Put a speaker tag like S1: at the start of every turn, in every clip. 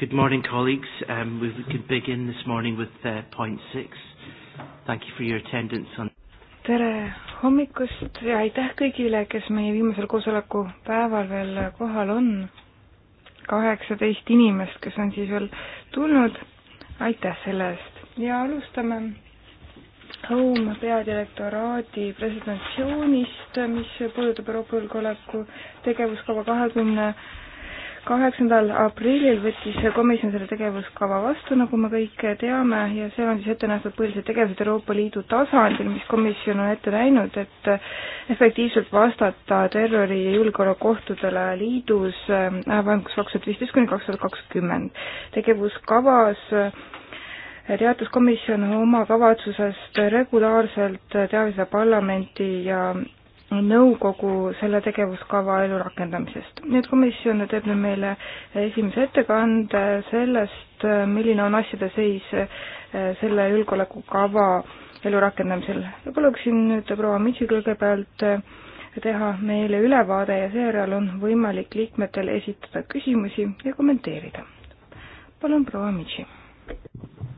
S1: Good morning, colleagues. Um, we, we could begin this morning with uh, point six. Thank you for your attendance on
S2: tere hommikust ja aitäh kõigile, kes meie viimasel koosoleku päeval veel kohal on. kaheksateist inimest, kes on siis veel tulnud. aitäh selle eest ja alustame Home peadirektoraadi presentatsioonist, mis puudutab Euroopa julgeoleku tegevuskava kahekümne 20 kaheksandal aprillil võttis komisjon selle tegevuskava vastu, nagu me kõik teame, ja seal on siis ette nähtud põhilised tegevused Euroopa Liidu tasandil, mis komisjon on ette näinud, et efektiivselt vastata terrori- ja julgeolekuohtudele liidus ajavahemikus äh, kaks tuhat viisteist kuni kaks tuhat kakskümmend. tegevuskavas äh, teatas komisjon oma kavatsusest regulaarselt teavitada parlamenti ja nõukogu selle tegevuskava elurakendamisest. nüüd komisjon teeb nüüd meile esimese ettekande sellest, milline on asjade seis eh, selle julgeolekukava elurakendamisel. ja paluksin nüüd proua Mitsi kõigepealt eh, teha meile ülevaade ja seejärel on võimalik liikmetel esitada küsimusi ja kommenteerida. palun, proua Mitsi.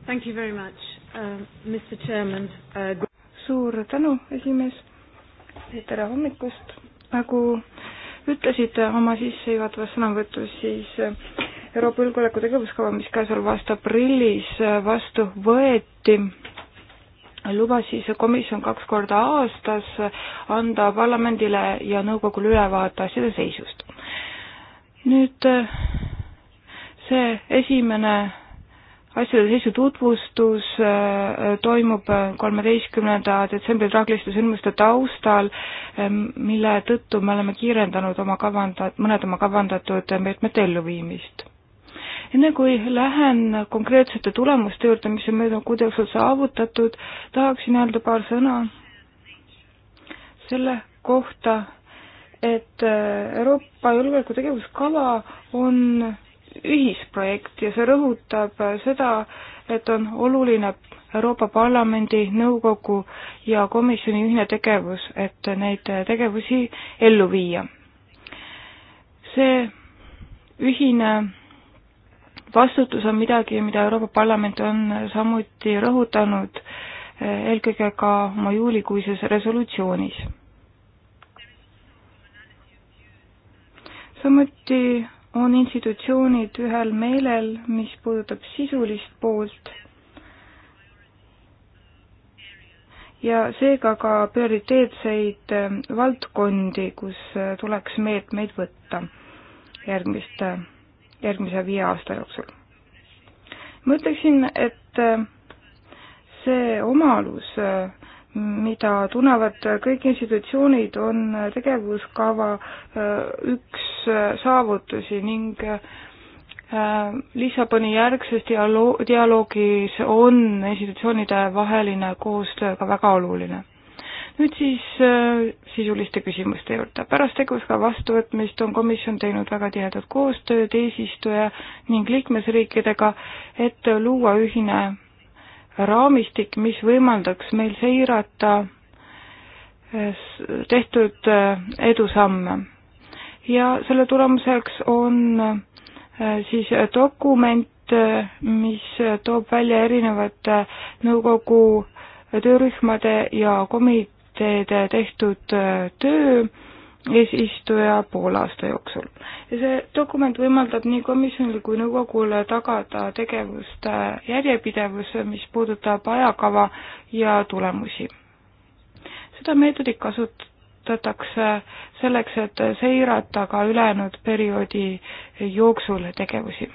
S1: Thank you very much uh,, Mr Chairman uh,.
S2: suur tänu, esimees tere hommikust, nagu ütlesite oma sissejuhatavas sõnavõtus, siis eh, Euroopa julgeoleku tegevuskava, mis käesoleva aasta aprillis eh, vastu võeti, lubas siis komisjon kaks korda aastas anda parlamendile ja nõukogule ülevaate asjade seisust. nüüd eh, see esimene asjade seisu tutvustus äh, toimub äh, kolmeteistkümnenda detsembri traagiliste sündmuste taustal, ähm, mille tõttu me oleme kiirendanud oma kavandat-, mõned oma kavandatud meetmete elluviimist. enne kui lähen konkreetsete tulemuste juurde, mis on möödunud kuude jooksul saavutatud, tahaksin öelda paar sõna selle kohta, et äh, Euroopa julgeolekutegevuskava on ühisprojekt ja see rõhutab seda, et on oluline Euroopa Parlamendi, Nõukogu ja Komisjoni ühine tegevus, et neid tegevusi ellu viia. see ühine vastutus on midagi, mida Euroopa Parlament on samuti rõhutanud eelkõige ka oma juulikuises resolutsioonis. samuti on institutsioonid ühel meelel, mis puudutab sisulist poolt ja seega ka prioriteetseid ähm, valdkondi, kus äh, tuleks meetmeid võtta järgmiste, äh, järgmise viie aasta jooksul. ma ütleksin, et äh, see omalus äh, mida tunnevad kõik institutsioonid, on tegevuskava äh, üks äh, saavutusi ning äh, Lissaboni järgses dialoog, dialoogis on institutsioonide vaheline koostöö ka väga oluline. nüüd siis sisuliste küsimuste juurde. pärast tegevuskava vastuvõtmist on komisjon teinud väga tihedat koostööd eesistuja ning liikmesriikidega, et luua ühine raamistik, mis võimaldaks meil seirata eh, tehtud eh, edusamme. ja selle tulemuseks on eh, siis dokument, mis toob välja erinevate nõukogu töörühmade ja komiteede tehtud töö eesistuja poole aasta jooksul. ja see dokument võimaldab nii komisjonil kui nõukogul tagada tegevuste järjepidevus, mis puudutab ajakava ja tulemusi. seda meetodit kasutatakse selleks, et seirata ka ülejäänud perioodi jooksul tegevusi.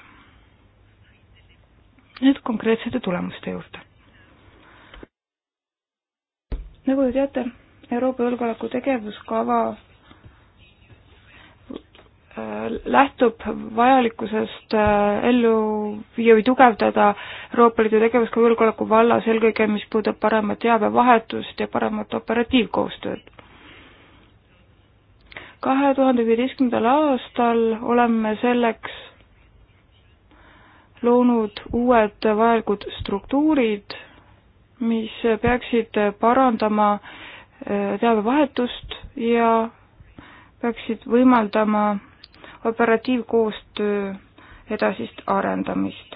S2: nüüd konkreetsete tulemuste juurde. nagu te teate, Euroopa julgeoleku tegevuskava lähtub vajalikkusest äh, ellu viia või tugevdada Euroopa Liidu tegevust ka julgeoleku vallas, eelkõige mis puudutab paremat teabevahetust ja paremat operatiivkoostööd. kahe tuhande viieteistkümnendal aastal oleme selleks loonud uued vajalikud struktuurid, mis peaksid parandama äh, teabevahetust ja peaksid võimaldama operatiivkoostöö edasist arendamist.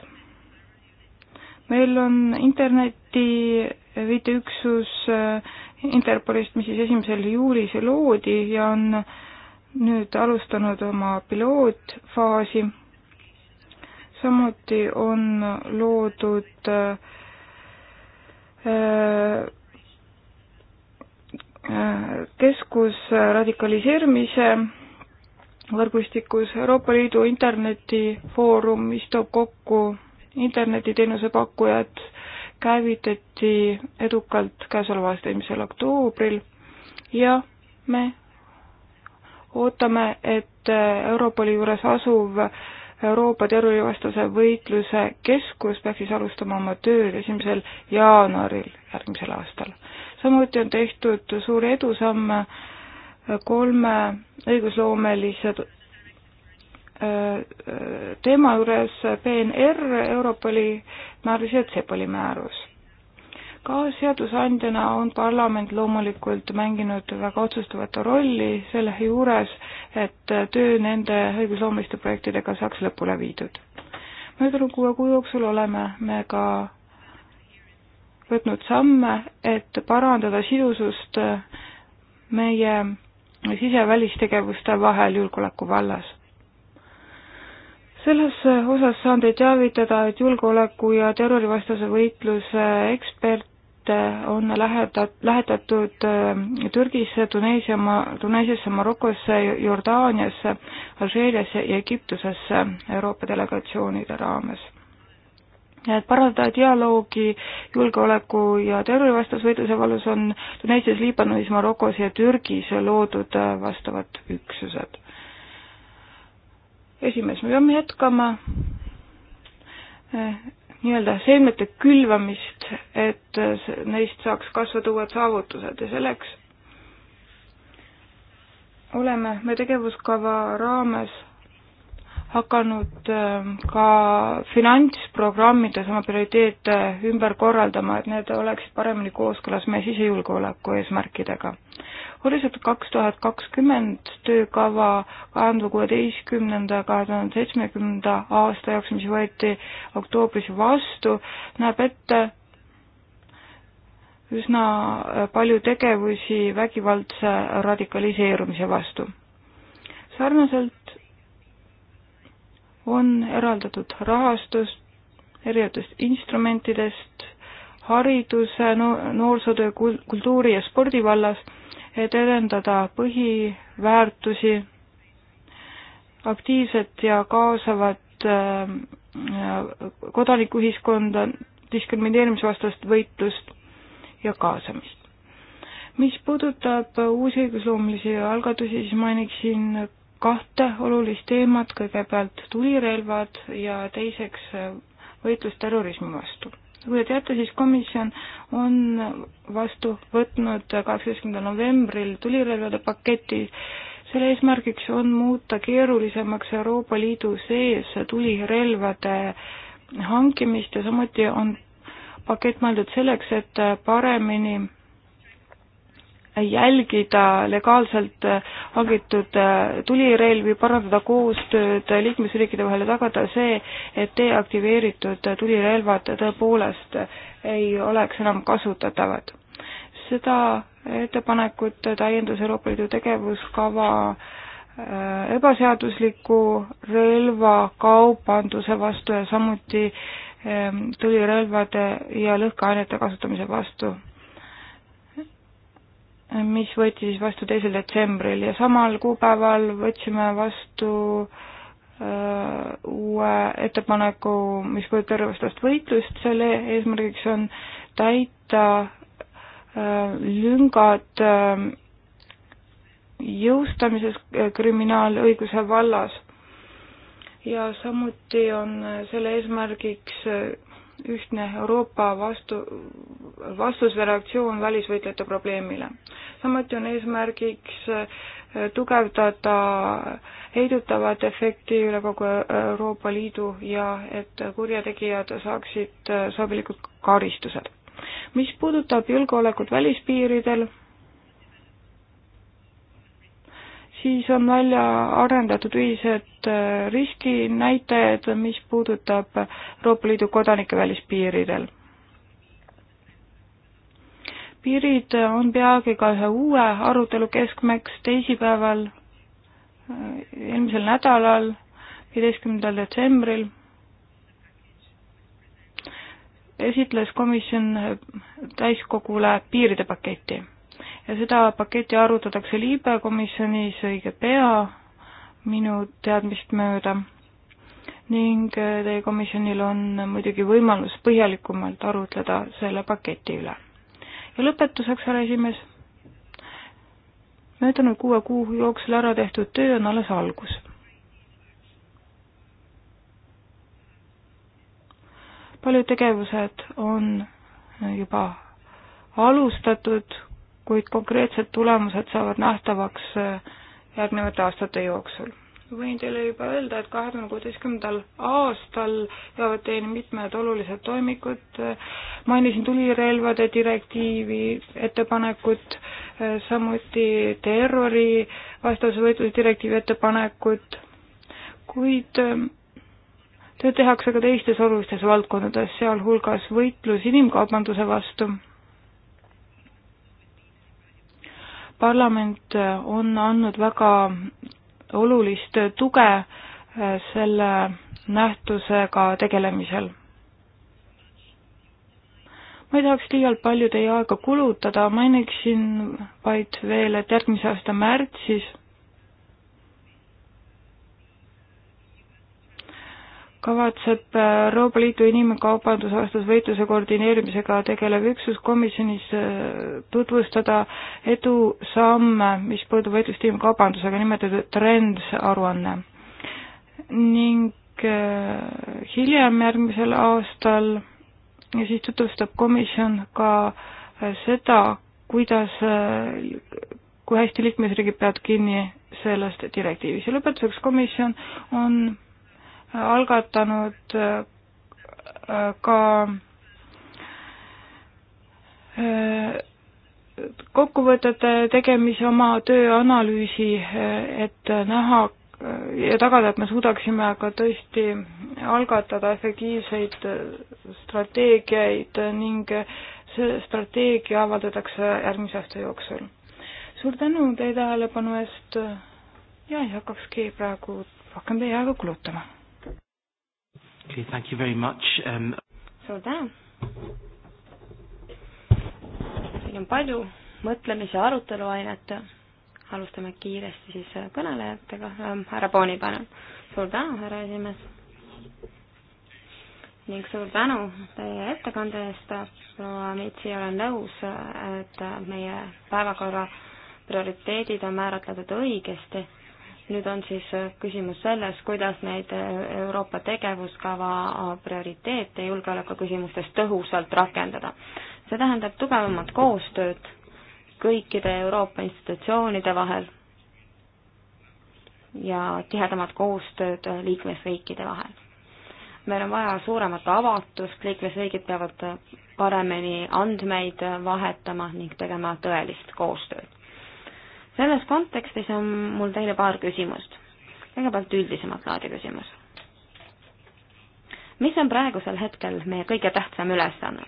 S2: meil on interneti viiteüksus äh, Interpolist, mis siis esimesel juulis loodi ja on nüüd alustanud oma pilootfaasi. samuti on loodud äh, äh, keskus radikaliseerumise võrgustikus. Euroopa Liidu internetifoorum, mis toob kokku internetiteenuse pakkujad, käivitati edukalt käesoleva aasta eelmisel oktoobril ja me ootame, et Europoli juures asuv Euroopa terrorivastase võitluse keskus peaks siis alustama oma tööd esimesel jaanuaril järgmisel aastal. samuti on tehtud suuri edusamme äh, kolme õigusloomelise äh, äh, teema juures PNR, Europoli määrus ja CEPOLi määrus. ka seadusandjana on parlament loomulikult mänginud väga otsustavat rolli selle juures, et töö nende õigusloomiliste projektidega saaks lõpule viidud. möödunud kuue kuu jooksul oleme me ka võtnud samme, et parandada sidusust meie sise- ja välistegevuste vahel julgeoleku vallas. selles osas saan teid teavitada, et julgeoleku ja terrorivastase võitluse eksperte on lähedat-, lähetatud äh, Türgisse, Tuneesia, Tuneesiasse, Marokosse, Jordaaniasse, Alžeeriasse ja Egiptusesse Euroopa delegatsioonide raames et parandada dialoogi julgeoleku ja terrorivastase võitluse vallas on Tuneesias, Liibanonis, Marokos ja Türgis loodud vastavad üksused. esimees, me peame jätkama eh, nii-öelda seemnete külvamist, et neist saaks kasvada uued saavutused ja selleks oleme me tegevuskava raames hakanud ähm, ka finantsprogrammides oma prioriteete ümber korraldama, et need oleksid paremini kooskõlas meie sisejulgeoleku eesmärkidega. Horisont kaks tuhat kakskümmend töökava kahe tuhande kuueteistkümnenda, kahe tuhande seitsmekümnenda aasta jaoks, mis võeti oktoobris vastu, näeb ette üsna äh, palju tegevusi vägivaldse radikaliseerumise vastu. sarnaselt on eraldatud rahastust, erinevatest instrumentidest, hariduse, noorsootöö, kultuuri ja spordi vallas, et edendada põhiväärtusi, aktiivset ja kaasavat äh, kodanikuühiskonda, diskrimineerimisvastast võitlust ja kaasamist. mis puudutab uusõigusloomulisi algatusi, siis mainiksin kahte olulist teemat, kõigepealt tulirelvad ja teiseks äh, võitlus terrorismi vastu. kui nagu te teate, siis komisjon on vastu võtnud kaheksateistkümnendal novembril tulirelvade paketi, selle eesmärgiks on muuta keerulisemaks Euroopa Liidu sees tulirelvade hankimist ja samuti on pakett mõeldud selleks, et paremini jälgida legaalselt äh, hangitud äh, tulirelvi, parandada koostööd äh, liikmesriikide vahel ja tagada see, et deaktiveeritud tulirelvad tõepoolest ei oleks enam kasutatavad. seda ettepanekut täiendas Euroopa Liidu tegevuskava ebaseadusliku relvakaubanduse vastu ja samuti ähm, tulirelvade ja lõhkeainete kasutamise vastu mis võeti siis vastu teisel detsembril ja samal kuupäeval võtsime vastu äh, uue ettepaneku, mis puudutab tervestast võitlust, selle eesmärgiks on täita äh, lüngad äh, jõustamises äh, kriminaalõiguse vallas. ja samuti on äh, selle eesmärgiks äh, ühtne Euroopa vastu, vastus või reaktsioon välisvõitlejate probleemile. samuti on eesmärgiks äh, tugevdada heidutavat efekti üle kogu Euroopa Liidu ja et kurjategijad saaksid äh, sobilikud karistused. mis puudutab julgeolekut välispiiridel, siis on välja arendatud ühised äh, riskinäitajad, mis puudutab Euroopa Liidu kodanike välispiiridel. piirid on peagi ka ühe uue arutelu keskmeks teisipäeval, äh, eelmisel nädalal, viieteistkümnendal detsembril esitles komisjon täiskogule piiride paketti ja seda paketti arutatakse Liibe komisjonis õige pea, minu teadmist mööda. ning äh, teie komisjonil on muidugi võimalus põhjalikumalt arutleda selle paketi üle. ja lõpetuseks, härra esimees, möödunud kuue kuu jooksul ära tehtud töö on alles algus paljud tegevused on juba alustatud, kuid konkreetsed tulemused saavad nähtavaks äh, järgnevate aastate jooksul. võin teile juba öelda, et kahe tuhande kuueteistkümnendal aastal jõuavad teeni mitmed olulised toimikud, mainisin tulirelvade direktiivi ettepanekut, äh, samuti terrorivastase võitluse direktiivi ettepanekut, kuid äh, tööd tehakse ka teistes olulistes valdkondades, sealhulgas võitlus inimkaubanduse vastu parlament äh, on andnud väga olulist tuge äh, selle nähtusega tegelemisel. ma ei tahaks liialt palju teie aega kulutada, mainiksin vaid veel, et järgmise aasta märtsis kavatseb äh, Euroopa Liidu inimkaubandusvastase võitluse koordineerimisega tegelev üksus komisjonis äh, tutvustada edusamme, mis puudub võitlust inimkaubandusega, nimetatud Trends aruanne. ning äh, hiljem järgmisel aastal ja siis tutvustab komisjon ka seda, kuidas, kui hästi liikmesriigid peavad kinni sellest direktiivist ja lõpetuseks komisjon on algatanud äh, ka äh, kokkuvõtete tegemise oma töö analüüsi, äh, et näha ja tagada, et me suudaksime ka tõesti algatada efektiivseid strateegiaid ning see strateegia avaldatakse järgmise aasta jooksul. suur tänu teie tähelepanu eest ja ei hakkakski praegu rohkem teie aega kulutama
S1: okay,. Thank you very much um....
S3: suur tänu. siin on palju mõtlemise arutelu ainet. alustame kiiresti siis kõnelejatega. Ähm, härra Pooni, palun. suur tänu, härra esimees. ning suur tänu teie ettekande eest. proua Mitsi, olen nõus, et meie päevakorra prioriteedid on määratletud õigesti nüüd on siis äh, küsimus selles, kuidas neid äh, Euroopa tegevuskava äh, prioriteete julgeolekuküsimustes tõhusalt rakendada. see tähendab tugevamat koostööd kõikide Euroopa institutsioonide vahel ja tihedamat koostööd liikmesriikide vahel. meil on vaja suuremat avatust, liikmesriigid peavad paremini andmeid vahetama ning tegema tõelist koostööd selles kontekstis on mul teile paar küsimust. kõigepealt üldisemat laadi küsimus. mis on praegusel hetkel meie kõige tähtsam ülesanne?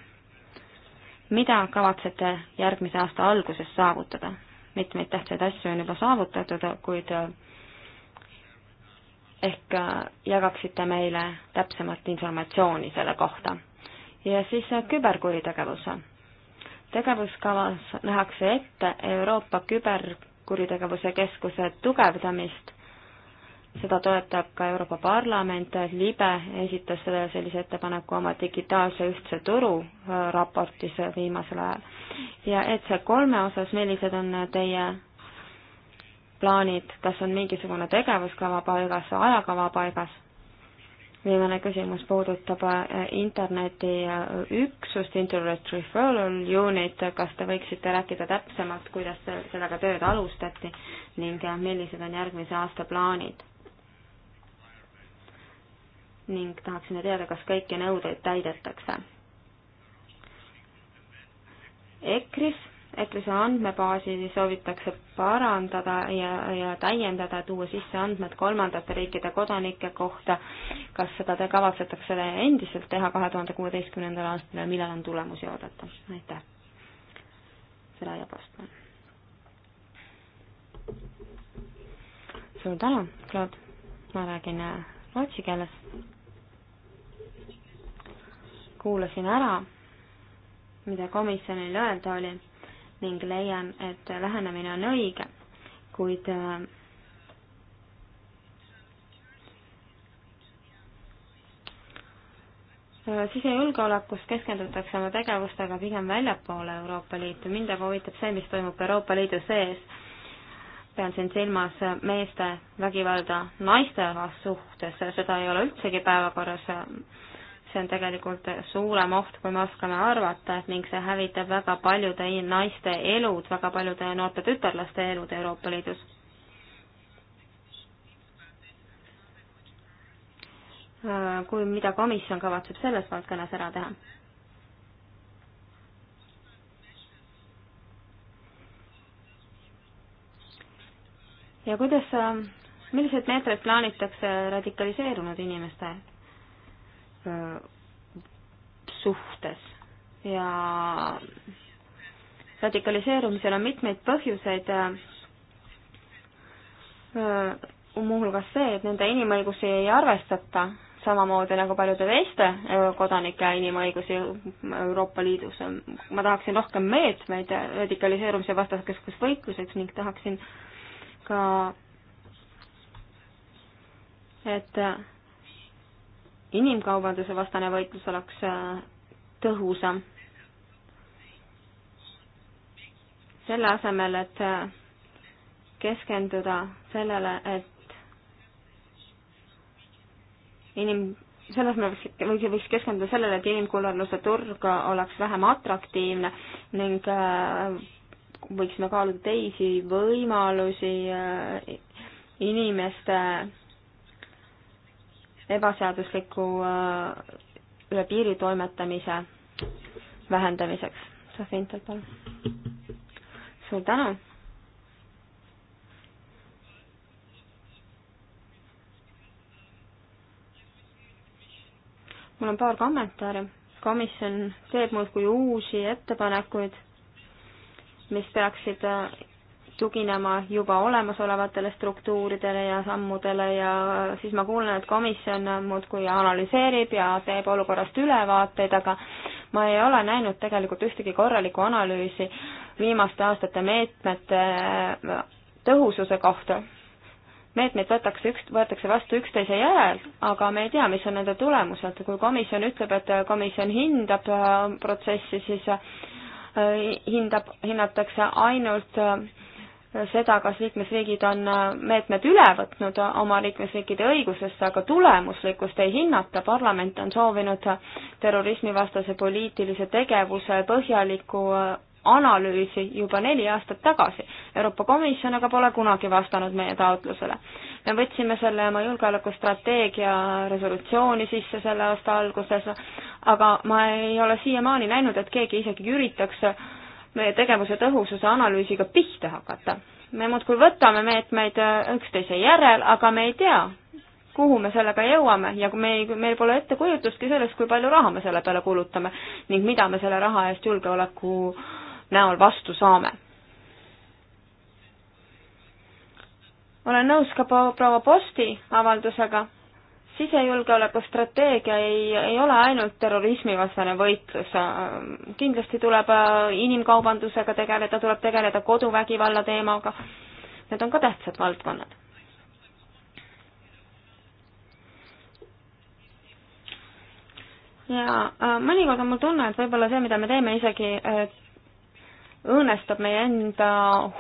S3: mida kavatsete järgmise aasta alguses saavutada? mitmeid tähtsaid asju on juba saavutatud, kuid ehk äh, jagaksite meile täpsemat informatsiooni selle kohta. ja siis äh, küberkuritegevus. tegevuskavas nähakse ette Euroopa küber kuritegevuse keskuse tugevdamist. seda toetab ka Euroopa Parlament, libe esitas selle sellise ettepaneku oma digitaalse ühtse turu äh, raportis viimasel ajal. ja et see kolme osas, millised on teie plaanid, kas on mingisugune tegevuskava paigas, ajakava paigas? viimane küsimus puudutab äh, internetiüksust, äh, Internet Referral Unit, kas te võiksite rääkida täpsemalt, kuidas sellega tööd alustati ning äh, millised on järgmise aasta plaanid? ning tahaksime teada, kas kõiki nõudeid täidetakse. EKRE-s ECRIS andmebaasi soovitakse parandada ja, ja täiendada, tuua sisse andmed kolmandate riikide kodanike kohta. kas seda te kavatsetakse endiselt teha kahe tuhande kuueteistkümnendal aastal ja millal on tulemusi oodata? aitäh. seda jääb vastama. suur tänu, Claude. ma räägin äh, rootsi keeles. kuulasin ära, mida komisjonil öelda oli ning leian, et lähenemine on õige, kuid äh, sisejulgeolekus keskendutakse oma tegevustega pigem väljapoole Euroopa Liitu, mind aga huvitab see, mis toimub Euroopa Liidu sees. pean siin silmas meeste vägivalda naiste suhtes, seda ei ole üldsegi päevakorras see on tegelikult suurem oht, kui me oskame arvata ning see hävitab väga paljude naiste elud, väga paljude noorte tütarlaste elud Euroopa Liidus. kui, mida komisjon kavatseb selles valdkonnas ära teha? ja kuidas, milliseid meetmeid plaanitakse radikaliseerunud inimeste Äh, suhtes ja radikaliseerumisel on mitmeid põhjuseid, äh, äh, muuhulgas see, et nende inimõigusi ei arvestata, samamoodi nagu paljude teiste kodanike inimõigusi Euroopa Liidus. ma tahaksin rohkem meetmeid radikaliseerumise vastaseks võitluseks ning tahaksin ka, et inimkaubanduse vastane võitlus oleks äh, tõhusam. selle asemel, et äh, keskenduda sellele, et inim-, selle asemel võiks, võiks, võiks keskenduda sellele, et inimkullerluse turg oleks vähem atraktiivne ning äh, võiksime kaaluda teisi võimalusi inimeste ebaseadusliku äh, üle piiri toimetamise vähendamiseks. Sofi Intel, palun. suur tänu. mul on paar kommentaari. komisjon teeb muudkui uusi ettepanekuid, mis peaksid äh, tuginema juba olemasolevatele struktuuridele ja sammudele ja siis ma kuulen, et komisjon muudkui analüseerib ja teeb olukorrast ülevaateid, aga ma ei ole näinud tegelikult ühtegi korralikku analüüsi viimaste aastate meetmete äh, tõhususe kohta. meetmeid võetakse üks, võetakse vastu üksteise järel, aga me ei tea, mis on nende tulemused. kui komisjon ütleb, et komisjon hindab äh, protsessi, siis äh, hindab, hinnatakse ainult seda, kas liikmesriigid on äh, meetmed üle võtnud äh, oma liikmesriikide õigusesse, aga tulemuslikkust ei hinnata. parlament on soovinud äh, terrorismivastase poliitilise tegevuse põhjalikku analüüsi juba neli aastat tagasi. Euroopa Komisjon aga pole kunagi vastanud meie taotlusele. me võtsime selle oma julgeolekustrateegia resolutsiooni sisse selle aasta alguses, aga ma ei ole siiamaani näinud, et keegi isegi üritaks meie tegevuse tõhususe analüüsiga pihta hakata. me muudkui võtame meetmeid äh, üksteise järel, aga me ei tea, kuhu me sellega jõuame ja kui me ei, meil pole ettekujutustki sellest, kui palju raha me selle peale kulutame ning mida me selle raha eest julgeoleku näol vastu saame. olen nõus ka proua Posti avaldusega sisejulgeoleku strateegia ei, ei ole ainult terrorismivastane võitlus. kindlasti tuleb äh, inimkaubandusega tegeleda, tuleb tegeleda koduvägivalla teemaga. Need on ka tähtsad valdkonnad. ja äh, mõnikord on mul tunne, et võib-olla see, mida me teeme, isegi äh, õõnestab meie enda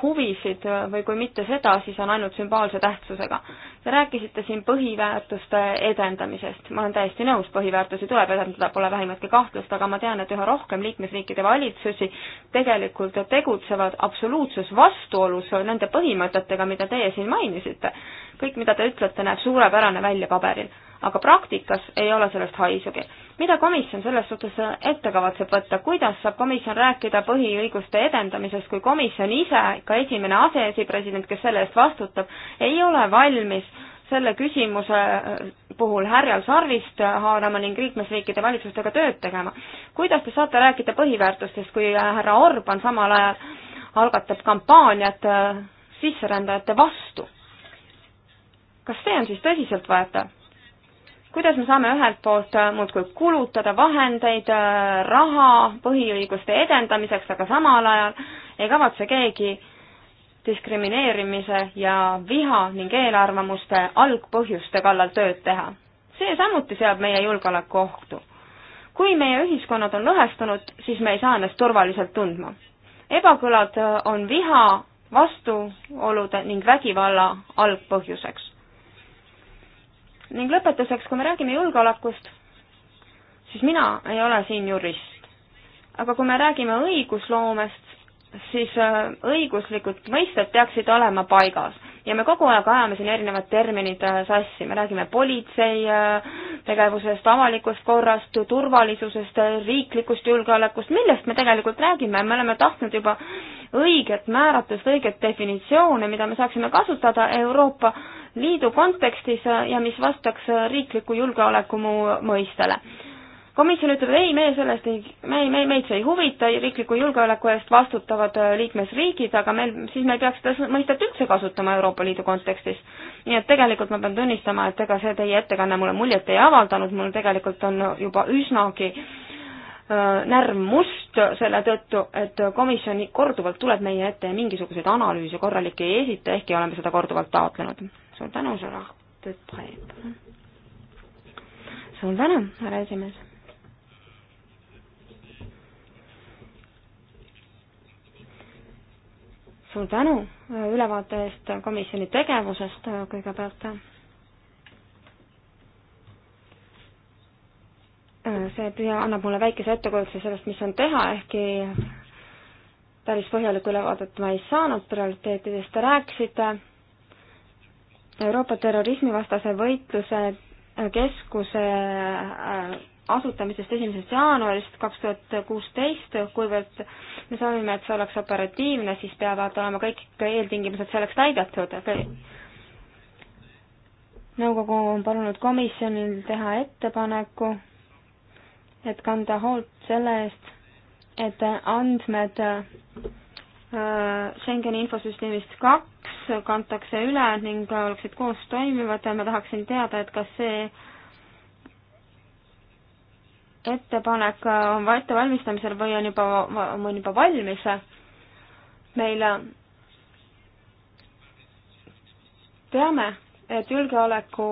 S3: huvisid või kui mitte seda, siis on ainult sümboolse tähtsusega. Te rääkisite siin põhiväärtuste edendamisest, ma olen täiesti nõus, põhiväärtusi tuleb edendada, pole vähimatki kahtlust, aga ma tean, et üha rohkem liikmesriikide valitsusi tegelikult tegutsevad absoluutses vastuolus nende põhimõtetega, mida teie siin mainisite. kõik, mida te ütlete, näeb suurepärane välja paberil aga praktikas ei ole sellest haisugi. mida komisjon selles suhtes ette kavatseb võtta, kuidas saab komisjon rääkida põhiõiguste edendamisest, kui komisjon ise, ka esimene aseesipresident, kes selle eest vastutab, ei ole valmis selle küsimuse puhul härjal sarvist haarama ning liikmesriikide valitsustega tööd tegema. kuidas te saate rääkida põhiväärtustest, kui härra Orban samal ajal algatab kampaaniat sisserändajate vastu? kas see on siis tõsiseltvõetav? kuidas me saame ühelt poolt äh, muudkui kulutada vahendeid, äh, raha põhiõiguste edendamiseks, aga samal ajal ei kavatse keegi diskrimineerimise ja viha ning eelarvamuste algpõhjuste kallal tööd teha. see samuti seab meie julgeoleku ohtu. kui meie ühiskonnad on lõhestunud, siis me ei saa ennast turvaliselt tundma. ebakõlad äh, on viha, vastuolude ning vägivalla algpõhjuseks ning lõpetuseks, kui me räägime julgeolekust, siis mina ei ole siin jurist. aga kui me räägime õigusloomest, siis äh, õiguslikud mõisted peaksid olema paigas ja me kogu aeg ajame siin erinevad terminid äh, sassi, me räägime politsei äh, tegevusest, avalikust korrast, turvalisusest, äh, riiklikust julgeolekust, millest me tegelikult räägime, me oleme tahtnud juba õiget määratlust, õiget definitsioone, mida me saaksime kasutada Euroopa Liidu kontekstis ja mis vastaks riikliku julgeoleku mõistele komisjon ütleb, ei, meie sellest ei, me ei, me ei, meid see ei huvita, riikliku julgeoleku eest vastutavad äh, liikmesriigid, aga meil, siis me ei peaks seda mõistet üldse kasutama Euroopa Liidu kontekstis. nii et tegelikult ma pean tunnistama, et ega see teie ettekanne mulle muljet ei avaldanud, mul tegelikult on juba üsnagi äh, närv must selle tõttu, et komisjon korduvalt tuleb meie ette ja mingisuguseid analüüse korralikke ei esita, ehkki oleme seda korduvalt taotlenud. suur tänu, Gerard
S1: Depree. suur tänu, härra esimees
S3: suur tänu äh, ülevaate eest komisjoni tegevusest äh, kõigepealt. Äh, see püüa, annab mulle väikese ettekujutuse sellest, mis on teha, ehkki päris põhjalikku ülevaadet ma ei saanud, prioriteetidest te rääkisite. Euroopa terrorismivastase võitluse keskuse asutamisest esimesest jaanuarist kaks tuhat kuusteist, kuivõrd me soovime, et see oleks operatiivne, siis peavad olema kõik eeltingimused selleks täidetud. nõukogu on palunud komisjonil teha ettepaneku, et kanda hoolt selle eest, et andmed äh, Schengeni infosüsteemist kaks kantakse üle ning oleksid koos toimivad ja ma tahaksin teada, et kas see ettepanek äh, on ettevalmistamisel või on juba, on juba valmis. meil äh, teame, et julgeoleku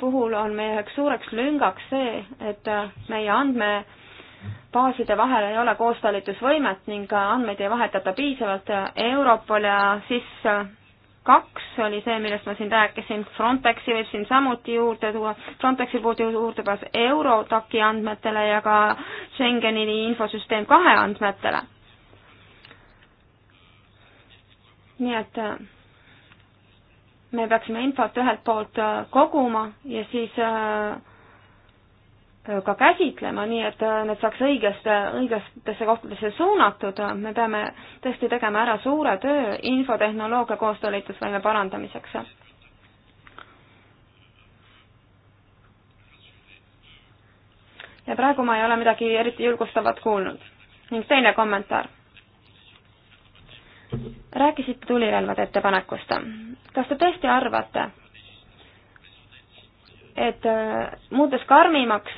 S3: puhul on meie üheks suureks lüngaks see, et äh, meie andmebaaside vahel ei ole koostalitusvõimet ning andmeid ei vahetata piisavalt. Europol ja siis kaks oli see, millest ma siin rääkisin, Frontexi võib siin samuti juurde tuua, Frontexi poolt juurdepääs Eurotaki andmetele ja ka Schengeni infosüsteem kahe andmetele. nii et äh, me peaksime infot ühelt poolt äh, koguma ja siis äh, ka käsitlema, nii et äh, need saaks äh, õigeste, õigetesse kohtadesse suunatud, me peame tõesti tegema ära suure töö infotehnoloogia koostööleitusvõime parandamiseks. ja praegu ma ei ole midagi eriti julgustavat kuulnud. ning teine kommentaar. rääkisite tulirelvade ettepanekust. kas te tõesti arvate, et äh, muutes karmimaks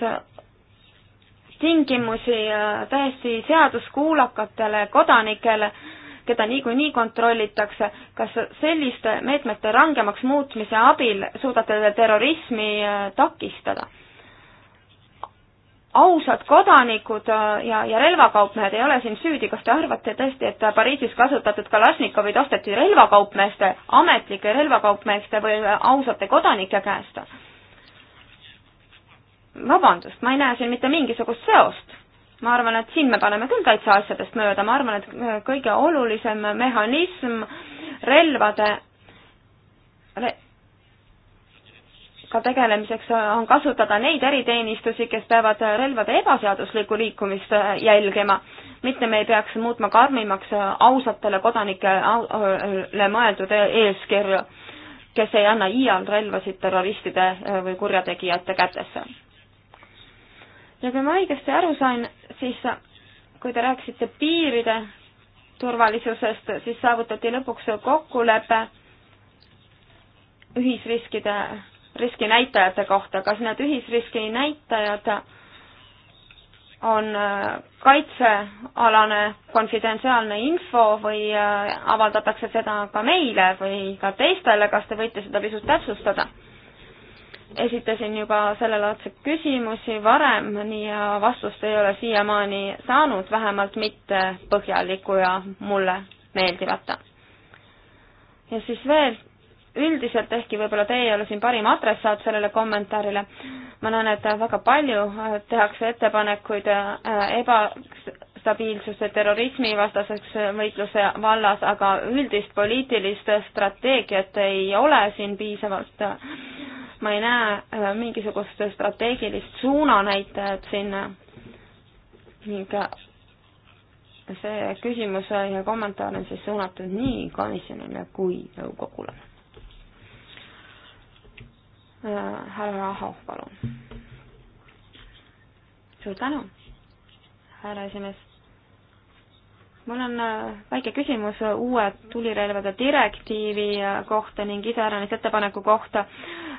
S3: tingimusi äh, täiesti seaduskuulakatele kodanikele, keda niikuinii kontrollitakse, kas selliste meetmete rangemaks muutmise abil suudate te terrorismi äh, takistada? ausad kodanikud ja, ja relvakaupmehed ei ole siin süüdi, kas te arvate tõesti, et Pariisis kasutatud Kalašnikovid osteti relvakaupmeeste, ametlike relvakaupmeeste või ausate kodanike käest? vabandust, ma ei näe siin mitte mingisugust seost. ma arvan, et siin me paneme küll täitsa asjadest mööda, ma arvan, et äh, kõige olulisem mehhanism relvade re, ka tegelemiseks on kasutada neid eriteenistusi, kes peavad relvade ebaseaduslikku liikumist äh, jälgima. mitte me ei peaks muutma karmimaks äh, ausatele kodanikele mõeldud eeskirju, kes ei anna iial relvasid terroristide või kurjategijate kätesse ja kui ma õigesti aru sain, siis kui te rääkisite piiride turvalisusest, siis saavutati lõpuks kokkulepe ühisriskide, riskinäitajate kohta, kas need ühisriski näitajad on äh, kaitsealane konfidentsiaalne info või äh, avaldatakse seda ka meile või ka teistele, kas te võite seda pisut täpsustada? esitasin juba sellelaadseid küsimusi varem ja vastust ei ole siiamaani saanud, vähemalt mitte põhjalikku ja mulle meeldivat. ja siis veel, üldiselt ehkki võib-olla teie ei ole siin parim adressaat sellele kommentaarile, ma näen, et väga palju äh, tehakse ettepanekuid äh, ebastabiilsuse, terrorismi vastaseks võitluse vallas, aga üldist poliitilist strateegiat ei ole siin piisavalt ma ei näe äh, mingisugust strateegilist suunanäitajat sinna ning äh, see küsimus ja kommentaar on siis suunatud nii komisjonile kui nõukogule. Äh, härra Ahov, palun. suur tänu, härra esimees. mul on väike küsimus uue tulirelvade direktiivi kohta ning iseäranis ettepaneku kohta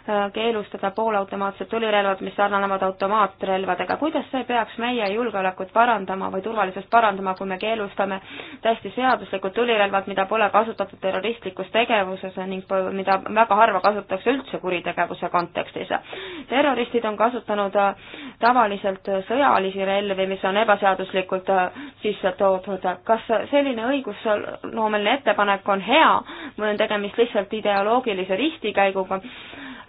S3: Äh, keelustada poolautomaatsed tulirelvad, mis sarnanevad automaatrelvadega. kuidas see peaks meie julgeolekut parandama või turvalisust parandama, kui me keelustame täiesti seaduslikud tulirelvad, mida pole kasutatud terroristlikus tegevuses ning mida väga harva kasutatakse üldse kuritegevuse kontekstis? terroristid on kasutanud äh, tavaliselt sõjalisi relvi, mis on ebaseaduslikult äh, sisse toodud. kas selline õigusloomeline ettepanek on hea või on tegemist lihtsalt ideoloogilise ristikäiguga?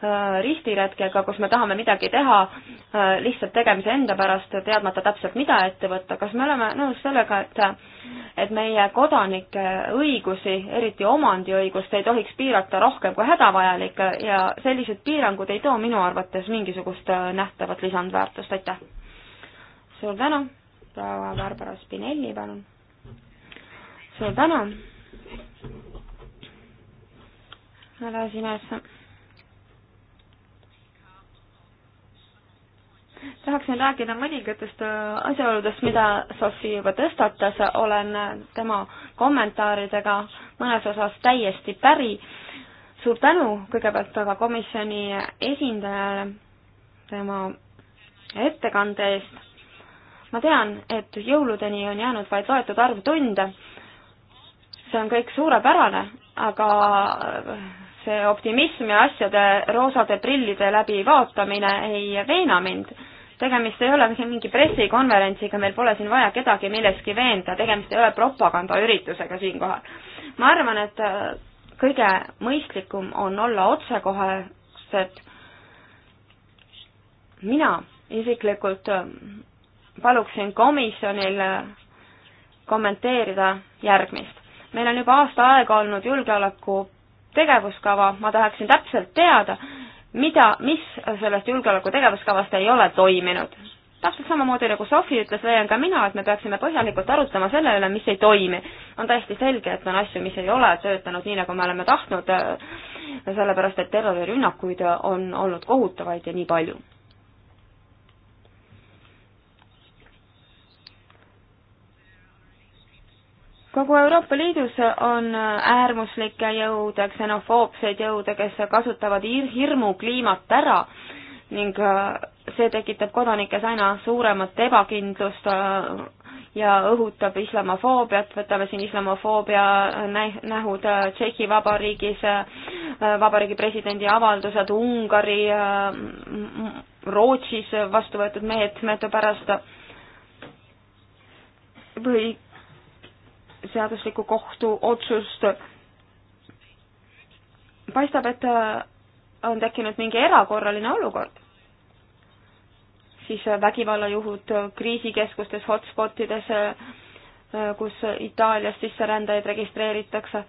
S3: Äh, ristiretkega, kus me tahame midagi teha äh, lihtsalt tegemise enda pärast, teadmata täpselt, mida ette võtta, kas me oleme nõus sellega, et et meie kodanike õigusi, eriti omandiõigust, ei tohiks piirata rohkem kui hädavajalik ja sellised piirangud ei too minu arvates mingisugust äh, nähtavat lisandväärtust, aitäh! suur tänu, proua Barbara Spinelli, palun! suur tänu! härra esimees tahaksin rääkida mõningatest äh, asjaoludest, mida Sofi juba tõstatas, olen tema kommentaaridega mõnes osas täiesti päri. suur tänu kõigepealt aga komisjoni esindajale tema ettekande eest. ma tean, et jõuludeni on jäänud vaid loetud arv tunde. see on kõik suurepärane, aga see optimism ja asjade roosade prillide läbi vaatamine ei veena mind tegemist ei ole mingi pressikonverentsiga, meil pole siin vaja kedagi milleski veenda, tegemist ei ole propagandaüritusega siinkohal. ma arvan, et äh, kõige mõistlikum on olla otsekohesed. mina isiklikult äh, paluksin komisjonil äh, kommenteerida järgmist. meil on juba aasta aega olnud julgeoleku tegevuskava, ma tahaksin täpselt teada, mida, mis sellest julgeoleku tegevuskavast ei ole toiminud. täpselt samamoodi nagu Sofi ütles, leian ka mina, et me peaksime põhjalikult arutama selle üle, mis ei toimi. on täiesti selge, et on asju, mis ei ole töötanud nii, nagu me oleme tahtnud, sellepärast et terrorirünnakuid on olnud kohutavaid ja nii palju kogu Euroopa Liidus on äärmuslikke jõude, ksenofoobseid jõude, kes kasutavad hirmu kliimat ära ning äh, see tekitab kodanikes aina suuremat ebakindlust äh, ja õhutab islamofoobiat, võtame siin islamofoobia nähud äh, Tšehhi Vabariigis, vabariigi presidendi avaldused Ungari, Rootsis vastu võetud meetmete pärast või seadusliku kohtu otsust. paistab, et äh, on tekkinud mingi erakorraline olukord. siis äh, vägivallajuhud äh, kriisikeskustes, hotspot ides, kus Itaaliast sisserändajaid registreeritakse.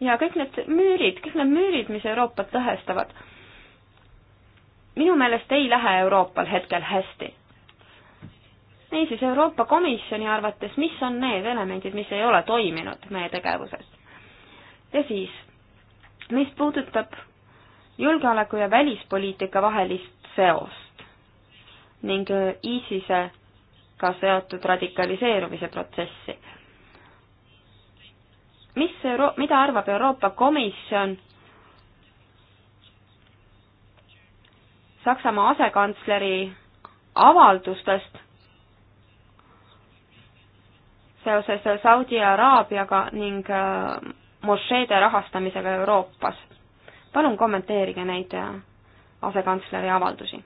S3: ja kõik need müürid, kõik need müürid, mis Euroopat lõhestavad, minu meelest ei lähe Euroopal hetkel hästi niisiis, Euroopa Komisjoni arvates, mis on need elemendid, mis ei ole toiminud meie tegevuses? ja siis, mis puudutab julgeoleku ja välispoliitika vahelist seost ning ISISega seotud radikaliseerumise protsessi. mis Euro-, mida arvab Euroopa Komisjon Saksamaa asekantsleri avaldustest, seoses Saudi Araabiaga ning äh, mošeede rahastamisega Euroopas. palun kommenteerige neid äh, asekantsleri avaldusi.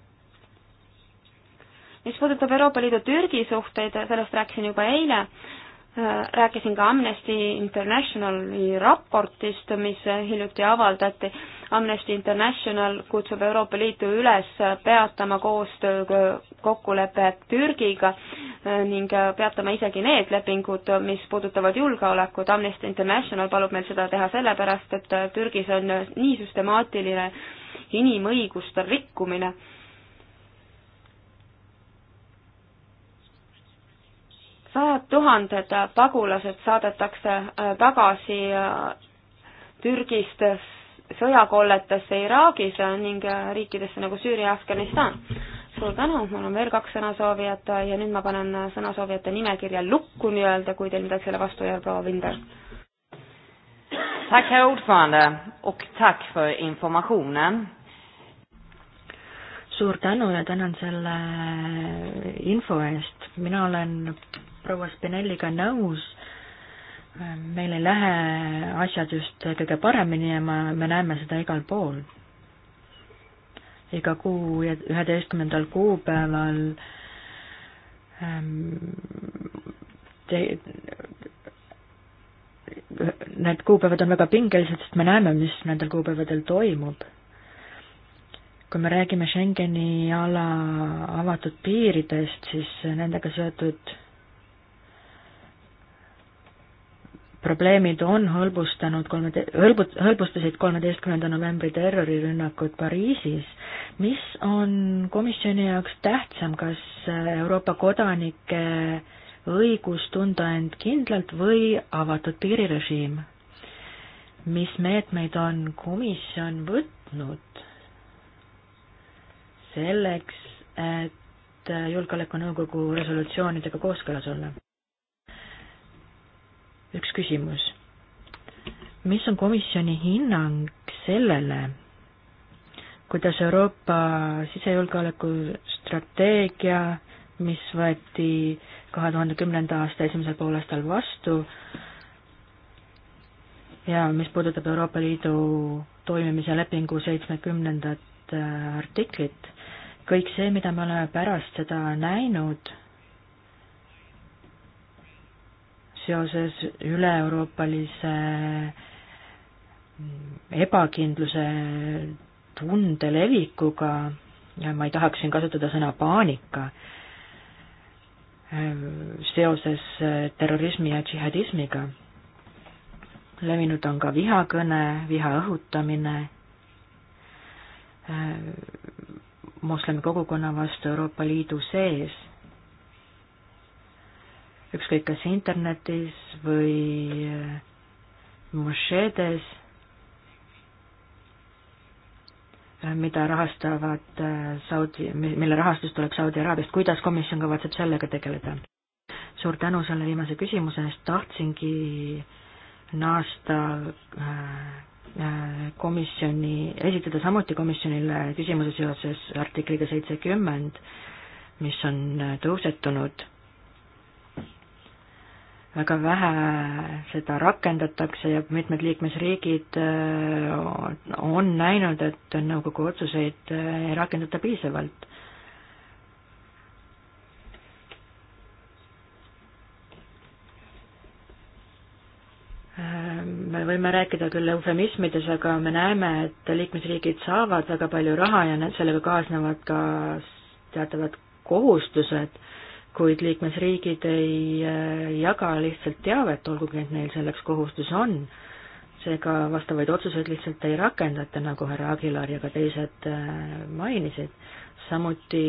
S3: mis puudutab Euroopa Liidu Türgi suhteid, sellest rääkisin juba eile, rääkisin ka Amnesty Internationali raportist, mis hiljuti avaldati. Amnesty International kutsub Euroopa Liitu üles peatama koostöö kokkulepe Türgiga ning peatama isegi need lepingud, mis puudutavad julgeolekut. Amnesty International palub meil seda teha sellepärast, et Türgis on nii süstemaatiline inimõiguste rikkumine sajad tuhanded pagulased saadetakse äh, tagasi äh, Türgist sõjakolletesse Iraagis äh, ning riikidesse nagu Süüria ja Afganistan. suur tänu, mul on veel kaks sõnasoovijat ja nüüd ma panen sõnasoovijate nimekirja lukku nii-öelda, kui teil midagi selle vastu ei ole, proua Vinder. Tack herr ordförande och tack för informationen.
S4: suur tänu ja tänan selle info eest. mina olen proua Spinelliga nõus, meil ei lähe asjad just kõige paremini ja ma, me näeme seda igal pool. iga kuu üheteistkümnendal kuupäeval ähm, te, need kuupäevad on väga pingelised, sest me näeme, mis nendel kuupäevadel toimub. kui me räägime Schengeni ala avatud piiridest, siis nendega seotud probleemid on hõlbustanud kolme-, hõlbu-, hõlbustasid kolmeteistkümnenda novembri terrorirünnakud Pariisis. mis on komisjoni jaoks tähtsam, kas Euroopa kodanike õigus tunda end kindlalt või avatud piirirežiim? mis meetmeid on komisjon võtnud selleks, et Julgeolekunõukogu resolutsioonidega kooskõlas olla? üks küsimus. mis on komisjoni hinnang sellele, kuidas Euroopa sisejulgeoleku strateegia, mis võeti kahe tuhande kümnenda aasta esimesel poolaastal vastu ja mis puudutab Euroopa Liidu toimimise lepingu seitsmekümnendat äh, artiklit, kõik see, mida me oleme pärast seda näinud seoses üle-euroopalise ebakindluse tunde levikuga ja ma ei tahaks siin kasutada sõna paanika, äh, seoses äh, terrorismi ja džihadismiga. levinud on ka vihakõne, viha õhutamine äh, moslemi kogukonna vastu Euroopa Liidu sees ükskõik kas internetis või äh, mošeedes, äh, mida rahastavad äh, Saudi, mille rahastus tuleb Saudi Araabiast, kuidas komisjon kavatseb sellega tegeleda? suur tänu selle viimase küsimuse eest, tahtsingi naasta komisjoni, esitada samuti komisjonile küsimuse seoses artikliga seitsekümmend, mis on tõusetunud väga vähe seda rakendatakse ja mitmed liikmesriigid äh, on näinud, et nõukogu otsuseid äh, ei rakendata piisavalt. Äh, me võime rääkida küll eufemismides, aga me näeme, et liikmesriigid saavad väga palju raha ja sellega kaasnevad ka teatavad kohustused kuid liikmesriigid ei äh, jaga lihtsalt teavet, olgugi et neil selleks kohustus on. seega vastavaid otsuseid lihtsalt ei rakendata, nagu härra Aguilar ja ka teised äh, mainisid. samuti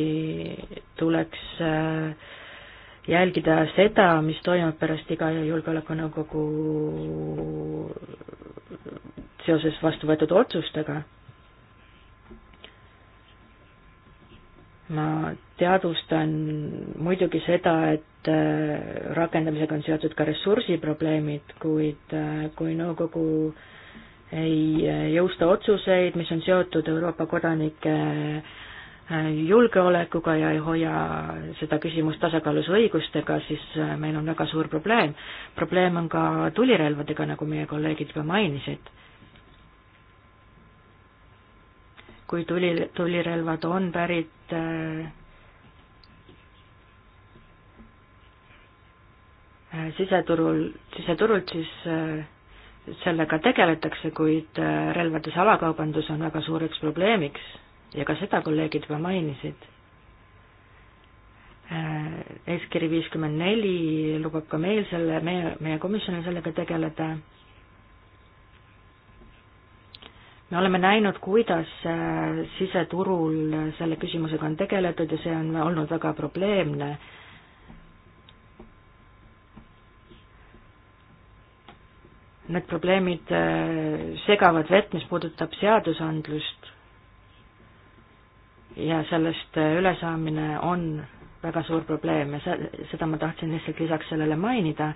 S4: tuleks äh, jälgida seda, mis toimub pärast iga julgeolekunõukogu seoses vastu võetud otsustega ma teadvustan muidugi seda, et äh, rakendamisega on seotud ka ressursiprobleemid, kuid äh, kui nõukogu ei äh, jõusta otsuseid, mis on seotud Euroopa kodanike julgeolekuga ja ei hoia seda küsimust tasakaalus õigustega, siis meil on väga suur probleem. probleem on ka tulirelvadega, nagu meie kolleegid juba mainisid kui tuli, tulirelvad on pärit äh, siseturul, siseturult, siis äh, sellega tegeletakse, kuid äh, relvade salakaubandus on väga suureks probleemiks ja ka seda kolleegid juba mainisid. eeskiri viiskümmend neli lubab ka meil selle, meie, meie komisjonil sellega tegeleda me oleme näinud, kuidas äh, siseturul selle küsimusega on tegeletud ja see on olnud väga probleemne. Need probleemid äh, segavad vett, mis puudutab seadusandlust ja sellest äh, ülesaamine on väga suur probleem ja seda ma tahtsin lihtsalt lisaks sellele mainida,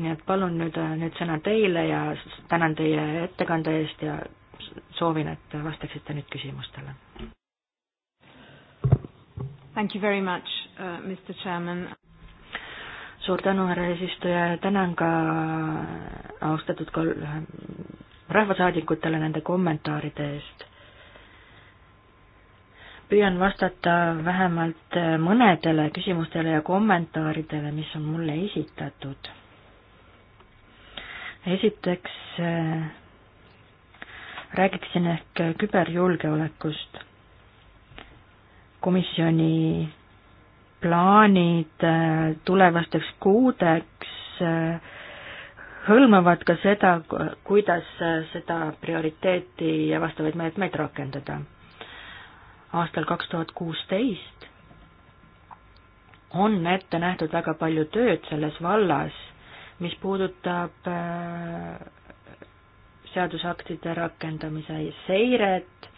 S4: nii et palun nüüd need sõnad teile ja tänan teie ettekande eest ja soovin, et vastaksite nüüd küsimustele. Thank you very much uh,, Mr Chairman. suur tänu, härra eesistuja ja tänan ka äh, austatud kol-, äh, rahvasaadikutele nende kommentaaride eest. püüan vastata vähemalt äh, mõnedele küsimustele ja kommentaaridele, mis on mulle esitatud. esiteks räägiksin ehk küberjulgeolekust. komisjoni plaanid äh, tulevasteks kuudeks äh, hõlmavad ka seda, kuidas äh, seda prioriteeti ja vastavaid meetmeid rakendada. aastal kaks tuhat kuusteist on ette nähtud väga palju tööd selles vallas, mis puudutab seadusaktide rakendamise seiret,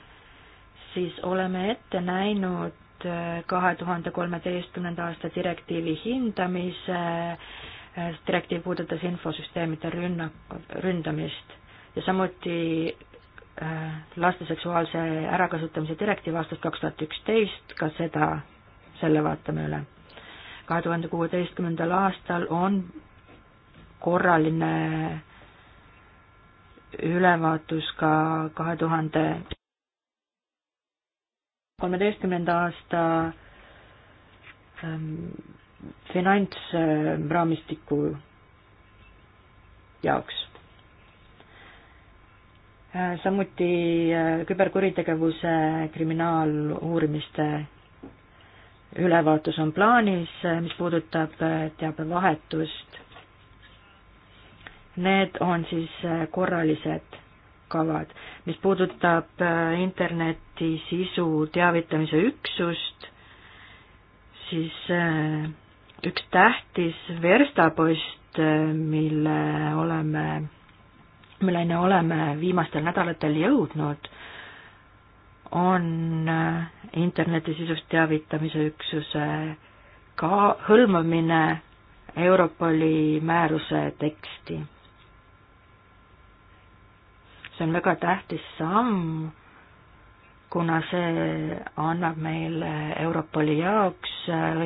S4: siis oleme ette näinud äh, kahe tuhande kolmeteistkümnenda aasta direktiivi hindamise, äh, direktiiv puudutas infosüsteemide rünnak, ründamist ja samuti äh, laste seksuaalse ärakasutamise direktiiv aastast kaks tuhat üksteist, ka seda, selle vaatame üle. kahe tuhande kuueteistkümnendal aastal on korraline ülevaatus ka kahe tuhande kolmeteistkümnenda aasta ähm, finantsraamistiku jaoks. Äh, samuti äh, küberkuritegevuse kriminaaluurimiste ülevaatus on plaanis, äh, mis puudutab teabevahetust Need on siis äh, korralised kavad. mis puudutab äh, interneti sisu teavitamise üksust, siis äh, üks tähtis verstapost, mille oleme, milleni oleme viimastel nädalatel jõudnud, on interneti sisust teavitamise üksuse ka hõlmamine Europoli määruse teksti see on väga tähtis samm, kuna see annab meile Europoli jaoks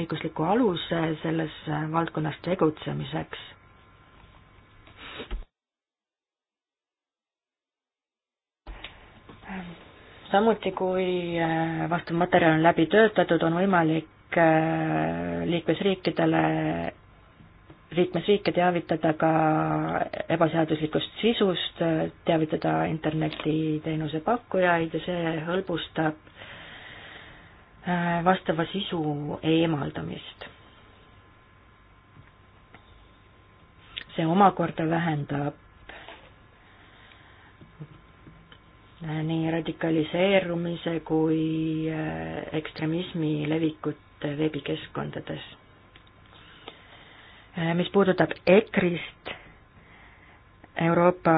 S4: õigusliku aluse selles valdkonnas tegutsemiseks samuti, kui äh, vastav materjal on läbi töötatud, on võimalik äh, liikmesriikidele liikmesriike teavitada ka ebaseaduslikust sisust, teavitada internetiteenuse pakkujaid ja see hõlbustab äh, vastava sisu eemaldamist. see omakorda vähendab äh, nii radikaliseerumise kui äh, ekstremismi levikut veebikeskkondades Eh, mis puudutab EKRE-st, Euroopa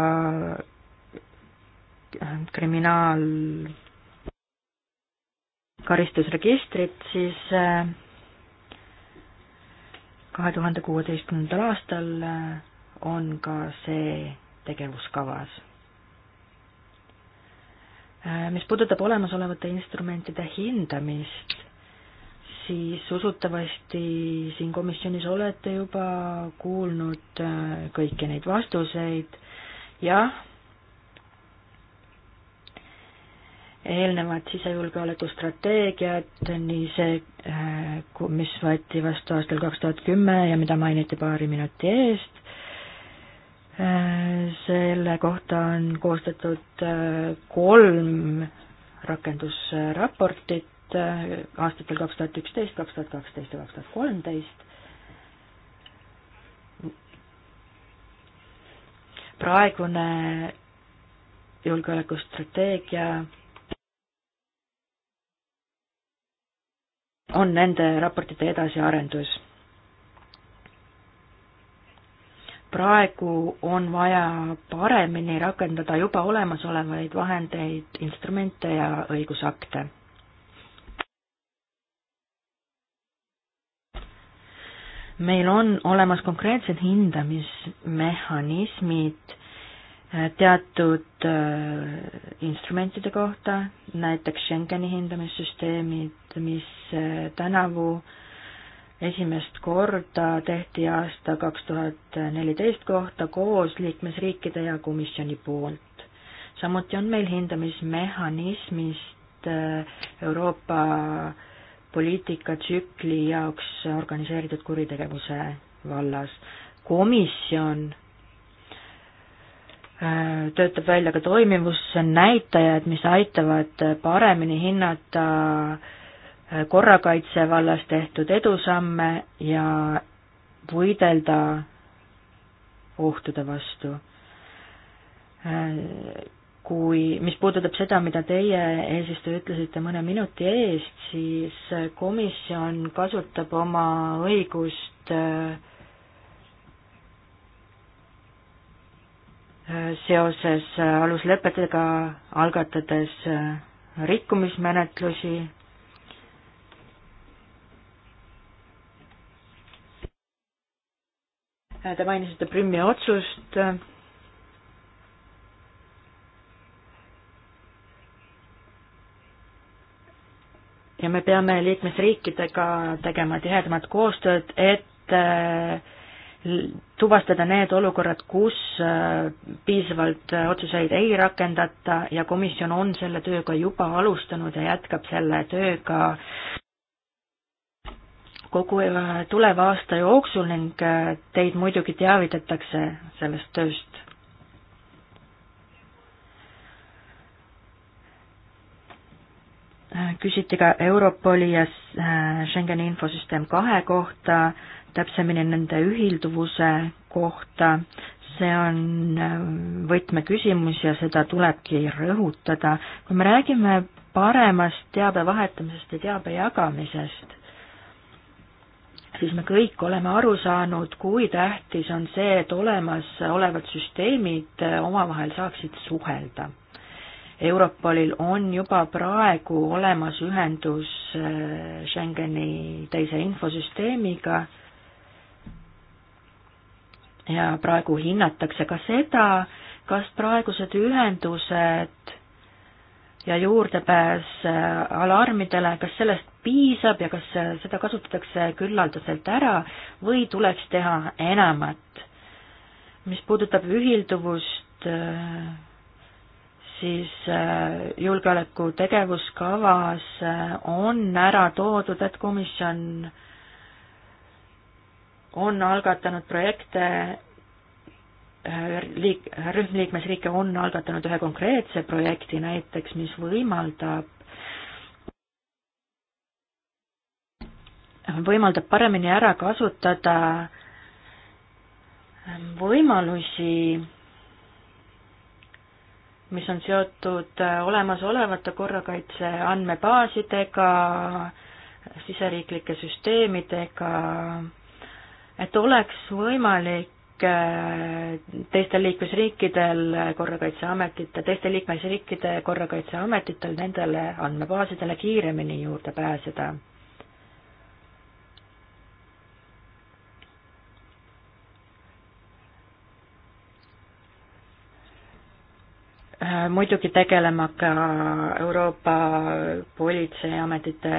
S4: eh, kriminaalkaristusregistrit, siis eh, kahe tuhande kuueteistkümnendal aastal on ka see tegevuskavas. mis puudutab olemasolevate instrumentide hindamist, siis usutavasti siin komisjonis olete juba kuulnud äh, kõiki neid vastuseid. jah, eelnevad sisejulgeolekustrateegiad, nii see, äh, mis võeti vastu aastal kaks tuhat kümme ja mida mainiti paari minuti eest, äh, selle kohta on koostatud kolm rakendusraportit, Äh, aastatel kaks tuhat üksteist, kaks tuhat kaksteist ja kaks tuhat kolmteist. praegune julgeolekustrateegia on nende raportite edasiarendus praegu on vaja paremini rakendada juba olemasolevaid vahendeid, instrumente ja õigusakte. meil on olemas konkreetsed hindamismehhanismid äh, teatud äh, instrumentide kohta, näiteks Schengeni hindamissüsteemid, mis äh, tänavu esimest korda tehti aasta kaks tuhat neliteist kohta koos liikmesriikide ja komisjoni poolt. samuti on meil hindamismehhanismist Euroopa poliitikatsükli jaoks organiseeritud kuritegevuse vallas. komisjon äh, töötab välja ka toimivusnäitajad, mis aitavad paremini hinnata äh, korrakaitse vallas tehtud edusamme ja võidelda ohtude vastu äh, kui, mis puudutab seda, mida teie, eesistuja, ütlesite mõne minuti eest, siis komisjon kasutab oma õigust äh, seoses äh, aluslepetega, algatades äh, rikkumismenetlusi, Te mainisite Prümi otsust ja me peame liikmesriikidega tegema tihedamat koostööd, et äh, tuvastada need olukorrad, kus äh, piisavalt äh, otsuseid ei rakendata ja komisjon on selle tööga juba alustanud ja jätkab selle tööga kogu tuleva aasta jooksul ning teid muidugi teavitatakse sellest tööst küsiti ka Europoli ja äh, Schengeni infosüsteem kahe kohta, täpsemini nende ühilduvuse kohta, see on äh, võtmeküsimus ja seda tulebki rõhutada. kui me räägime paremast teabe vahetamisest ja teabe jagamisest, siis me kõik oleme aru saanud, kui tähtis on see, et olemasolevad süsteemid äh, omavahel saaksid suhelda Europolil on juba praegu olemas ühendus äh, Schengeni teise infosüsteemiga ja praegu hinnatakse ka seda, kas praegused ühendused ja juurdepääs äh, alarmidele, kas sellest piisab ja kas äh, seda kasutatakse küllaldaselt ära või tuleks teha enamat. mis puudutab ühilduvust siis äh, julgeoleku tegevuskavas äh, on ära toodud, et komisjon on algatanud projekte, äh, liik-, rühm liikmesriike on algatanud ühe konkreetse projekti näiteks, mis võimaldab, võimaldab paremini ära kasutada võimalusi mis on seotud äh, olemasolevate korrakaitse andmebaasidega, siseriiklike süsteemidega, et oleks võimalik äh, teistel liikmesriikidel korrakaitseametite, teiste liikmesriikide korrakaitseametitel nendele andmebaasidele kiiremini juurde pääseda Äh, muidugi tegelema ka Euroopa politseiametite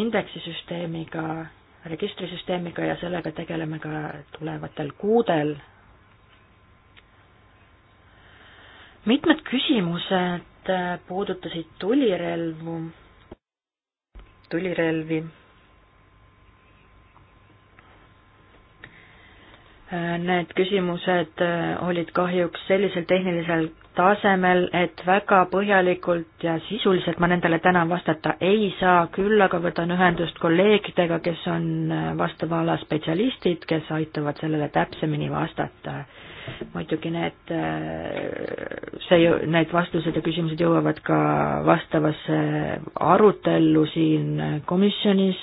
S4: indeksisüsteemiga, registrisüsteemiga ja sellega tegeleme ka tulevatel kuudel. mitmed küsimused äh, puudutasid tulirelvu, tulirelvi äh, Need küsimused olid kahjuks sellisel tehnilisel tasemel, et väga põhjalikult ja sisuliselt ma nendele täna vastata ei saa, küll aga võtan ühendust kolleegidega, kes on vastava ala spetsialistid, kes aitavad sellele täpsemini vastata. muidugi need, see ju, need vastused ja küsimused jõuavad ka vastavasse arutellu siin komisjonis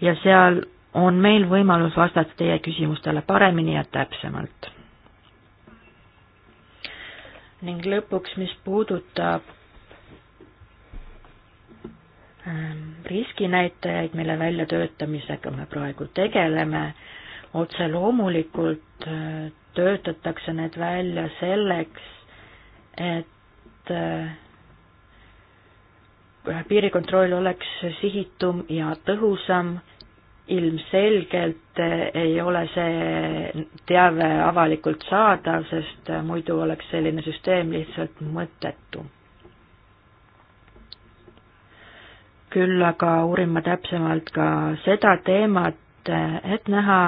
S4: ja seal on meil võimalus vastata teie küsimustele paremini ja täpsemalt ning lõpuks, mis puudutab ähm, riskinäitajaid, mille väljatöötamisega me praegu tegeleme, otse loomulikult äh, töötatakse need välja selleks, et äh, piirikontroll oleks sihitum ja tõhusam ilmselgelt ei ole see teave avalikult saadav, sest muidu oleks selline süsteem lihtsalt mõttetu. küll aga uurin ma täpsemalt ka seda teemat, et näha,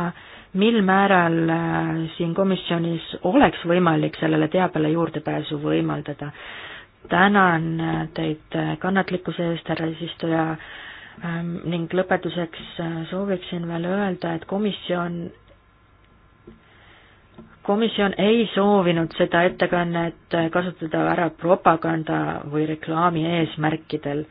S4: mil määral äh, siin komisjonis oleks võimalik sellele teabele juurdepääsu võimaldada. tänan äh, teid äh, kannatlikkuse eest, härra eesistuja Ähm, ning lõpetuseks äh, sooviksin veel öelda, et komisjon, komisjon ei soovinud seda ettekannet äh, kasutada ära propaganda või reklaami eesmärkidel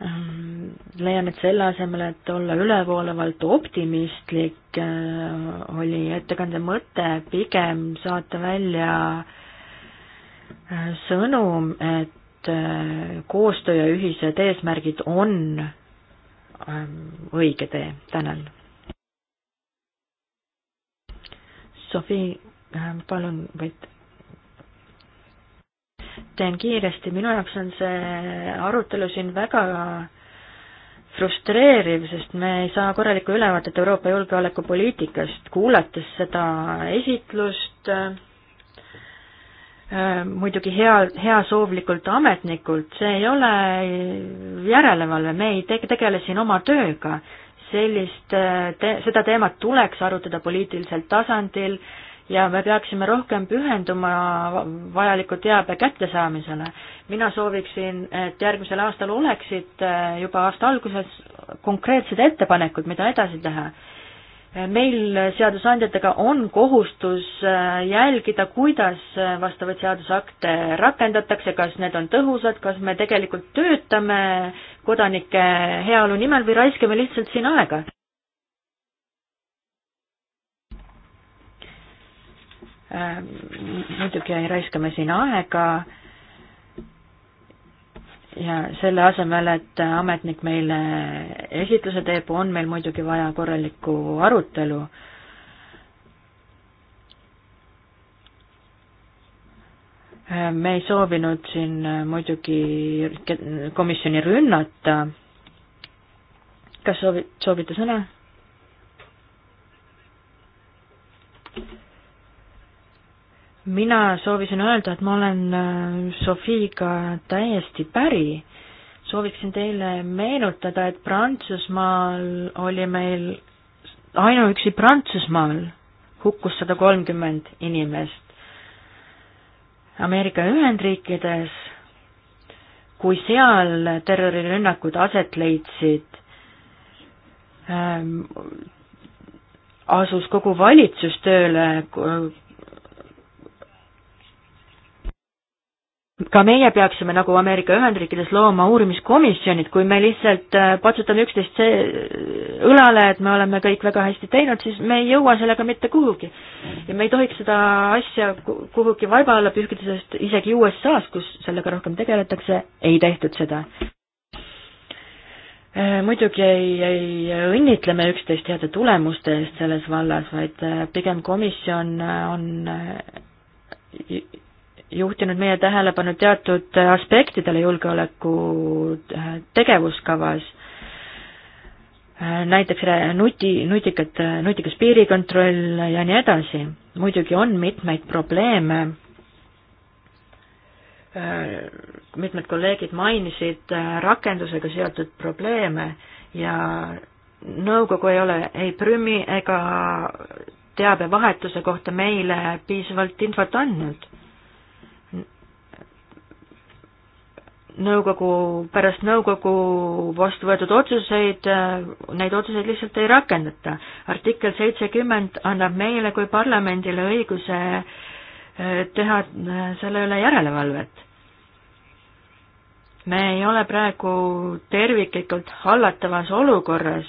S4: ähm, leian, et selle asemel, et olla ülevoolavalt optimistlik, äh, oli ettekande mõte pigem saata välja sõnum, et äh, koostöö ja ühised eesmärgid on ähm, õige tee, tänan. Sofi, ähm, palun, võid teen kiiresti, minu jaoks on see arutelu siin väga frustreeriv, sest me ei saa korralikku ülevaadet Euroopa julgeolekupoliitikast, kuulates seda esitlust äh, Äh, muidugi hea, heasoovlikult ametnikult, see ei ole järelevalve, me ei tege-, tegele siin oma tööga. sellist äh, te-, seda teemat tuleks arutada poliitilisel tasandil ja me peaksime rohkem pühenduma vajaliku teabe kättesaamisele. mina sooviksin, et järgmisel aastal oleksid äh, juba aasta alguses konkreetsed ettepanekud, mida edasi teha meil seadusandjatega on kohustus äh, jälgida, kuidas äh, vastavaid seadusakte rakendatakse, kas need on tõhusad, kas me tegelikult töötame kodanike heaolu nimel või raiskame lihtsalt siin aega. Äh, muidugi raiskame siin aega ja selle asemel, et ametnik meile esitluse teeb, on meil muidugi vaja korralikku arutelu. me ei soovinud siin muidugi komisjoni rünnata. kas soovi-, soovite sõna? mina soovisin öelda, et ma olen äh, Sofiiga täiesti päri. sooviksin teile meenutada, et Prantsusmaal oli meil, ainuüksi Prantsusmaal hukkus sada kolmkümmend inimest. Ameerika Ühendriikides, kui seal terrorirünnakud aset leidsid ähm,, asus kogu valitsus tööle ka meie peaksime nagu Ameerika Ühendriikides looma uurimiskomisjonid, kui me lihtsalt äh, patsutame üksteist äh, õlale, et me oleme kõik väga hästi teinud, siis me ei jõua sellega mitte kuhugi. ja me ei tohiks seda asja kuhugi vaiba alla pühkida, sest isegi USA-s, kus sellega rohkem tegeletakse, ei tehtud seda. Äh, muidugi ei, ei õnnitleme üksteist heade tulemuste eest selles vallas, vaid pigem komisjon on juhtinud meie tähelepanu teatud aspektidele julgeoleku äh, tegevuskavas, äh, näiteks nuti, nutikad, äh, nutikas piirikontroll ja nii edasi. muidugi on mitmeid probleeme, mitmed kolleegid mainisid rakendusega seotud probleeme ja nõukogu ei ole ei Prümi ega teabevahetuse kohta meile piisavalt infot andnud nõukogu, pärast nõukogu vastu võetud otsuseid, neid otsuseid lihtsalt ei rakendata. artikkel seitsekümmend annab meile kui parlamendile õiguse eh, teha eh, selle üle järelevalvet. me ei ole praegu terviklikult hallatavas olukorras,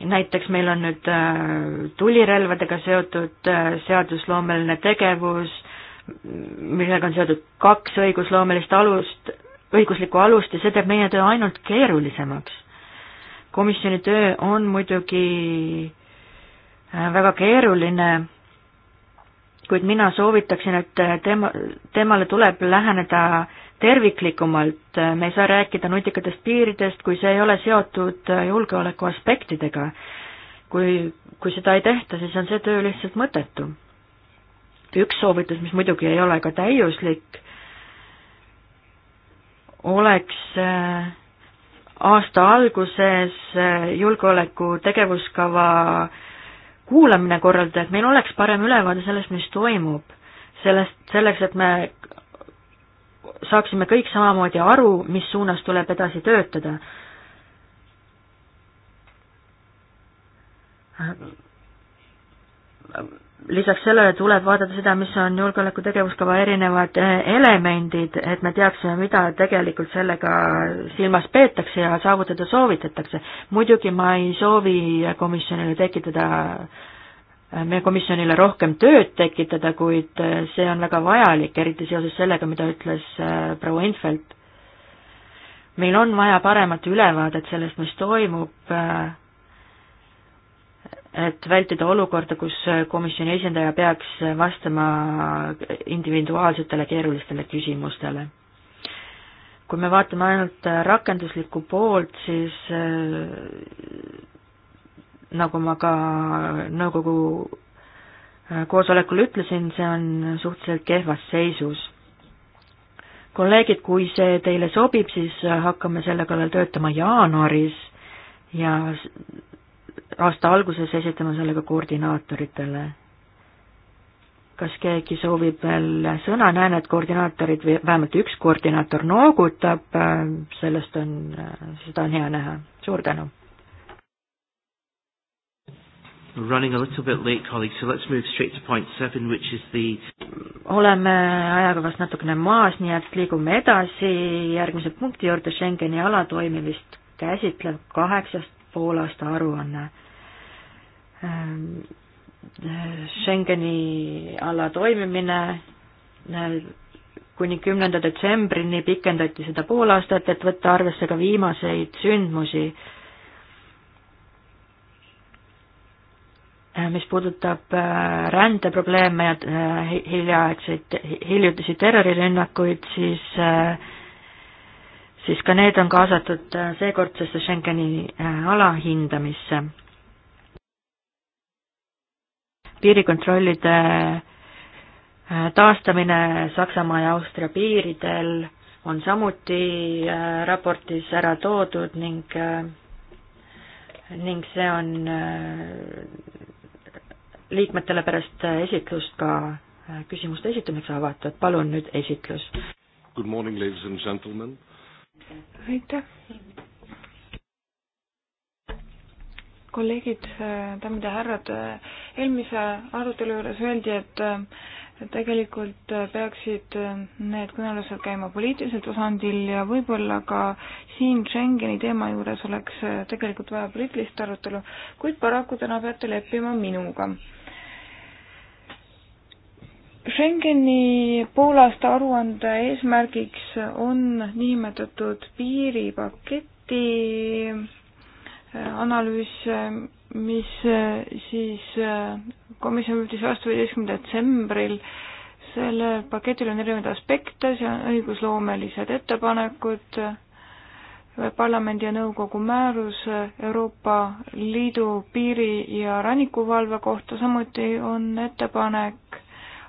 S4: näiteks meil on nüüd eh, tulirelvadega seotud seadusloomeline tegevus, millega on seotud kaks õigusloomelist alust, õiguslikku alust ja see teeb meie töö ainult keerulisemaks. komisjoni töö on muidugi äh, väga keeruline, kuid mina soovitaksin, et äh, tema, temale tuleb läheneda terviklikumalt, äh, me ei saa rääkida nutikatest piiridest, kui see ei ole seotud julgeoleku aspektidega. kui, kui seda ei tehta, siis on see töö lihtsalt mõttetu üks soovitus, mis muidugi ei ole ka täiuslik, oleks äh, aasta alguses äh, julgeoleku tegevuskava kuulamine korraldada, et meil oleks parem ülevaade sellest, mis toimub. sellest, selleks, et me saaksime kõik samamoodi aru, mis suunas tuleb edasi töötada lisaks sellele tuleb vaadata seda, mis on julgeoleku tegevuskava erinevad eh, elemendid, et me teaksime, mida tegelikult sellega silmas peetakse ja saavutada soovitatakse. muidugi ma ei soovi komisjonile tekitada, eh, meie komisjonile rohkem tööd tekitada, kuid eh, see on väga vajalik, eriti seoses sellega, mida ütles proua Infeld. meil on vaja paremat ülevaadet sellest, mis toimub et vältida olukorda, kus komisjoni esindaja peaks vastama individuaalsetele keerulistele küsimustele. kui me vaatame ainult rakenduslikku poolt, siis äh, nagu ma ka nõukogu äh, koosolekul ütlesin, see on suhteliselt kehvas seisus. kolleegid, kui see teile sobib, siis hakkame selle kallal töötama jaanuaris ja aasta alguses esitama selle ka koordinaatoritele. kas keegi soovib veel sõna, näen, et koordinaatorid või vähemalt üks koordinaator noogutab, sellest on, seda on hea näha, suur tänu.
S1: Running a little bit late, colleagues, so let's move straight to point seven, which is the
S4: oleme ajakavast natukene maas, nii et liigume edasi järgmise punkti juurde, Schengeni ala toimimist käsitlev kaheksas poolaasta aruanne. Ähm, Schengeni ala toimimine äh, kuni kümnenda detsembrini pikendati seda pool aastat, et võtta arvesse ka viimaseid sündmusi. Äh, mis puudutab äh, rändeprobleeme ja hiljaaegseid, hiljutisi terrorirünnakuid, siis äh, siis ka need on kaasatud äh, seekordsesse Schengeni äh, ala hindamisse. piirikontrollide äh, taastamine Saksamaa ja Austria piiridel on samuti raportis ära toodud ning, ning see on liikmetele pärast esitlust ka küsimuste esitamiseks avatud. palun nüüd esitlus.
S1: Good morning, ladies and gentlemen uh,
S4: aitäh.
S2: kolleegid, daamid ja härrad, eelmise arutelu juures öeldi, et tegelikult peaksid need kõnelused käima poliitilisel tasandil ja võib-olla ka siin Schengeni teema juures oleks tegelikult vaja poliitilist arutelu, kuid paraku täna peate leppima minuga Schengeni poolaasta aruande eesmärgiks on niinimetatud piiripaketi äh, analüüs, äh, mis äh, siis komisjon võttis vastu viieteistkümnendal detsembril. sellel paketil on erinevaid aspekte, see on õigusloomelised ettepanekud, parlamendi ja nõukogu määrus Euroopa Liidu piiri- ja rannikuvalve kohta, samuti on ettepanek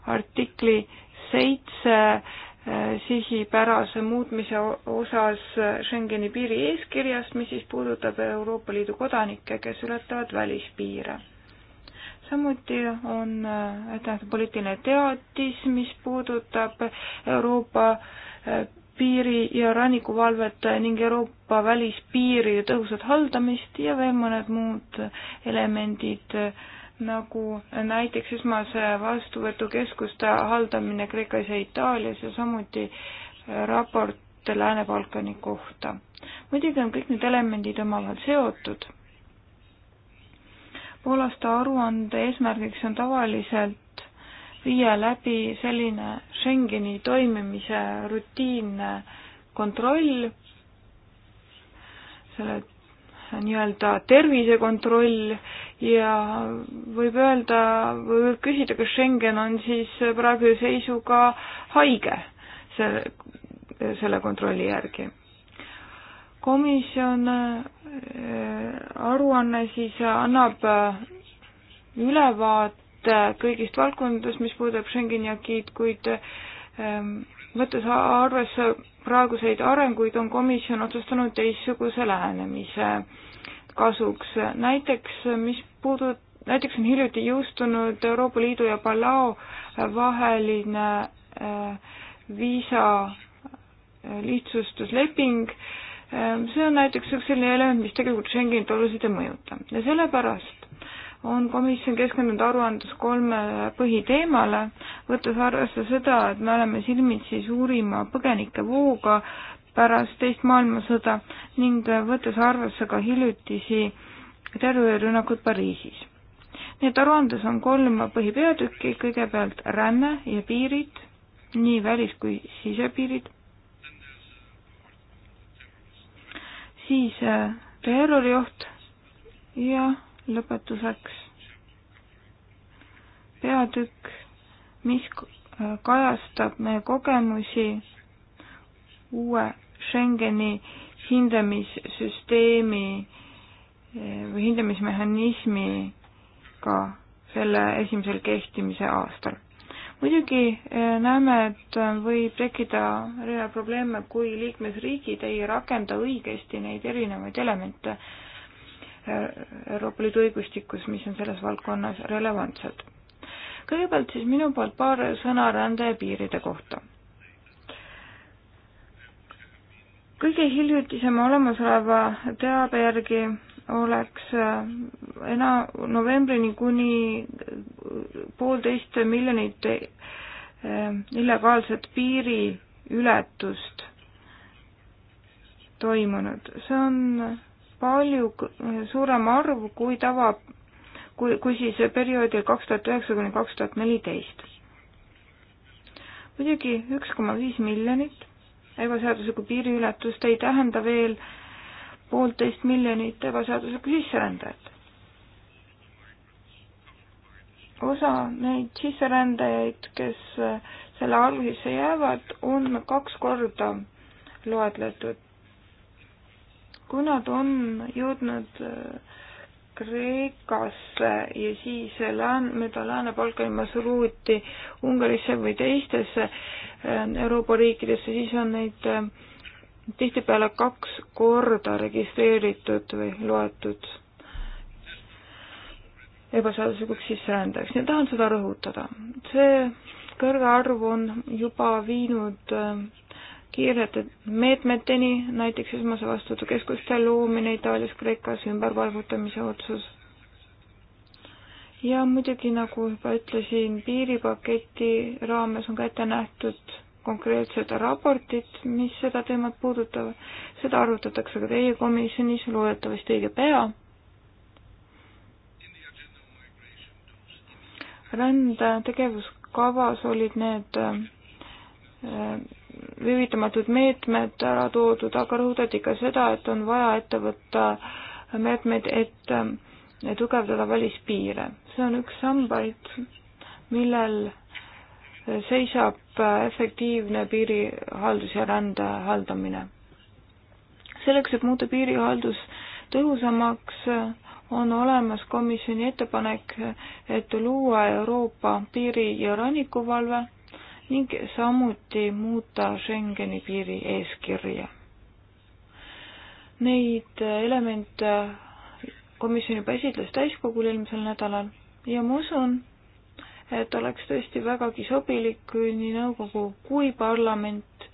S2: artikli seitse äh, sihipärase muutmise osas Schengeni piiri eeskirjast, mis siis puudutab Euroopa Liidu kodanikke, kes ületavad välispiire. samuti on äh, tähendab poliitiline teatis, mis puudutab Euroopa äh, piiri ja rannikuvalvet ning Euroopa välispiiri tõhusat haldamist ja veel mõned muud elemendid äh, nagu näiteks esmase vastuvõtukeskuste haldamine Kreekas ja Itaalias ja samuti äh, raport Lääne-Balkani kohta. muidugi on kõik need elemendid omavahel seotud. poolaasta aruande eesmärgiks on tavaliselt viia läbi selline Schengeni toimimise rutiinne kontroll, selle nii-öelda tervisekontroll ja võib öelda, võib küsida, kas Schengen on siis praeguse seisuga haige selle, selle kontrolli järgi. komisjon äh, aruanne siis annab äh, ülevaate kõigist valdkondadest, mis puudutab Schengeni akiid, kuid ähm, võttes arvesse praeguseid arenguid, on komisjon otsustanud teistsuguse lähenemise äh, kasuks. näiteks, mis puudu-, näiteks on hiljuti jõustunud Euroopa Liidu ja Palau vaheline äh, viisa äh, lihtsustusleping, äh, see on näiteks üks selline element, mis tegelikult Schengenit oluliselt ei mõjuta ja sellepärast on komisjon keskendunud aruandlus kolmele põhiteemale, võttes arvesse seda, et me oleme silmitsi suurima põgenikevooga pärast teist maailmasõda ning võttes arvesse ka hiljutisi terrorirünnakud Pariisis. nii et aruandes on kolm põhipeatükki, kõigepealt ränne ja piirid, nii välis- kui sisepiirid, siis äh, terrorioht ja lõpetuseks peatükk, mis äh, kajastab meie kogemusi uue Schengeni hindamissüsteemi eh, või hindamismehhanismiga selle esimesel kehtimise aastal. muidugi eh, näeme, et võib tekkida rea probleeme, kui liikmesriigid ei rakenda õigesti neid erinevaid elemente eh, Euroopa Liidu õigustikus, mis on selles valdkonnas relevantsed. kõigepealt siis minu poolt paar sõna rände ja piiride kohta kõige hiljutisema olemasoleva teabe järgi oleks äh, ena-, novembrini kuni poolteist miljonit äh, illegaalset piiriületust toimunud. see on palju suurem arv kui tava, kui, kui siis perioodil kaks tuhat üheksa kuni kaks tuhat neliteist. muidugi üks koma viis miljonit ebaseaduslikku piiriületust ei tähenda veel poolteist miljonit ebaseaduslikku sisserändajat. osa neid sisserändajaid, kes selle algusesse jäävad, on kaks korda loetletud. kui nad on jõudnud äh, Kreekasse ja siis lään-, mööda Lääne-Balkani marsruuti Ungarisse või teistesse ähm, Euroopa riikidesse, siis on neid ähm, tihtipeale kaks korda registreeritud või loetud ebaseaduslikuks sisserändajaks ja tahan seda rõhutada. see kõrge arv on juba viinud ähm, kiirete meetmeteni, näiteks esmase vastuvõtukeskuste loomine Itaalias, Kreekas, ümberpaigutamise otsus. ja muidugi, nagu juba ütlesin, piiripaketi raames on ka ette nähtud konkreetsed raportid, mis seda teemat puudutavad. seda arutatakse ka teie komisjonis loodetavasti õige pea. rände tegevuskavas olid need äh, viivitamatud meetmed ära toodud, aga rõhutati ka seda, et on vaja ette võtta meetmeid, et tugevdada välispiire. see on üks sambaid, millel seisab efektiivne piirihaldus ja rände haldamine. selleks, et muuta piirihaldus tõhusamaks, on olemas komisjoni ettepanek, et luua Euroopa piiri- ja rannikuvalve ning samuti muuta Schengeni piiri eeskirja. Neid elemente komisjon juba esitles täiskogul eelmisel nädalal ja ma usun, et oleks tõesti vägagi sobilik, kui nii nõukogu kui parlament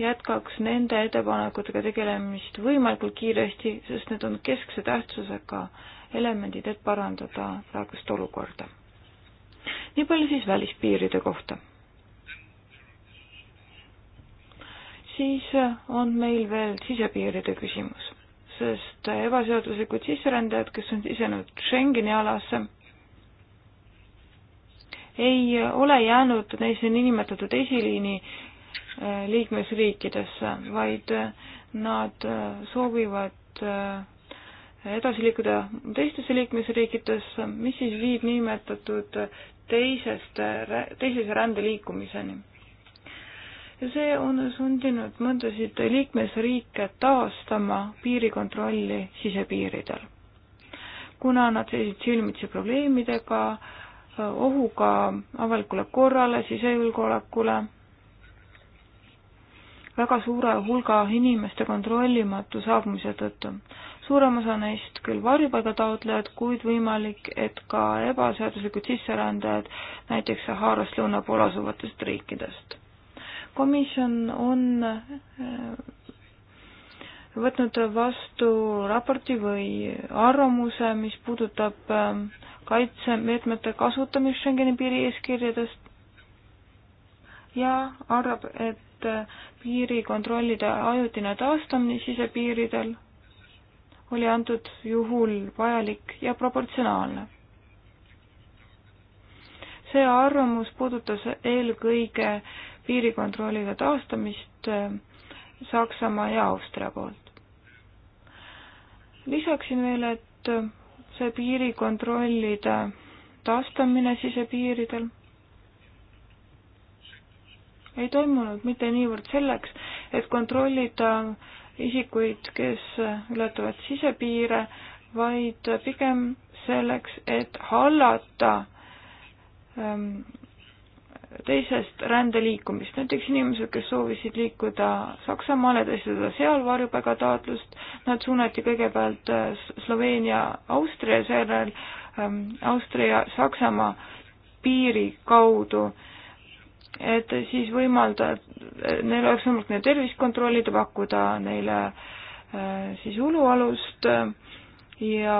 S2: jätkaks nende ettepanekutega tegelemist võimalikult kiiresti, sest need on keskse tähtsusega elemendid, et parandada praegust olukorda. nii palju siis välispiiride kohta. siis on meil veel sisepiiride küsimus, sest ebaseaduslikud sisserändajad, kes on sisenenud Schengeni alasse, ei ole jäänud neisse niinimetatud esiliini äh, liikmesriikidesse, vaid äh, nad äh, soovivad edasi liikuda teistesse liikmesriikidesse, mis siis viib niinimetatud teisest, teisese rändeliikumiseni ja see on sundinud mõndasid liikmesriike taastama piirikontrolli sisepiiridel, kuna nad seisid silmitsi probleemidega, ohuga avalikule korrale, sisejulgeolekule väga suure hulga inimeste kontrollimatu saabumise tõttu. suurem osa neist küll varjupaigataotlejad, kuid võimalik, et ka ebaseaduslikud sisserändajad näiteks Saharast lõuna pool asuvatest riikidest komisjon on äh, võtnud vastu raporti või arvamuse, mis puudutab äh, kaitsemeetmete kasutamist Schengeni piirieeskirjadest ja arvab, et äh, piirikontrollide ajutine taastamine sisepiiridel oli antud juhul vajalik ja proportsionaalne. see arvamus puudutas eelkõige piirikontrolliga taastamist äh, Saksamaa ja Austria poolt. lisaksin veel, et äh, see piirikontrollide taastamine sisepiiridel ei toimunud mitte niivõrd selleks, et kontrollida isikuid, kes ületavad sisepiire, vaid pigem selleks, et hallata ähm, teisest rändeliikumist, näiteks inimesed, kes soovisid liikuda Saksamaale, tõstada seal varjupaigataotlust, nad suunati kõigepealt äh, Sloveenia, Austria, seejärel ähm, Austria, Saksamaa piiri kaudu, et siis võimalda, neil oleks võimalik neil tervist kontrollida, pakkuda neile äh, siis ulualust äh, ja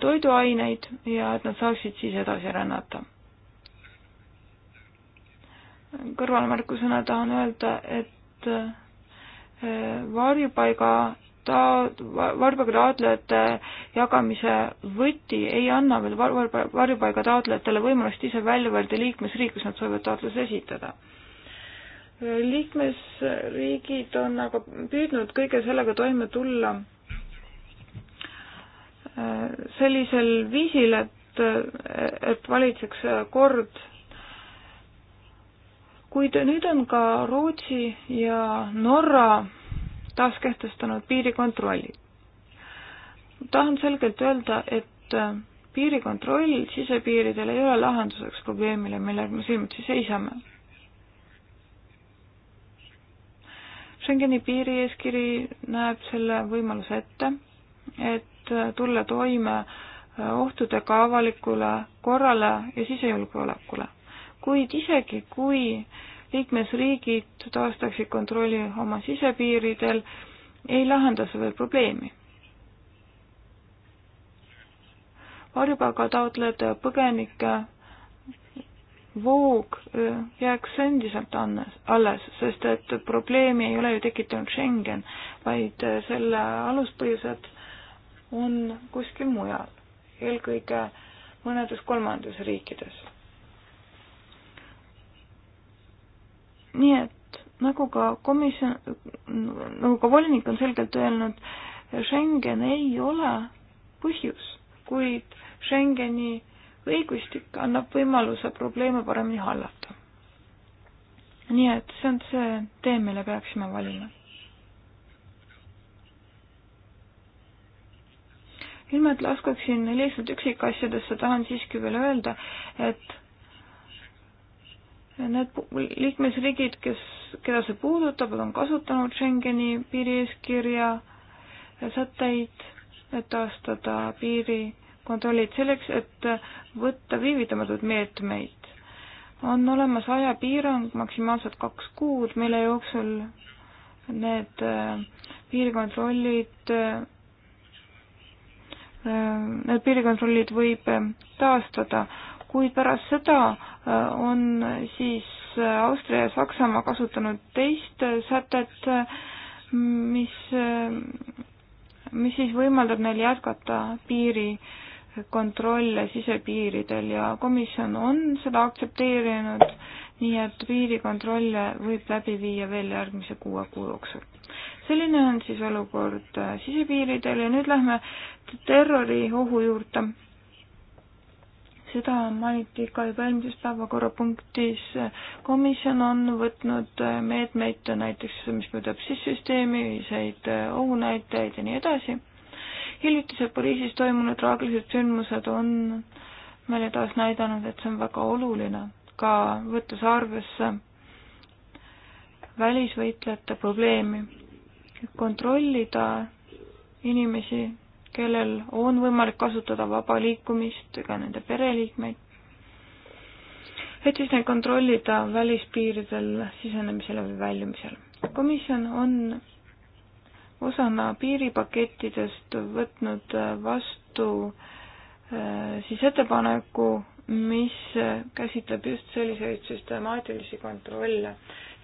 S2: toiduaineid ja et nad saaksid siis edasi rännata kõrvalmärkusena tahan öelda, et eh, varjupaiga ta-, varjupaiga taotlejate jagamise võti ei anna veel var-, var-, varjupaiga taotlejatele võimalust ise välja valida liikmesriik, kus nad soovivad taotluse esitada. liikmesriigid on aga püüdnud kõige sellega toime tulla eh, sellisel viisil, et, eh, et valitseks kord kuid nüüd on ka Rootsi ja Norra taas kehtestanud piirikontrolli. tahan selgelt öelda, et äh, piirikontroll sisepiiridel ei ole lahenduseks probleemile, millega me silmitsi seisame. Schengeni piirieeskiri näeb selle võimaluse ette, et äh, tulla toime äh, ohtudega avalikule korrale ja sisejulgeolekule kuid isegi, kui liikmesriigid taastaksid kontrolli oma sisepiiridel, ei lahenda see veel probleemi. varjupaiga taotlejate ja põgenike voog jääks endiselt alles, sest et probleemi ei ole ju tekitanud Schengen, vaid selle aluspõhjused on kuskil mujal, eelkõige mõnedes kolmandates riikides nii et nagu ka komisjon, nagu ka volinik on selgelt öelnud, Schengen ei ole põhjus, kuid Schengeni õigustik annab võimaluse probleeme paremini hallata. nii et see on see tee, mille peaksime valima ilma et laskuksin lihtsalt üksikasjadesse, tahan siiski veel öelda, et Need liikmesriigid, kes, keda see puudutab, on kasutanud Schengeni piirieeskirja sätteid, et taastada piirikontrollid selleks, et võtta viivitamatud meetmeid. on olemas ajapiirang, maksimaalselt kaks kuud, mille jooksul need äh, piirikontrollid, äh, äh, need piirikontrollid võib taastada kuid pärast seda äh, on siis äh, Austria ja Saksamaa kasutanud teist äh, sätet, mis, mis siis võimaldab neil jätkata piirikontrolle sisepiiridel ja komisjon on seda aktsepteerinud, nii et piirikontrolle võib läbi viia veel järgmise kuue kuu jooksul selline on siis olukord sisepiiridel ja nüüd lähme terroriohu juurde seda mainiti ka juba eelmises päevakorrapunktis. komisjon on võtnud meetmeid näiteks, mis mõjutab sissüsteemi, ühiseid ohunäitajaid ja nii edasi. hiljutised Pariisis toimunud traagilised sündmused on meile taas näidanud, et see on väga oluline, ka võttes arvesse välisvõitlejate probleemi, kontrollida inimesi kellel on võimalik kasutada vaba liikumist, ka nende pereliikmeid, et siis neid kontrollida välispiiridel sisenemisel või väljumisel. komisjon on osana piiripakettidest võtnud vastu äh, siis ettepaneku, mis käsitleb just selliseid süstemaatilisi kontrolle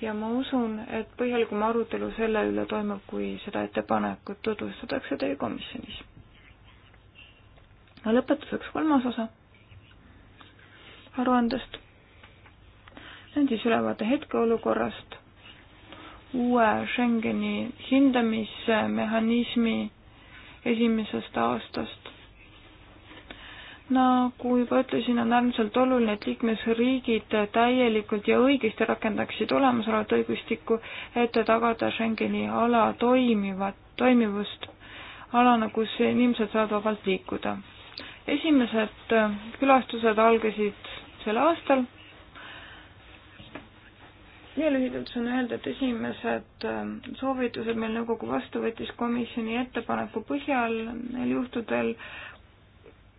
S2: ja ma usun, et põhjalikum arutelu selle üle toimub, kui seda ettepanekut tutvustatakse teie komisjonis ja lõpetuseks kolmas osa aruandest. see on siis ülevaade hetkeolukorrast, uue Schengeni hindamismehhanismi esimesest aastast. nagu juba ütlesin, on äärmiselt oluline, et liikmesriigid täielikult ja õigesti rakendaksid olemasolevat õigustikku, et tagada Schengeni ala toimivat, toimivust alana, kus inimesed saavad vabalt liikuda esimesed äh, külastused algasid sel aastal. ja lühidalt saan öelda, et esimesed äh, soovitused meil nõukogu vastu võttis komisjoni ettepaneku põhjal neil juhtudel,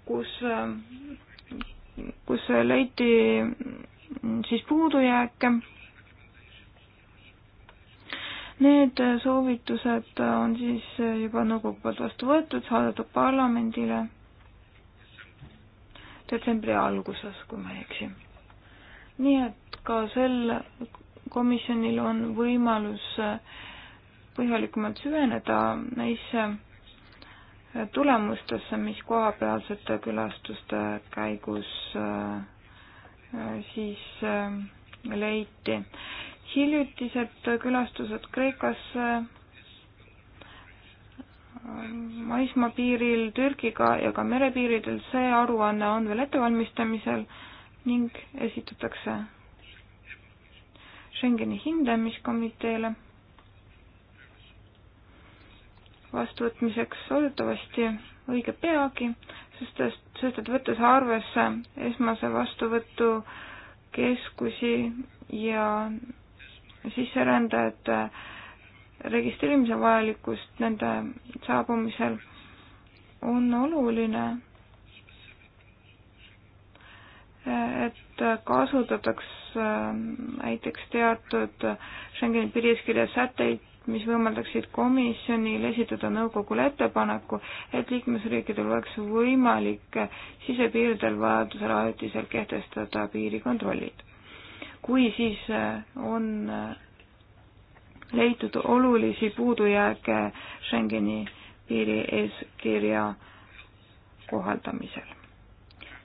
S2: kus, äh, kus leiti siis puudujääke. Need soovitused on siis juba nõukogu poolt vastu võetud, saadetud parlamendile detsembri alguses, kui ma ei eksi. nii et ka sel komisjonil on võimalus äh, põhjalikumalt süveneda neisse äh, tulemustesse, mis kohapealsete külastuste käigus äh, siis leiti. hiljutised külastused Kreekasse maismaapiiril Türgiga ja ka merepiiridel, see aruanne on veel ettevalmistamisel ning esitatakse Schengeni hindamiskomiteele vastuvõtmiseks loodetavasti õige peagi, sest, sest et võttes arvesse esmase vastuvõtukeskusi ja sisserändajate äh, registreerimise vajalikkust nende saabumisel on oluline, et kasutataks äh, näiteks teatud Schengeni piiriskirja sätteid, mis võimaldaksid komisjonil esitada nõukogule ettepaneku, et liikmesriikidel oleks võimalik sisepiiridel vajadusel ajutiselt kehtestada piirikontrollid. kui siis äh, on äh, leitud olulisi puudujääke Schengeni piiri eeskirja kohaldamisel.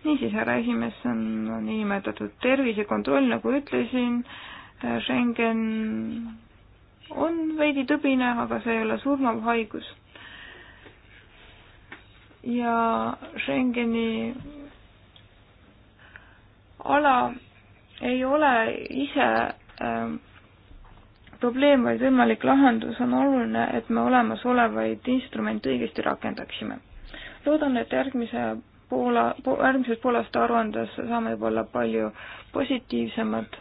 S2: niisiis, härra esimees, see on niinimetatud tervisekontroll, nagu ütlesin, Schengen on veidi tõbine, aga see ei ole surmav haigus. ja Schengeni ala ei ole ise äh, probleem, vaid võimalik lahendus, on oluline, et me olemasolevaid instrumente õigesti rakendaksime. loodan, et järgmise Poola po,, järgmises Poolaasta aruandes saame juba olla palju positiivsemad.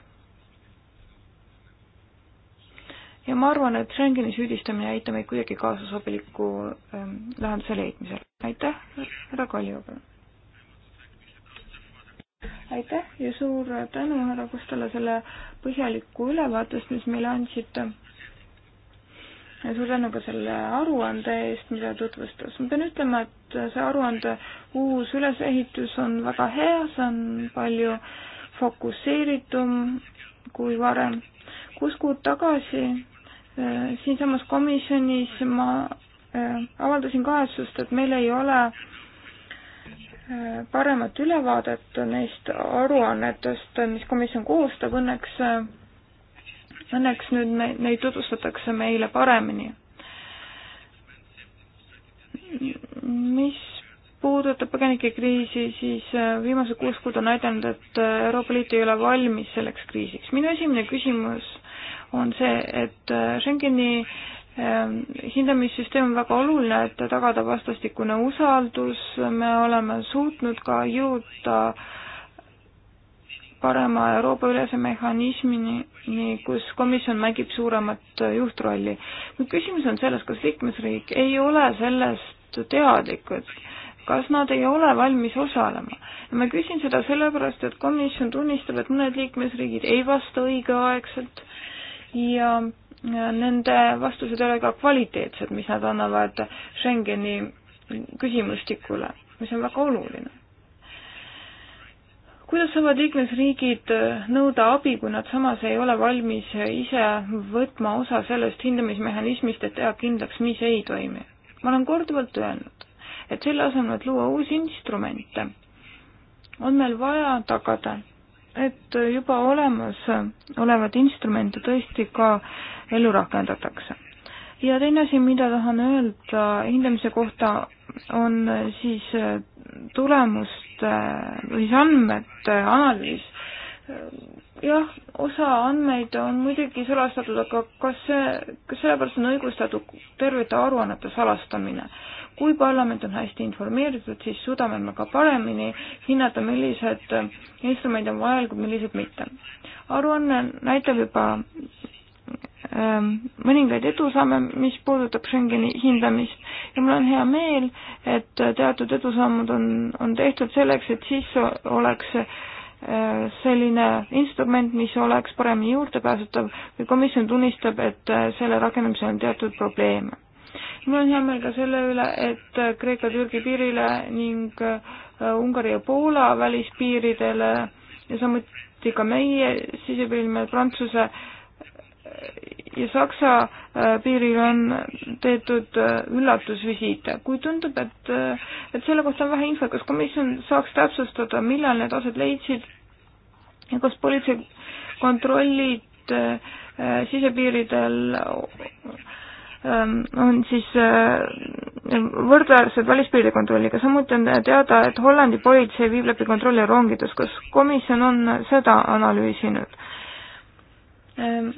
S2: ja ma arvan, et Schengeni süüdistamine ei aita meid kuidagi kaasa sobiliku ähm, lahenduse leidmisel. aitäh, härra Kalju, palun! aitäh ja suur tänu, härra Kustale, selle põhjaliku ülevaatest, mis meile andsite. ja suur tänu ka selle aruande eest, mida tutvustas. ma pean ütlema, et see aruande uus ülesehitus on väga hea, see on palju fokusseeritum kui varem. kuus kuud tagasi äh, siinsamas komisjonis ma äh, avaldasin kahetsust, et meil ei ole paremat ülevaadet neist aruannetest, mis komisjon koostab, õnneks, õnneks nüüd me, neid tutvustatakse meile paremini. mis puudutab põgenikekriisi, siis äh, viimased kuus kuud on näidanud, et äh, Euroopa Liit ei ole valmis selleks kriisiks. minu esimene küsimus on see, et äh, Schengeni Ehm, hindamissüsteem on väga oluline, et tagada vastastikune usaldus, me oleme suutnud ka jõuda parema Euroopa ülese mehhanismini, kus komisjon mängib suuremat juhtrolli. nüüd küsimus on selles, kas liikmesriik ei ole sellest teadlikud, kas nad ei ole valmis osalema. ja ma küsin seda sellepärast, et komisjon tunnistab, et mõned liikmesriigid ei vasta õigeaegselt ja nende vastused ei ole ka kvaliteetsed, mis nad annavad Schengeni küsimustikule, mis on väga oluline. kuidas saavad liikmesriigid nõuda abi, kui nad samas ei ole valmis ise võtma osa sellest hindamismehhanismist, et teha kindlaks, mis ei toimi? ma olen korduvalt öelnud, et selle asemel, et luua uusi instrumente, on meil vaja tagada, et juba olemasolevad instrumente tõesti ka ellu rakendatakse. ja teine asi, mida tahan öelda hindamise kohta, on siis tulemuste või siis andmete analüüs. jah, osa andmeid on muidugi salastatud, aga kas see, kas sellepärast on õigustatud tervete aruannete salastamine? kui parlament on hästi informeeritud, siis suudame me ka paremini hinnata, millised instrumendid on vajalikud, millised mitte. aruanne näitab juba ähm, mõningaid edusamme, mis puudutab Schengeni hindamist ja mul on hea meel, et teatud edusammud on, on tehtud selleks, et siis oleks äh, selline instrument, mis oleks paremini juurdepääsetav või komisjon tunnistab, et äh, selle rakendamisel on teatud probleeme mul on hea meel ka selle üle, et Kreeka-Türgi piirile ning äh, Ungari ja Poola välispiiridele ja samuti ka meie sisepiiril, meil Prantsuse äh, ja Saksa äh, piiril on tehtud üllatusvisiite, kui tundub, et, et selle kohta on vähe infot, kas komisjon saaks täpsustada, millal need aset leidsid ja kas politsei kontrollid sisepiiridel Ähm, on siis äh, võrdväärsed välispiiride kontrolliga, samuti on teada, et Hollandi politsei viib läbi kontrolli rongides, kas komisjon on seda analüüsinud? Ähm,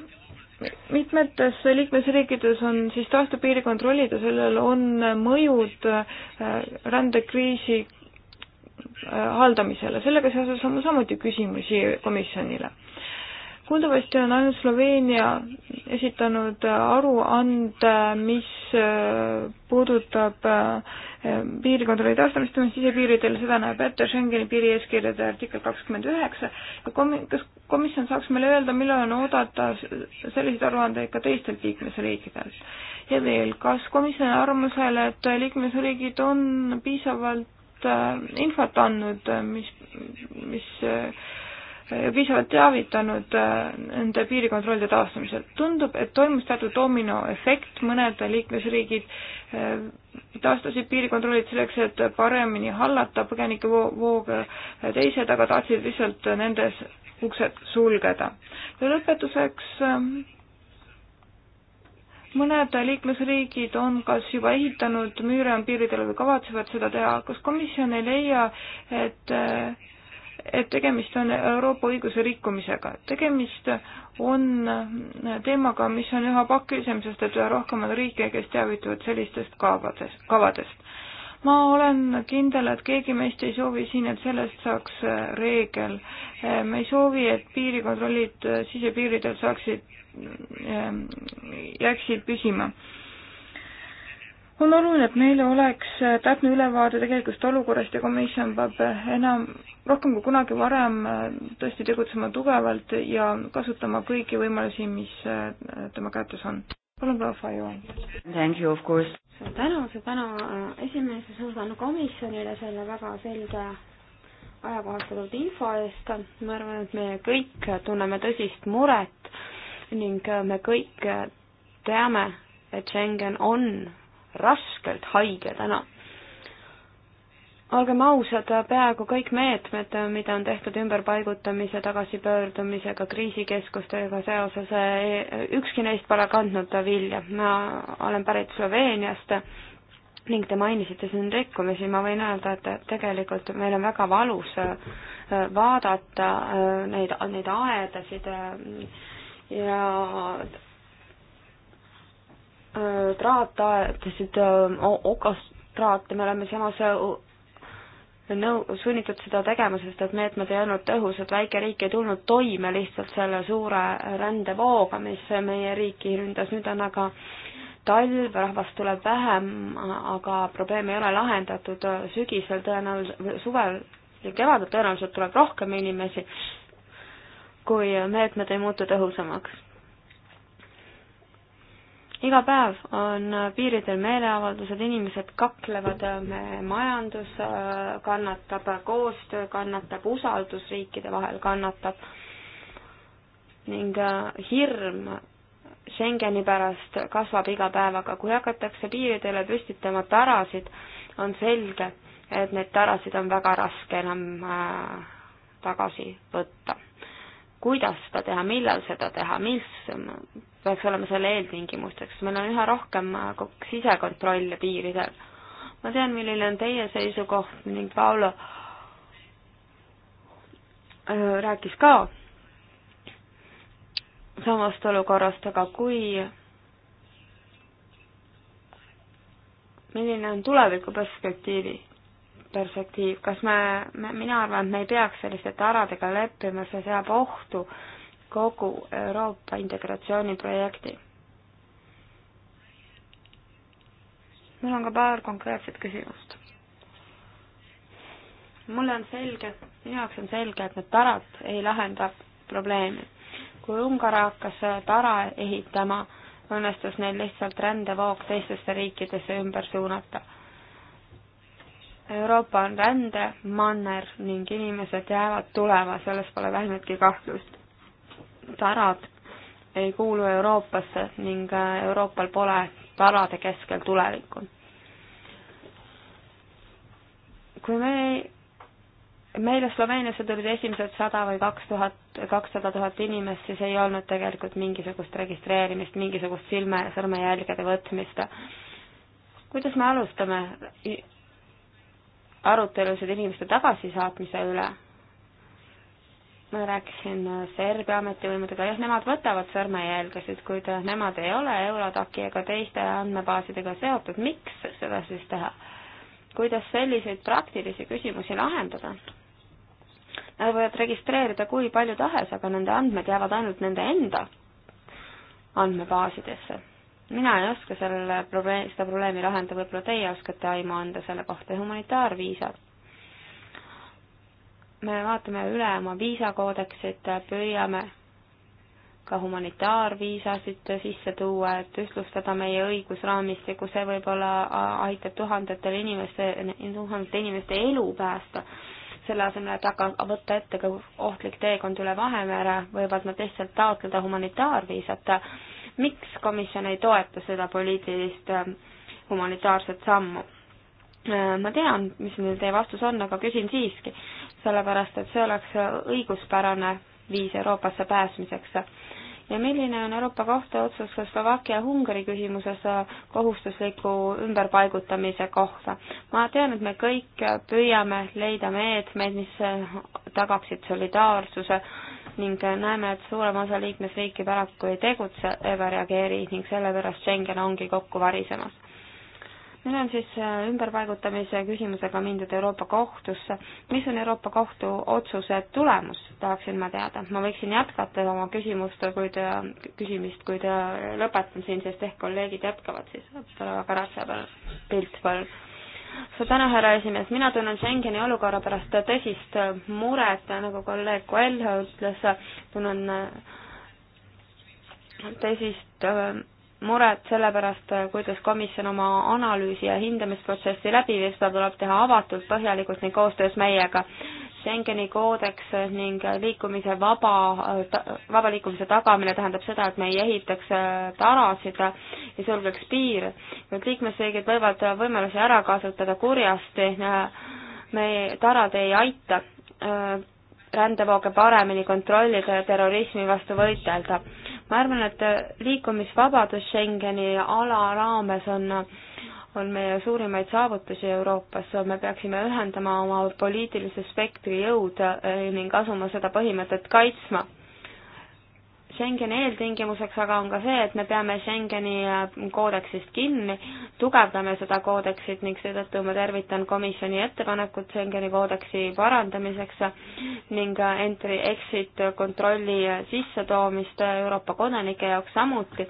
S2: mitmetes liikmesriikides on siis taastepiirikontrollid ja sellel on mõjud äh, rändekriisi äh, haldamisele, sellega seoses on mul samuti küsimusi komisjonile kuuldavasti on ainult Sloveenia esitanud aruande, mis äh, puudutab äh, piirikontrolli taastamist tema sisepiiridel, seda näeb ette Schengeni piirieeskirjade artikkel kakskümmend üheksa. kas komisjon saaks meile öelda, millal on oodata selliseid aruandeid ka teistelt liikmesriikidelt? ja veel, kas komisjoni arvamusel, et liikmesriigid on piisavalt äh, infot andnud, mis, mis äh, piisavalt teavitanud äh, nende piirikontrollide taastamisel. tundub, et toimus teatud dominoefekt, mõned liikmesriigid äh, taastasid piirikontrollid selleks, et paremini hallata põgenikevooga, teised aga tahtsid lihtsalt nendes uksed sulgeda. ja lõpetuseks äh, mõned liikmesriigid on kas juba ehitanud müüre on piiridele või kavatsevad seda teha. kas komisjon ei leia, et äh, et tegemist on Euroopa õiguse rikkumisega. tegemist on teemaga, mis on üha pakilisem, sest et üha rohkem on riike, kes teavituvad sellistest kavades, kavadest. ma olen kindel, et keegi meist ei soovi siin, et sellest saaks reegel. me ei soovi, et piirikontrollid sisepiiridel saaksid, jääksid püsima on oluline, et meil oleks äh, täpne ülevaade tegelikust olukorrast ja komisjon peab äh, enam, rohkem kui kunagi varem äh, tõesti tegutsema tugevalt ja kasutama kõiki võimalusi, mis tema kätes on. palun, proua Fajo.
S4: Thank you, of course. suur
S3: tänu, suur tänu esimees ja suur tänu komisjonile selle väga selge ajakohastatud info eest. ma arvan, et me kõik tunneme tõsist muret ning me kõik teame, et Schengen on raskelt haige täna. olgem ausad, peaaegu kõik meetmed, mida on tehtud ümberpaigutamise, tagasipöördumisega, kriisikeskustega seoses, ükski neist pole kandnud vilja. ma olen pärit Sloveeniast ning te mainisite siin rikkumisi, ma võin öelda, et tegelikult meil on väga valus äh, vaadata äh, neid, neid aedasid äh, ja traataedasid, äh, okastraate, me oleme samas äh, nõu-, sunnitud seda tegema, sest et meetmed ei olnud tõhusad, väike riik ei tulnud toime lihtsalt selle suure rändevooga, mis meie riiki ründas, nüüd on aga talv, rahvast tuleb vähem, aga probleem ei ole lahendatud, sügisel tõenäoliselt, suvel ja kevadel tõenäoliselt tuleb rohkem inimesi, kui meetmed ei muutu tõhusamaks iga päev on piiridel meeleavaldused, inimesed kaklevad, meie majandus äh, kannatab, koostöö kannatab, usaldus riikide vahel kannatab ning äh, hirm Schengeni pärast kasvab iga päevaga. kui hakatakse piiridele püstitama tarasid, on selge, et need tarasid on väga raske enam äh, tagasi võtta kuidas seda teha, millal seda teha, mis peaks olema selle eeltingimusteks, meil on üha rohkem äh, sisekontrolle piiridel. ma tean, milline on teie seisukoht ning Paolo äh, rääkis ka samast olukorrast, aga kui milline on tulevikuperspektiivi perspektiiv, kas me, me, mina arvan, et me ei peaks selliste taradega leppima, see seab ohtu kogu Euroopa integratsiooniprojekti. mul on ka paar konkreetset küsimust. mulle on selge, minu jaoks on selge, et need tarad ei lahenda probleemi. kui Ungar hakkas tara ehitama, õnnestus neil lihtsalt rändevoog teistesse riikidesse ümber suunata Euroopa on rändemanner ning inimesed jäävad tulema, selles pole vähimatki kahtlust. tarad ei kuulu Euroopasse ning äh, Euroopal pole tarade keskel tulevikku. kui me ei meile Sloveeniasse tulid esimesed sada või kaks tuhat, kakssada tuhat inimest, siis ei olnud tegelikult mingisugust registreerimist, mingisugust silme ja sõrmejälgede võtmist. kuidas me alustame arutelusid inimeste tagasisaatmise üle. ma rääkisin Serbia ametivõimudega, jah, nemad võtavad sõrmejälgesid, kuid nemad ei ole Eurodaki ega teiste andmebaasidega seotud, miks seda siis teha? kuidas selliseid praktilisi küsimusi lahendada? Nad võivad registreerida kui palju tahes, aga nende andmed jäävad ainult nende enda andmebaasidesse mina ei oska selle probleem, seda probleemi lahendada, võib-olla teie oskate aimu anda selle kohta ja humanitaarviisad. me vaatame üle oma viisakoodeksit, püüame ka humanitaarviisasid sisse tuua, et ühtlustada meie õigusraamistikku, see võib-olla aitab tuhandetel inimeste, tuhandete inimeste elu päästa. selle asemel, et hakata, võtta ette ka ohtlik teekond üle Vahemere, võivad nad lihtsalt taotleda humanitaarviisat miks komisjon ei toeta seda poliitilist ähm, humanitaarset sammu? Äh, ma tean, mis nüüd teie vastus on, aga küsin siiski, sellepärast et see oleks äh, õiguspärane viis Euroopasse pääsmiseks. ja milline on Euroopa Kohtu otsus Slovakkia ja Ungari küsimuses äh, kohustusliku ümberpaigutamise kohta? ma tean, et me kõik püüame leida meetmeid, mis tagaksid solidaarsuse ning näeme, et suurem osa liikmesriike paraku ei tegutse ega reageeri ning sellepärast Schengen ongi kokku varisemas. nüüd on siis äh, ümberpaigutamise küsimusega mindud Euroopa Kohtusse. mis on Euroopa Kohtu otsuse tulemus, tahaksin ma teada. ma võiksin jätkata oma küsimust, kuid, äh, küsimist, kuid äh, lõpetan siin, sest ehk kolleegid jätkavad siis. väga raske pilt, palun suur tänu, härra esimees, mina tunnen Schengeni olukorra pärast tõsist muret, nagu kolleeg Koelho ütles, tunnen äh, tõsist äh, muret selle pärast, kuidas komisjon oma analüüsi ja hindamisprotsessi läbi viib, seda tuleb teha avatult, põhjalikult ning koostöös meiega. Schengeni koodeks ning liikumise vaba, vaba liikumise tagamine tähendab seda, et me ei ehitaks äh, tarasid ja sulgeks piire. Need liikmesriigid võivad võimalusi ära kasutada kurjasti, me, tarad ei aita äh, rändevooge paremini kontrollida ja terrorismi vastu võitelda ma arvan, et liikumisvabadus Schengeni ala raames on on meie suurimaid saavutusi Euroopas, me peaksime ühendama oma poliitilise spektri jõud eh, ning asuma seda põhimõtet kaitsma. Schengeni eeltingimuseks aga on ka see, et me peame Schengeni äh, koodeksist kinni, tugevdame seda koodeksit ning seetõttu ma tervitan komisjoni ettepanekut Schengeni koodeksi parandamiseks ning äh, entry-exit kontrolli sissetoomist Euroopa kodanike jaoks samuti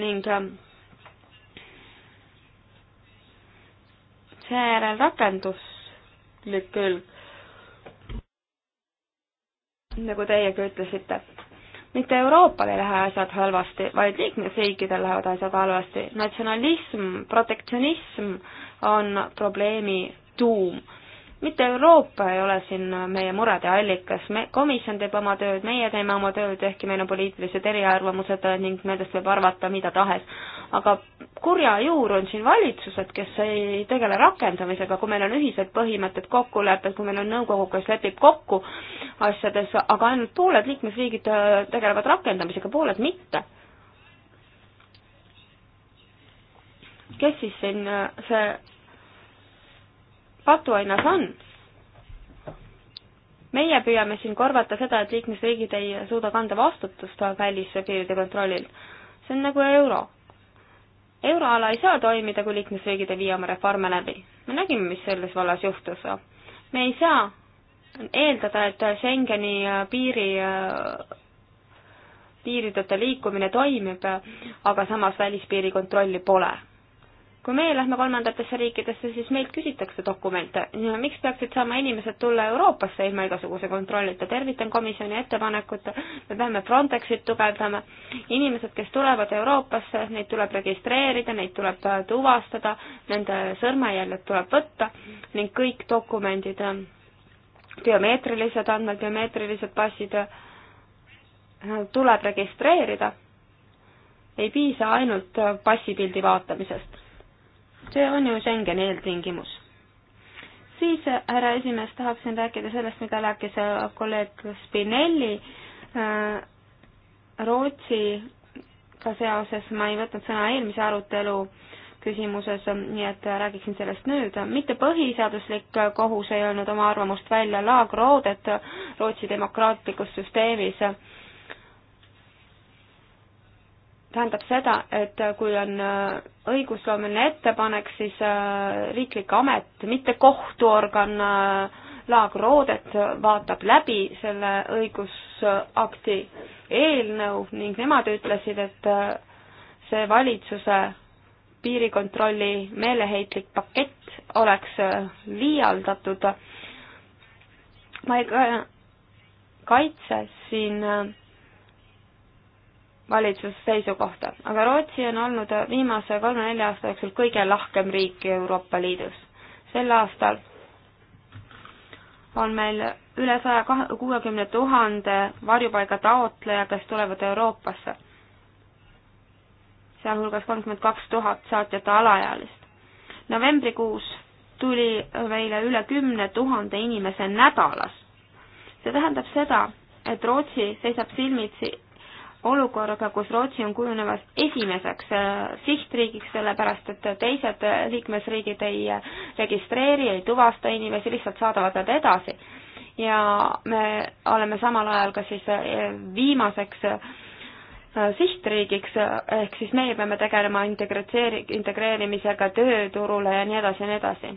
S3: ning äh, seejärel rakenduslik külg, nagu teiegi ütlesite mitte Euroopal ei lähe asjad halvasti, vaid liikmesriikidel lähevad asjad halvasti. natsionalism, protektsionism on probleemi tuum mitte Euroopa ei ole siin meie murede allikas, me, komisjon teeb oma tööd, meie teeme oma tööd, ehkki meil on poliitilised eriarvamused ning nendest võib arvata mida tahes. aga kurja juur on siin valitsused, kes ei tegele rakendamisega, kui meil on ühised põhimõtted, kokkulepped, kui meil on nõukogu, kes lepib kokku asjades, aga ainult pooled liikmesriigid äh, tegelevad rakendamisega, pooled mitte kes siis siin äh, see patuainas on. meie püüame siin korvata seda, et liikmesriigid ei suuda kanda vastutust välispiiride kontrollil. see on nagu euro. euroala ei saa toimida, kui liikmesriigid ei vii oma reforme läbi. me nägime, mis selles vallas juhtus. me ei saa eeldada, et Schengeni piiri piirideta liikumine toimib, aga samas välispiiri kontrolli pole kui meie lähme kolmandatesse riikidesse, siis meilt küsitakse dokumente. miks peaksid saama inimesed tulla Euroopasse ilma igasuguse kontrollita? tervitan komisjoni ettepanekut, me peame Frontexit tugevdama. inimesed, kes tulevad Euroopasse, neid tuleb registreerida, neid tuleb äh, tuvastada, nende sõrmejäljed tuleb võtta ning kõik dokumendid, äh, biomeetrilised andmed, biomeetrilised passid äh, tuleb registreerida. ei piisa ainult passipildi vaatamisest see on ju Schengeni eeltingimus. siis, härra esimees, tahaksin rääkida sellest, mida rääkis äh, kolleeg Spinelli äh, Rootsiga seoses, ma ei võtnud sõna eelmise arutelu küsimuses, nii et äh, räägiksin sellest nüüd. mitte põhiseaduslik kohus ei öelnud oma arvamust välja, laagroodet Rootsi demokraatlikus süsteemis tähendab seda, et kui on äh, õigusloomeline ettepanek, siis äh, riiklik amet, mitte kohtuorgan, äh, Laag Roodet vaatab läbi selle õigusakti eelnõu ning nemad ütlesid, et see valitsuse piirikontrolli meeleheitlik pakett oleks liialdatud. ma ei kaitse siin valitsuse seisukohta, aga Rootsi on olnud viimase kolme-nelja aasta jooksul kõige lahkem riik Euroopa Liidus. sel aastal on meil üle saja kuuekümne tuhande varjupaiga taotleja, kes tulevad Euroopasse, sealhulgas kolmkümmend kaks tuhat saatjate alaealist. novembrikuus tuli meile üle kümne tuhande inimese nädalas. see tähendab seda, et Rootsi seisab silmitsi olukorraga, kus Rootsi on kujunemas esimeseks äh, sihtriigiks, sellepärast et teised äh, liikmesriigid ei äh, registreeri, ei tuvasta inimesi, lihtsalt saadavad nad edasi. ja me oleme samal ajal ka siis viimaseks sihtriigiks, ehk siis meie peame tegelema integreeri-, integreerimisega tööturule ja nii edasi ja nii edasi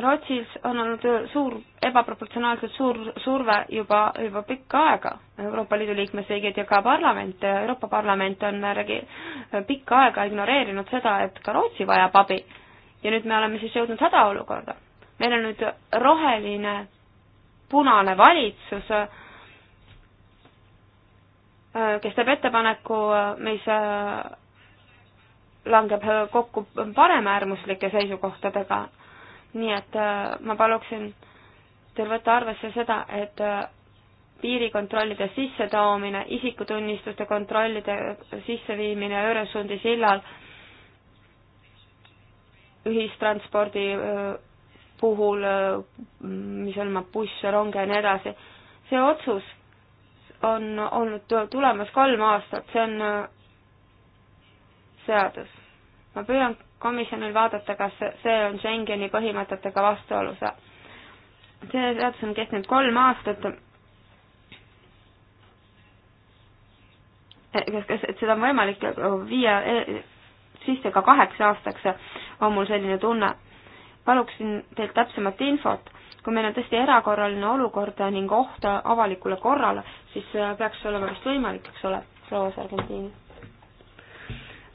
S3: Rootsis on olnud suur, ebaproportsionaalselt suur surve juba, juba pikka aega. Euroopa Liidu liikmesriigid ja ka parlament, Euroopa Parlament on regi-, pikka aega ignoreerinud seda, et ka Rootsi vajab abi. ja nüüd me oleme siis jõudnud hädaolukorda. meil on nüüd roheline punane valitsus, kes teeb ettepaneku, mis langeb kokku paremäärmuslike seisukohtadega nii et äh, ma paluksin teil võtta arvesse seda, et äh, piirikontrollide sissetoomine, isikutunnistuste kontrollide äh, sisseviimine Öresundi sillal, ühistranspordi puhul, mis hõlmab busse, ronge ja nii edasi, see otsus on olnud tulemas kolm aastat, see on seadus. ma püüan komisjonil vaadata, kas see on Schengeni põhimõtetega vastuolus. see seadus on kestnud kolm aastat. Eh, kas, kas, et seda on võimalik viia eh, sisse ka kaheks aastaks, on mul selline tunne. paluksin teilt täpsemat infot. kui meil on tõesti erakorraline olukord ning oht avalikule korrale, siis eh, peaks olema vist võimalik, eks ole, proua Sargentini.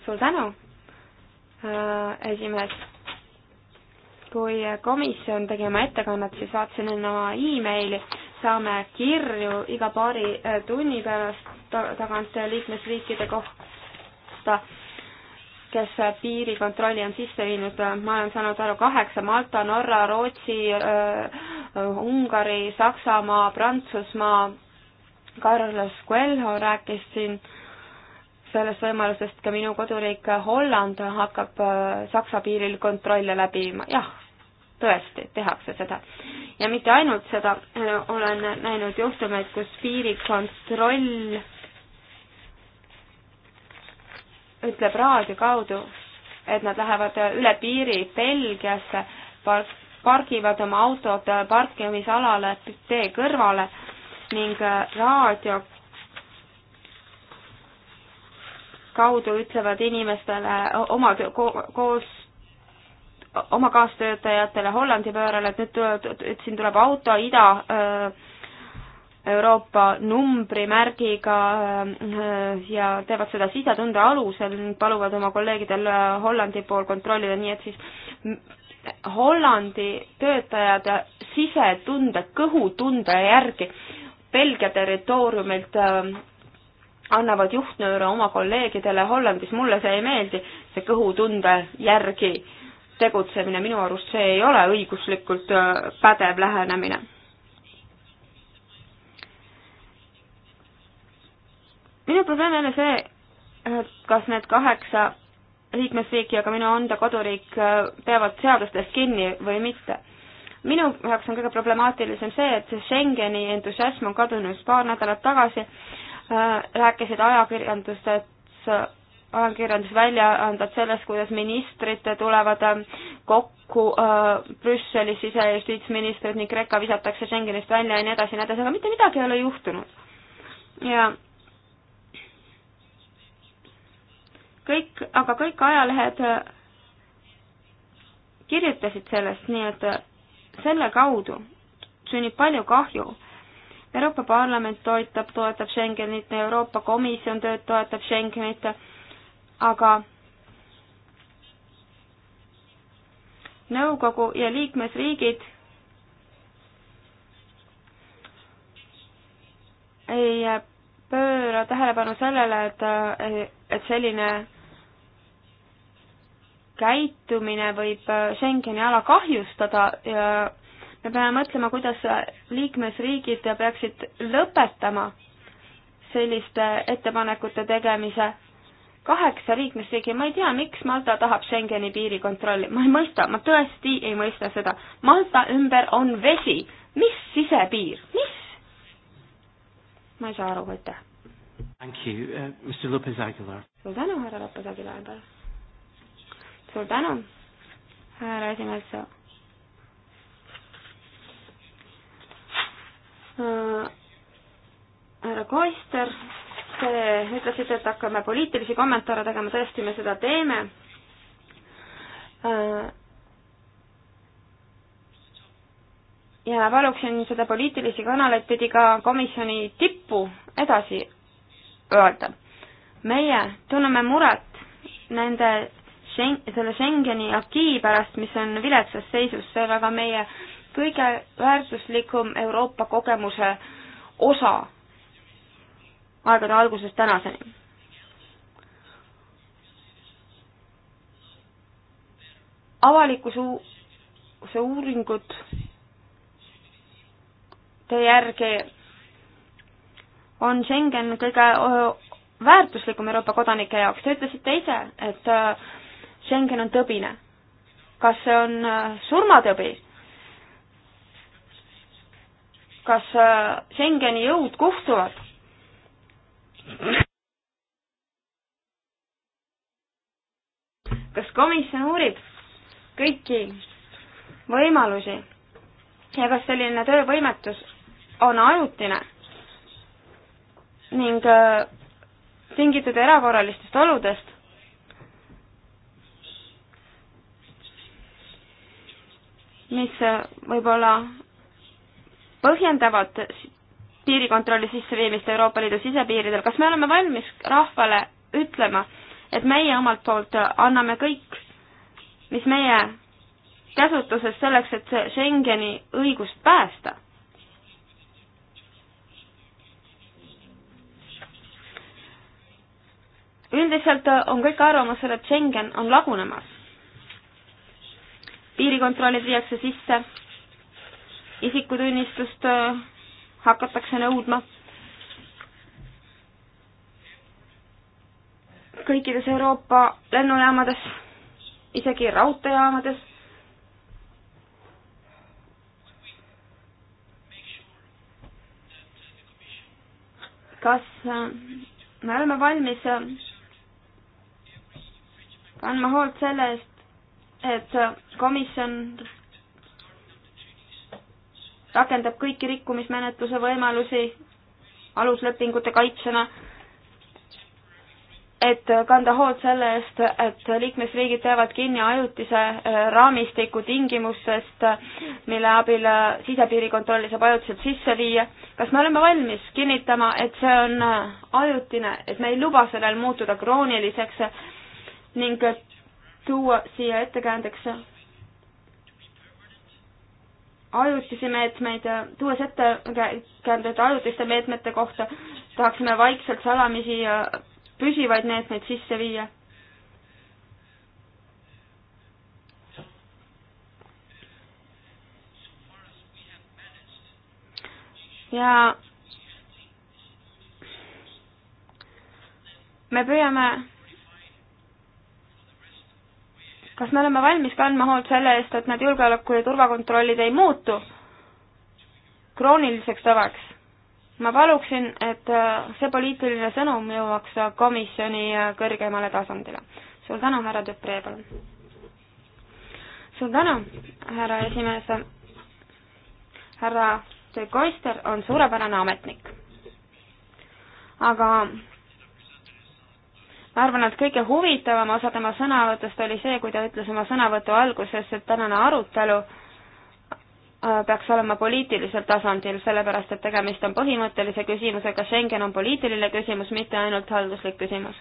S3: suur tänu Äh, esimees. kui komisjon tegi oma ettekannet, siis vaatasin enne oma emaili, saame kirju iga paari äh, tunni pärast tagant liikmesriikide kohta, kes äh, piirikontrolli on sisse viinud, ma olen saanud aru kaheksa, Malta, Norra, Rootsi, Ungari, Saksamaa, Prantsusmaa, Carlos Coelho rääkis siin äh, sellest võimalusest ka minu koduriik Holland hakkab äh, Saksa piiril kontrolle läbi viima, jah, tõesti, tehakse seda. ja mitte ainult seda, äh, olen näinud juhtumeid, kus piirikontroll ütleb raadio kaudu, et nad lähevad äh, üle piiri Belgiasse, pargivad oma autod parkimisalale tee kõrvale ning raadio kaudu ütlevad inimestele oma ko koos oma kaastöötajatele Hollandi pöörale, et nüüd tuleb, et siin tuleb auto ida äh, Euroopa numbrimärgiga ja teevad seda sisetunde alusel, paluvad oma kolleegidel Hollandi pool kontrollida, nii et siis Hollandi töötajad sisetunde, kõhutunde järgi Belgia territooriumilt annavad juhtnööre oma kolleegidele Hollandis, mulle see ei meeldi, see kõhutunde järgi tegutsemine, minu arust see ei ole õiguslikult äh, pädev lähenemine. minu probleem ei ole see, äh, kas need kaheksa liikmesriiki, aga minu enda koduriik äh, peavad seadustest kinni või mitte. minu jaoks on kõige problemaatilisem see, et see Schengeni entusiasm on kadunud paar nädalat tagasi äh, Äh, rääkisid ajakirjanduses, ajakirjandusväljaanded sellest, kuidas ministrid tulevad ähm, kokku äh, Brüsselis, sisejustiitsministrid ning Kreeka visatakse Schengenist välja ja nii edasi ja nii edasi, aga mitte midagi ei ole juhtunud. ja kõik, aga kõik ajalehed äh, kirjutasid sellest, nii et selle kaudu sünnib palju kahju Euroopa Parlament toetab, toetab Schengenit, Euroopa Komisjon tööd toetab Schengenit, aga nõukogu ja liikmesriigid ei pööra tähelepanu sellele, et, et selline käitumine võib Schengeni ala kahjustada ja me peame mõtlema, kuidas liikmesriigid peaksid lõpetama selliste ettepanekute tegemise. kaheksa liikmesriigi, ma ei tea, miks Malta tahab Schengeni piiri kontrolli, ma ei mõista, ma tõesti ei mõista seda. Malta ümber on vesi, mis sisepiir, mis? ma ei saa aru, aitäh.
S1: Thank you uh,, Mr Lopez Aguilar.
S3: suur tänu, härra Lopez Aguilar, palun. suur tänu, härra esimees Äh, härra Koister, te ütlesite, et hakkame poliitilisi kommentaare tegema, tõesti, me seda teeme äh, ja paluksin seda poliitilisi kanaleid pidi ka komisjoni tippu edasi öelda. meie tunneme muret nende Schengen, selle Schengeni akii pärast, mis on viletsas seisus, see väga meie kõige väärtuslikum Euroopa kogemuse osa aegade algusest tänaseni. avalikkuse uuringud teie järgi on Schengen kõige väärtuslikum Euroopa kodanike jaoks, te ütlesite ise, et Schengen on tõbine. kas see on surmatõbi? kas äh, Schengeni jõud kohtuvad? kas komisjon uurib kõiki võimalusi ja kas selline töövõimetus on ajutine ning äh, tingitud erakorralistest oludest. mis äh, võib-olla põhjendavad piirikontrolli sisseviimist Euroopa Liidu sisepiiridel, kas me oleme valmis rahvale ütlema, et meie omalt poolt anname kõik, mis meie käsutuses selleks, et Schengeni õigust päästa? üldiselt on kõik arvamusel, et Schengen on lagunemas. piirikontrollid viiakse sisse isikutunnistust äh, hakatakse nõudma. kõikides Euroopa lennujaamades, isegi raudteejaamades. kas äh, me oleme valmis kandma äh, hoolt selle eest, et komisjon rakendab kõiki rikkumismenetluse võimalusi aluslepingute kaitsena, et kanda hoolt selle eest, et liikmesriigid peavad kinni ajutise äh, raamistiku tingimustest, mille abil äh, sisepiirikontrolli saab ajutiselt sisse viia. kas me oleme valmis kinnitama, et see on äh, ajutine, et me ei luba sellel muutuda krooniliseks ning tuua siia ettekäändeks ajutisi meetmeid, tuues ettekäänded ajutiste meetmete kohta, tahaksime vaikselt salamisi püsivaid meetmeid sisse viia. ja me püüame kas me oleme valmis kandma hoolt selle eest, et need julgeoleku- ja turvakontrollid ei muutu krooniliseks tavaks? ma paluksin, et äh, see poliitiline sõnum jõuaks äh, komisjoni äh, kõrgemale tasandile. suur tänu, härra Dupree, palun. suur tänu, härra esimees. härra De Koister on suurepärane ametnik. aga ma arvan, et kõige huvitavam osa tema sõnavõtust oli see, kui ta ütles oma sõnavõtu alguses, et tänane arutelu äh, peaks olema poliitilisel tasandil, sellepärast et tegemist on põhimõttelise küsimusega, Schengen on poliitiline küsimus, mitte ainult halduslik küsimus.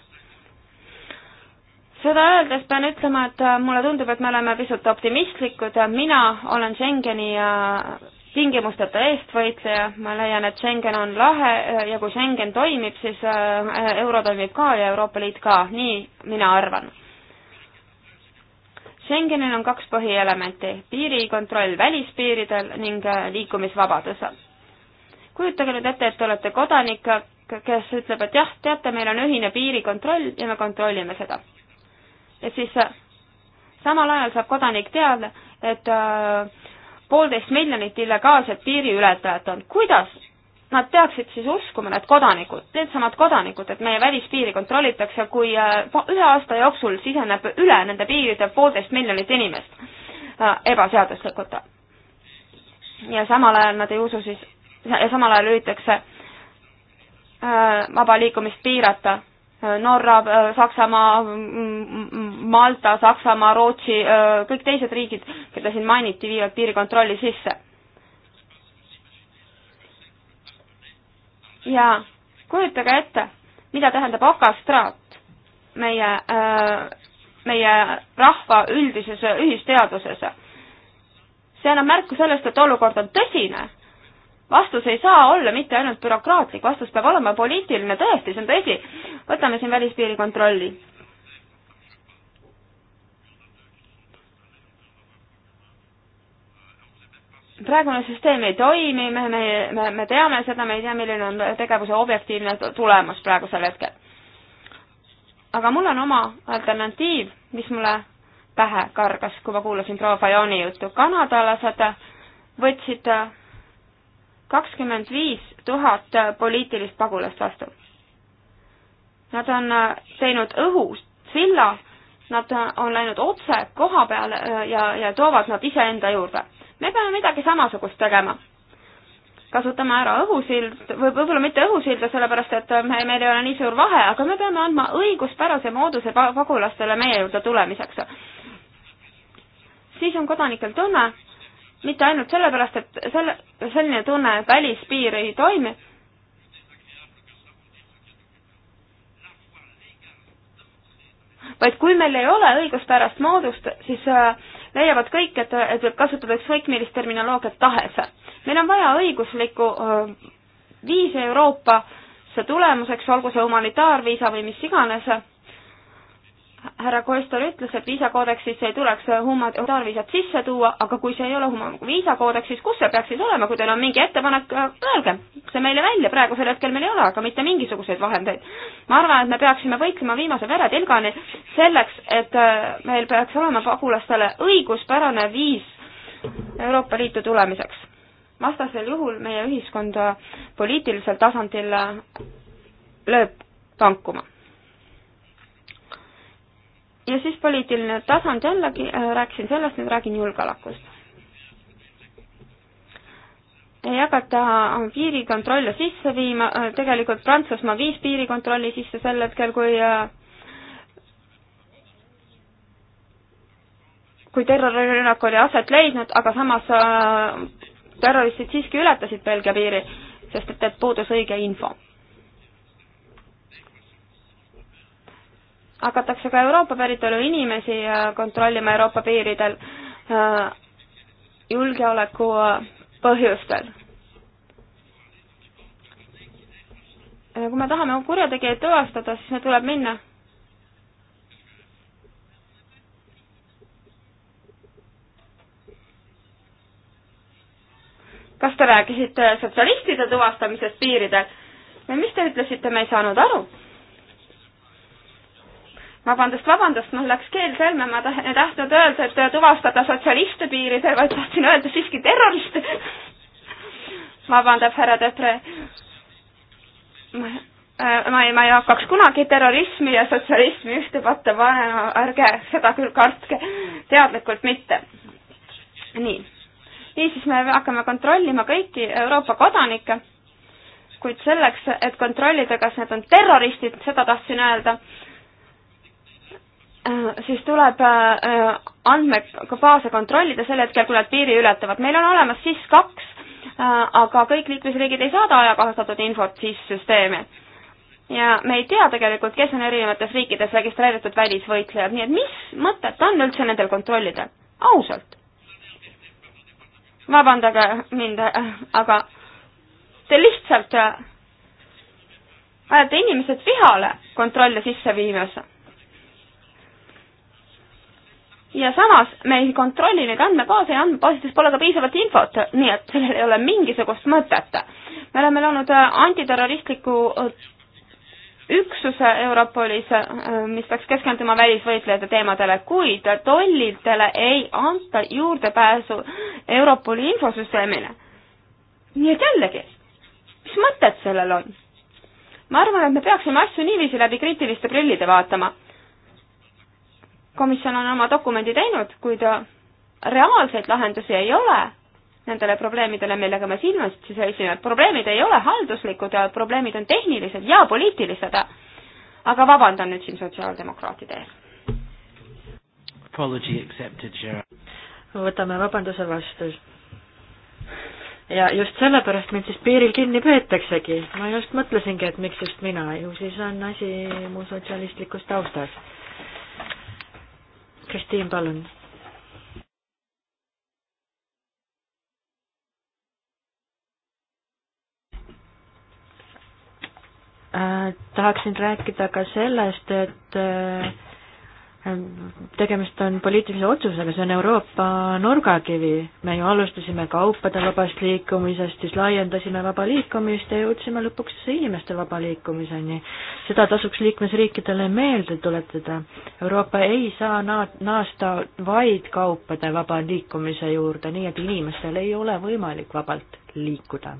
S3: seda öeldes pean ütlema, et äh, mulle tundub, et me oleme pisut optimistlikud, mina olen Schengeni äh, tingimusteta eestvõitleja, ma leian, et Schengen on lahe äh, ja kui Schengen toimib, siis äh, euro toimib ka ja Euroopa Liit ka, nii mina arvan. Schengenil on kaks põhielementi, piirikontroll välispiiridel ning äh, liikumisvabadus. kujutage nüüd ette, et te olete kodanik, kes ütleb, et jah, teate, meil on ühine piirikontroll ja me kontrollime seda. ja siis samal ajal saab kodanik teada, et äh, poolteist miljonit illegaalset piiriületajat on, kuidas nad peaksid siis uskuma, need kodanikud, needsamad kodanikud, et meie välispiiri kontrollitakse, kui äh, ühe aasta jooksul siseneb üle nende piiride poolteist miljonit inimest äh, ebaseaduslikult. ja samal ajal nad ei usu siis, ja samal ajal üritatakse äh, vaba liikumist piirata Norra, äh, Saksamaa, Malta, Saksamaa, Rootsi, äh, kõik teised riigid, keda siin mainiti, viivad piirikontrolli sisse. ja kujutage ette, mida tähendab okastraat meie, äh, meie rahva üldises ühisteaduses. see annab märku sellest, et olukord on tõsine vastus ei saa olla mitte ainult bürokraatlik, vastus peab olema poliitiline, tõesti, see on tõsi. võtame siin välispiiri kontrolli. praegune süsteem ei toimi, me, me, me, me teame seda, me ei tea, milline on tegevuse objektiivne tulemus praegusel hetkel. aga mul on oma alternatiiv, mis mulle pähe kargas, kui ma kuulasin proua Fajoni juttu. kanadalased võtsid kakskümmend viis tuhat poliitilist pagulast vastu. Nad on äh, teinud õhust silla, nad äh, on läinud otse koha peale äh, ja, ja toovad nad iseenda juurde. me peame midagi samasugust tegema. kasutame ära õhusild või võib-olla mitte õhusilda, sellepärast et me, meil ei ole nii suur vahe, aga me peame andma õiguspärase mooduse pagulastele meie juurde tulemiseks. siis on kodanikel tunne, mitte ainult sellepärast, et selle, selline tunne, et välispiir ei toimi, vaid kui meil ei ole õiguspärast moodust, siis äh, leiavad kõik, et, et võib kasutada ükskõik millist terminoloogiat tahes. meil on vaja õiguslikku äh, viisi Euroopasse tulemuseks, olgu see humanitaarviisa või mis iganes härra Koestor ütles, et viisakoodeksisse ei tuleks humanitaarviisat sisse tuua, aga kui see ei ole human-, viisakoodeks, siis kus see peaks siis olema, kui teil on mingi ettepanek, äh, öelge see meile välja, praegusel hetkel meil ei ole aga mitte mingisuguseid vahendeid. ma arvan, et me peaksime võitlema viimase veretilgani selleks, et äh, meil peaks olema pagulastele õiguspärane viis Euroopa Liitu tulemiseks. vastasel juhul meie ühiskonda poliitilisel tasandil äh, lööb pankuma ja siis poliitiline tasand jällegi, äh, rääkisin sellest, nüüd räägin julgeolekust. ei hakata äh, piirikontrolle sisse viima, äh, tegelikult Prantsusmaa viis piirikontrolli sisse sel hetkel, kui kui terrorirünnak oli aset leidnud, aga samas terroristid siiski ületasid Belgia piiri, sest et, et puudus õige info hakatakse ka Euroopa päritolu inimesi äh, kontrollima Euroopa piiridel äh, julgeoleku äh, põhjustel. kui me tahame kurjategijaid tuvastada, siis meil tuleb minna kas te rääkisite sotsialistide tuvastamisest piiridel või mis te ütlesite, me ei saanud aru vabandust, vabandust, mul läks keel selme, ma tahan, ei tahtnud öelda, et tuvastada sotsialiste piiridel, vaid tahtsin öelda siiski terroriste. vabandab, härra Depre. ma, äh, ma ei, ma ei hakkaks kunagi terrorismi ja sotsialismi ühte patta panema, ärge seda küll kartke, teadlikult mitte. nii. niisiis, me hakkame kontrollima kõiki Euroopa kodanikke, kuid selleks, et kontrollida, kas need on terroristid, seda tahtsin öelda Äh, siis tuleb äh, andmebaase kontrollida sel hetkel, kui nad piiri ületavad. meil on olemas SIS kaks, äh, aga kõik liikmesriigid ei saada ajakohastatud infot SIS süsteemi. ja me ei tea tegelikult, kes on erinevates riikides registreeritud välisvõitlejad, nii et mis mõtet on üldse nendel kontrollida, ausalt? vabandage mind, aga te lihtsalt ajate inimesed vihale kontrolle sisse viimas ja samas me ei kontrolli neid andmebaase ja andmebaasides pole ka piisavalt infot, nii et sellel ei ole mingisugust mõtet. me oleme loonud äh, antiterroristliku äh, üksuse Europolis, äh, mis peaks keskenduma välisvõitlejate teemadele, kuid tollidele ei anta juurdepääsu Europoli infosüsteemile. nii et jällegi, mis mõtet sellel on? ma arvan, et me peaksime asju niiviisi läbi kriitiliste prillide vaatama komisjon on oma dokumendi teinud, kuid reaalseid lahendusi ei ole nendele probleemidele, millega me silmitsi seisime. probleemid ei ole halduslikud, probleemid on tehnilised ja poliitilised. aga vabandan nüüd siin
S4: sotsiaaldemokraatide ees.
S1: Apology accepted, Gerard.
S4: võtame vabanduse vastu. ja just sellepärast mind siis piiril kinni peetaksegi. ma just mõtlesingi, et miks just mina, ju siis on asi mu sotsialistlikus taustas Kristiin, palun. Äh, tahaksin rääkida ka sellest, et äh, tegemist on poliitilise otsusega, see on Euroopa nurgakivi. me ju alustasime kaupade vabast liikumisest, siis laiendasime vaba liikumist ja jõudsime lõpuks inimeste vaba liikumiseni. seda tasuks liikmesriikidele meelde tuletada. Euroopa ei saa na-, naasta vaid kaupade vaba liikumise juurde, nii et inimestel ei ole võimalik vabalt liikuda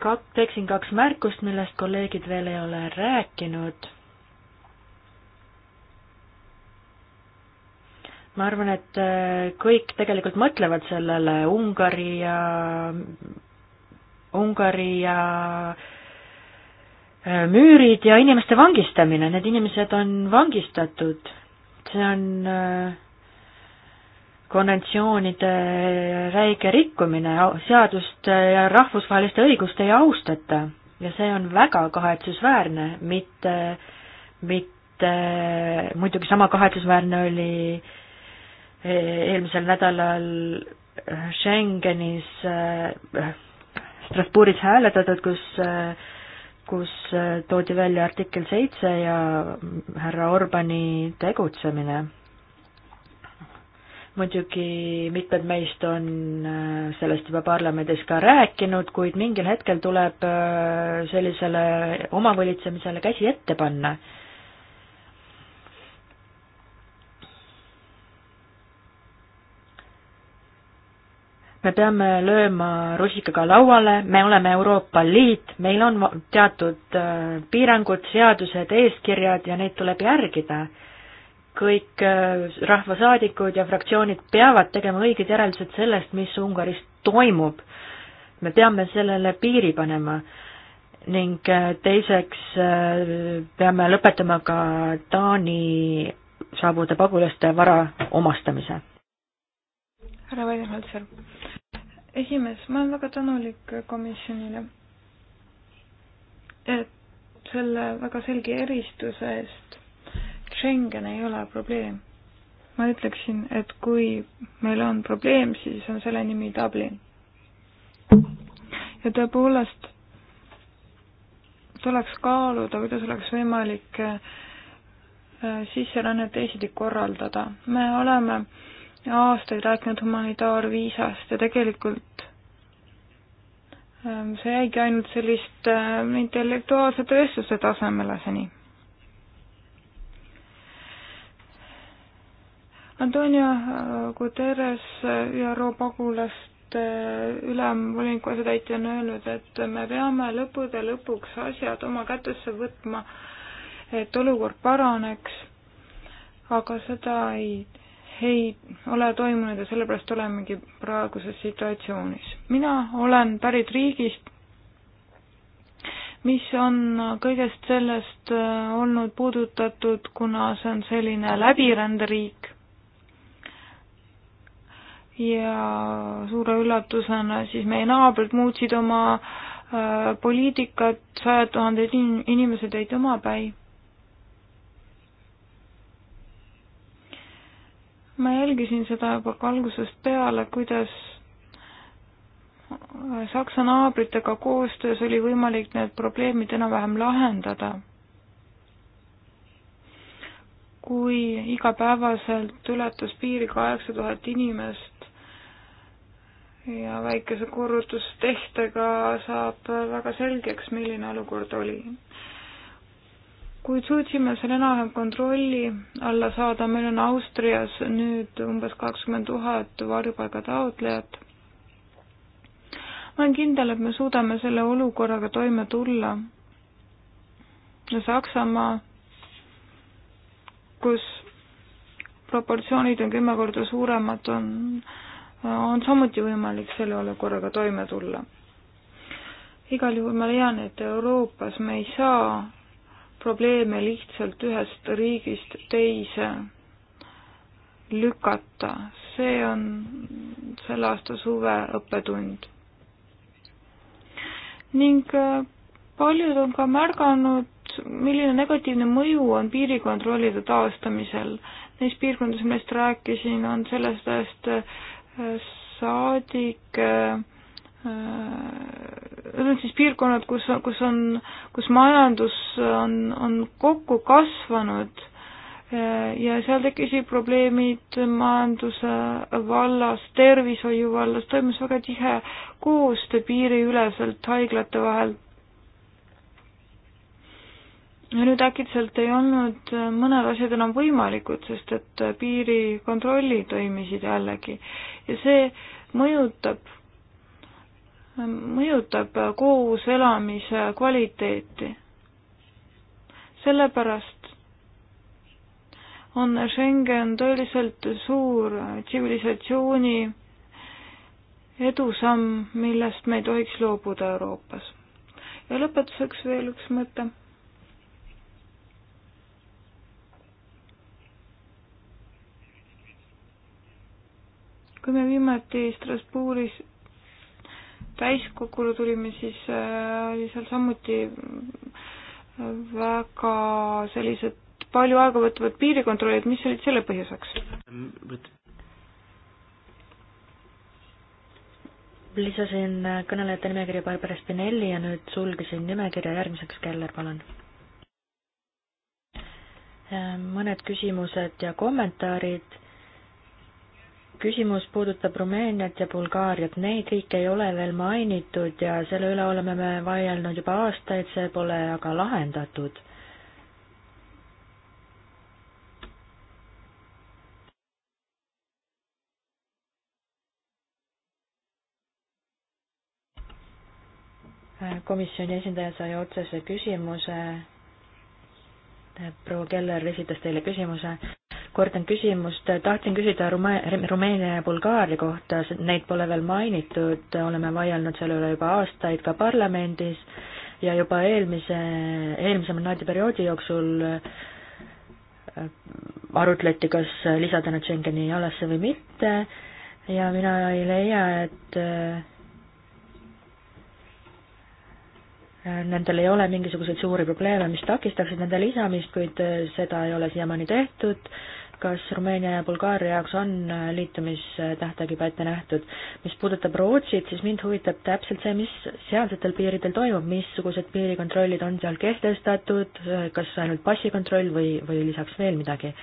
S4: Ka. Teeksin kaks märkust, millest kolleegid veel ei ole rääkinud ma arvan, et äh, kõik tegelikult mõtlevad sellele, Ungari ja, Ungari ja äh, müürid ja inimeste vangistamine, need inimesed on vangistatud, see on äh, konventsioonide räige rikkumine, seadust ja rahvusvahelist õigust ei austata ja see on väga kahetsusväärne, mitte, mitte muidugi sama kahetsusväärne oli äh, Eh, eelmisel nädalal eh, Schengenis eh, Strasbourgis hääletatud, kus, kus toodi välja artikkel seitse ja härra Orbani tegutsemine. muidugi mitmed meist on sellest juba parlamendis ka rääkinud, kuid mingil hetkel tuleb sellisele omavolitsemisele käsi ette panna me peame lööma rusikaga lauale, me oleme Euroopa Liit, meil on teatud äh, piirangud, seadused, eeskirjad ja neid tuleb järgida. kõik äh, rahvasaadikud ja fraktsioonid peavad tegema õiged järeldused sellest, mis Ungaris toimub. me peame sellele piiri panema ning äh, teiseks peame lõpetama ka Taani saabuda pagulaste vara omastamise.
S2: härra Weidenholzer esimees, ma olen väga tänulik komisjonile,
S4: et selle
S2: väga selge eristuse eest Schengen ei ole probleem. ma ütleksin, et kui meil on probleem, siis on selle nimi Dublin. ja tõepoolest tuleks kaaluda, kuidas oleks võimalik äh, sisserännet teisiti korraldada. me oleme äh, aastaid rääkinud humanitaarviisast ja tegelikult ähm, see jäigi ainult selliste ähm, intellektuaalsete vestluste tasemele seni. Antonio äh, Guterres, äh, ÜRO pagulaste äh, ülemvoliniku asetäitja on öelnud, et me peame lõppude lõpuks asjad oma kätesse võtma, et olukord paraneks, aga seda ei ei ole toimunud ja sellepärast olemegi praeguses situatsioonis. mina olen pärit riigist, mis on kõigest sellest äh, olnud puudutatud, kuna see on selline läbiränderiik ja suure üllatusena siis meie naabrid muutsid oma äh, poliitikat, sajad tuhanded inimesed jäid omapäi ma jälgisin seda juba ka algusest peale, kuidas Saksa naabritega koostöös oli võimalik need probleemid enam-vähem lahendada. kui igapäevaselt ületas piiri kaheksa tuhat inimest ja väikese korrutustehtega saab väga selgeks, milline olukord oli kuid suutsime selle enam-vähem kontrolli alla saada, meil on Austrias nüüd umbes kakskümmend tuhat varjupaiga taotlejat. ma olen kindel, et me suudame selle olukorraga toime tulla. Saksamaa, kus proportsioonid on kümme korda suuremad, on, on samuti võimalik selle olukorraga toime tulla. igal juhul ma leian, et Euroopas me ei saa probleeme lihtsalt ühest riigist teise lükata. see on selle aasta suve õppetund. ning äh, paljud on ka märganud, milline negatiivne mõju on piirikontrollide taastamisel. Neis piirkondades, millest rääkisin, on sellest ajast äh, saadik äh, need on siis piirkonnad, kus, kus on, kus majandus on, on kokku kasvanud eh, ja seal tekkisid probleemid majanduse vallas, tervishoiu vallas, toimus väga tihe koostöö piiriüleselt haiglate vahel. ja nüüd äkitselt ei olnud mõned asjad enam võimalikud, sest et piirikontrollid toimisid jällegi ja see mõjutab mõjutab koos elamise kvaliteeti. sellepärast on Schengen tõeliselt suur tsivilisatsiooni edusamm, millest me ei tohiks loobuda Euroopas. ja lõpetuseks veel üks mõte. kui me viimati Strasbourgis täiskogule tulime, siis äh, oli seal samuti äh, väga sellised palju aega võtavad piirikontrollid, mis olid selle põhjuseks?
S4: lisasin kõnelejate nimekirja Barbara Spinelli ja nüüd sulgesin nimekirja, järgmiseks Keller, palun. Äh, mõned küsimused ja kommentaarid küsimus puudutab Rumeeniat ja Bulgaariat, neid riike ei ole veel mainitud ja selle üle oleme me vaielnud juba aastaid, see pole aga lahendatud. komisjoni esindaja sai otsese küsimuse. proua Keller esitas teile küsimuse kordan küsimust, tahtsin küsida Rumee-, Rumeenia ja Bulgaaria kohta, neid pole veel mainitud, oleme vaielnud selle üle juba aastaid ka parlamendis ja juba eelmise, eelmise mandaadiperioodi jooksul äh, arutleti, kas lisada nad Schengeni jalasse või mitte ja mina ei leia, et äh, nendel ei ole mingisuguseid suuri probleeme, mis takistaksid nende lisamist, kuid äh, seda ei ole siiamaani tehtud kas Rumeenia ja Bulgaaria jaoks on äh, liitumistähtaeg juba ette nähtud. mis puudutab Rootsit, siis mind huvitab täpselt see, mis sealsetel piiridel toimub, missugused piirikontrollid on seal kehtestatud, äh, kas ainult passikontroll või, või lisaks veel midagi?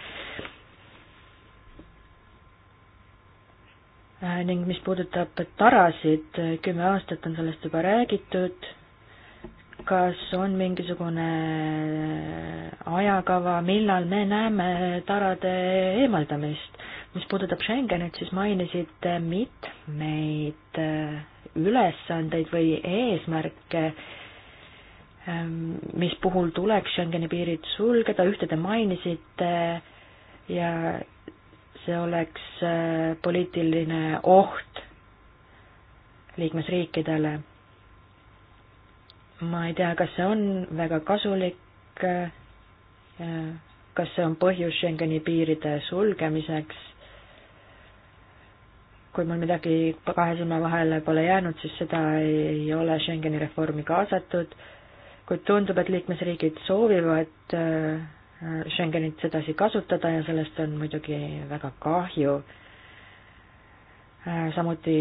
S4: Äh, ning mis puudutab tarasid, kümme aastat on sellest juba räägitud kas on mingisugune ajakava, millal me näeme tarade eemaldamist? mis puudutab Schengenit, siis mainisite mitmeid äh, ülesandeid või eesmärke, ähm, mis puhul tuleks Schengeni piirid sulgeda, ühte te mainisite ja see oleks äh, poliitiline oht liikmesriikidele ma ei tea, kas see on väga kasulik, äh, kas see on põhjus Schengeni piiride sulgemiseks, kui mul midagi kahe silma vahele pole jäänud, siis seda ei ole Schengeni reformi kaasatud, kuid tundub, et liikmesriigid soovivad äh, Schengenit sedasi kasutada ja sellest on muidugi väga kahju. Äh, samuti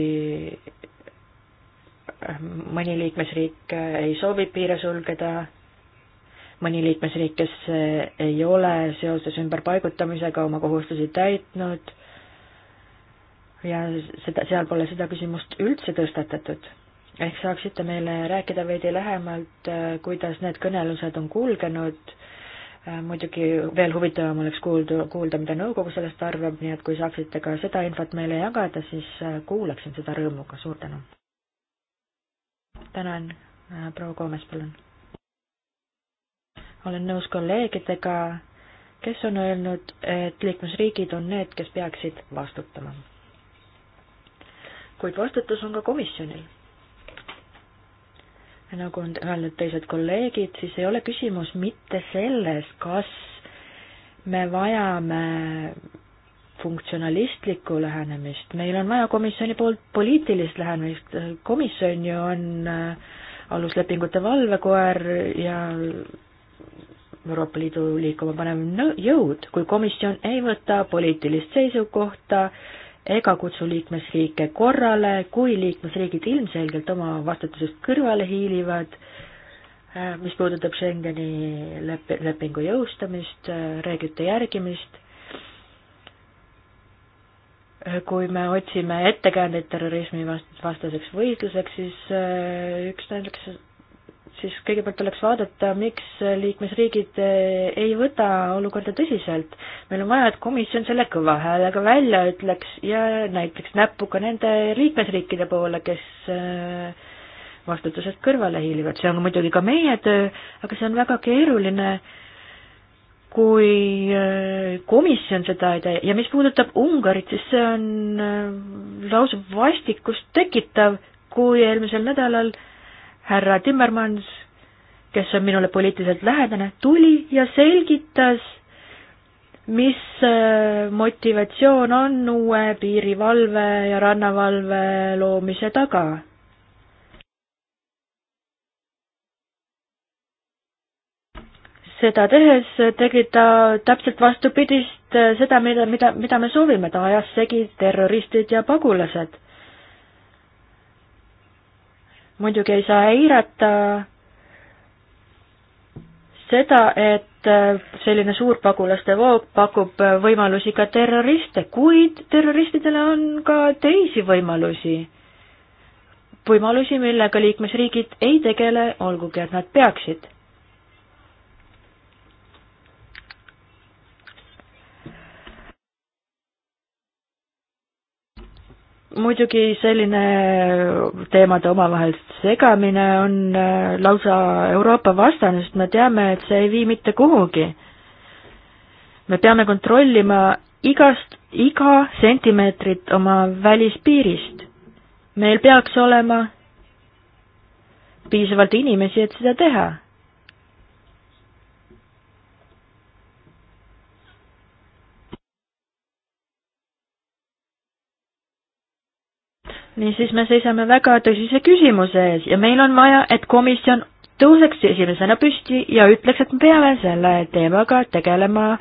S4: mõni liikmesriik eh, ei soovi piire sulgeda, mõni liikmesriik, kes eh, ei ole seoses ümberpaigutamisega oma kohustusi täitnud ja seda, seal pole seda küsimust üldse tõstatatud. ehk saaksite meile rääkida veidi lähemalt, eh, kuidas need kõnelused on kulgenud muidugi veel huvitavam oleks kuulda, kuulda, mida nõukogu sellest arvab, nii et kui saaksite ka seda infot meile jagada, siis kuulaksin seda rõõmuga, suur tänu! tänan, äh, proua Koomes, palun. olen nõus kolleegidega, kes on öelnud, et liikmesriigid on need, kes peaksid vastutama. kuid vastutus on ka komisjonil. nagu on öelnud teised kolleegid, siis ei ole küsimus mitte selles, kas me vajame funktsionalistlikku lähenemist, meil on vaja komisjoni poolt poliitilist lähenemist, komisjon ju on äh, aluslepingute valvekoer ja Euroopa Liidu liikuma panev jõud, kui komisjon ei võta poliitilist seisukohta ega kutsu liikmesriike korrale, kui liikmesriigid ilmselgelt oma vastutusest kõrvale hiilivad, äh, mis puudutab Schengeni lep-, lepingu jõustamist, äh, reeglite järgimist kui me otsime ettekäändeid terrorismi vastaseks võitluseks, siis äh, üks näiteks, siis kõigepealt tuleks vaadata, miks liikmesriigid äh, ei võta olukorda tõsiselt. meil on vaja, et komisjon selle kõva häälega välja ütleks ja näiteks näpuga nende liikmesriikide poole, kes äh, vastutusest kõrvale hiilivad, see on muidugi ka meie töö, aga see on väga keeruline äh, kui äh, komisjon seda ei tee ja mis puudutab Ungarit, siis see on äh, lausa vastikust tekitav, kui eelmisel nädalal härra Timmermans, kes on minule poliitiliselt lähedane, tuli ja selgitas, mis äh, motivatsioon on uue piirivalve ja rannavalve loomise taga. seda tehes tegi ta täpselt vastupidist äh, seda, mida, mida, mida me soovime, ta ajas segi terroristid ja pagulased. muidugi ei saa eirata seda, et äh, selline suur pagulaste voog pakub äh, võimalusi ka terroriste, kuid terroristidele on ka teisi võimalusi. võimalusi, millega liikmesriigid ei tegele, olgugi et nad peaksid muidugi selline teemade omavahel segamine on äh, lausa Euroopa vastane, sest me teame, et see ei vii mitte kuhugi. me peame kontrollima igast, iga sentimeetrit oma välispiirist. meil peaks olema piisavalt inimesi, et seda teha niisiis me seisame väga tõsise küsimuse ees ja meil on vaja, et komisjon tõuseks esimesena püsti ja ütleks, et me peame selle teemaga tegelema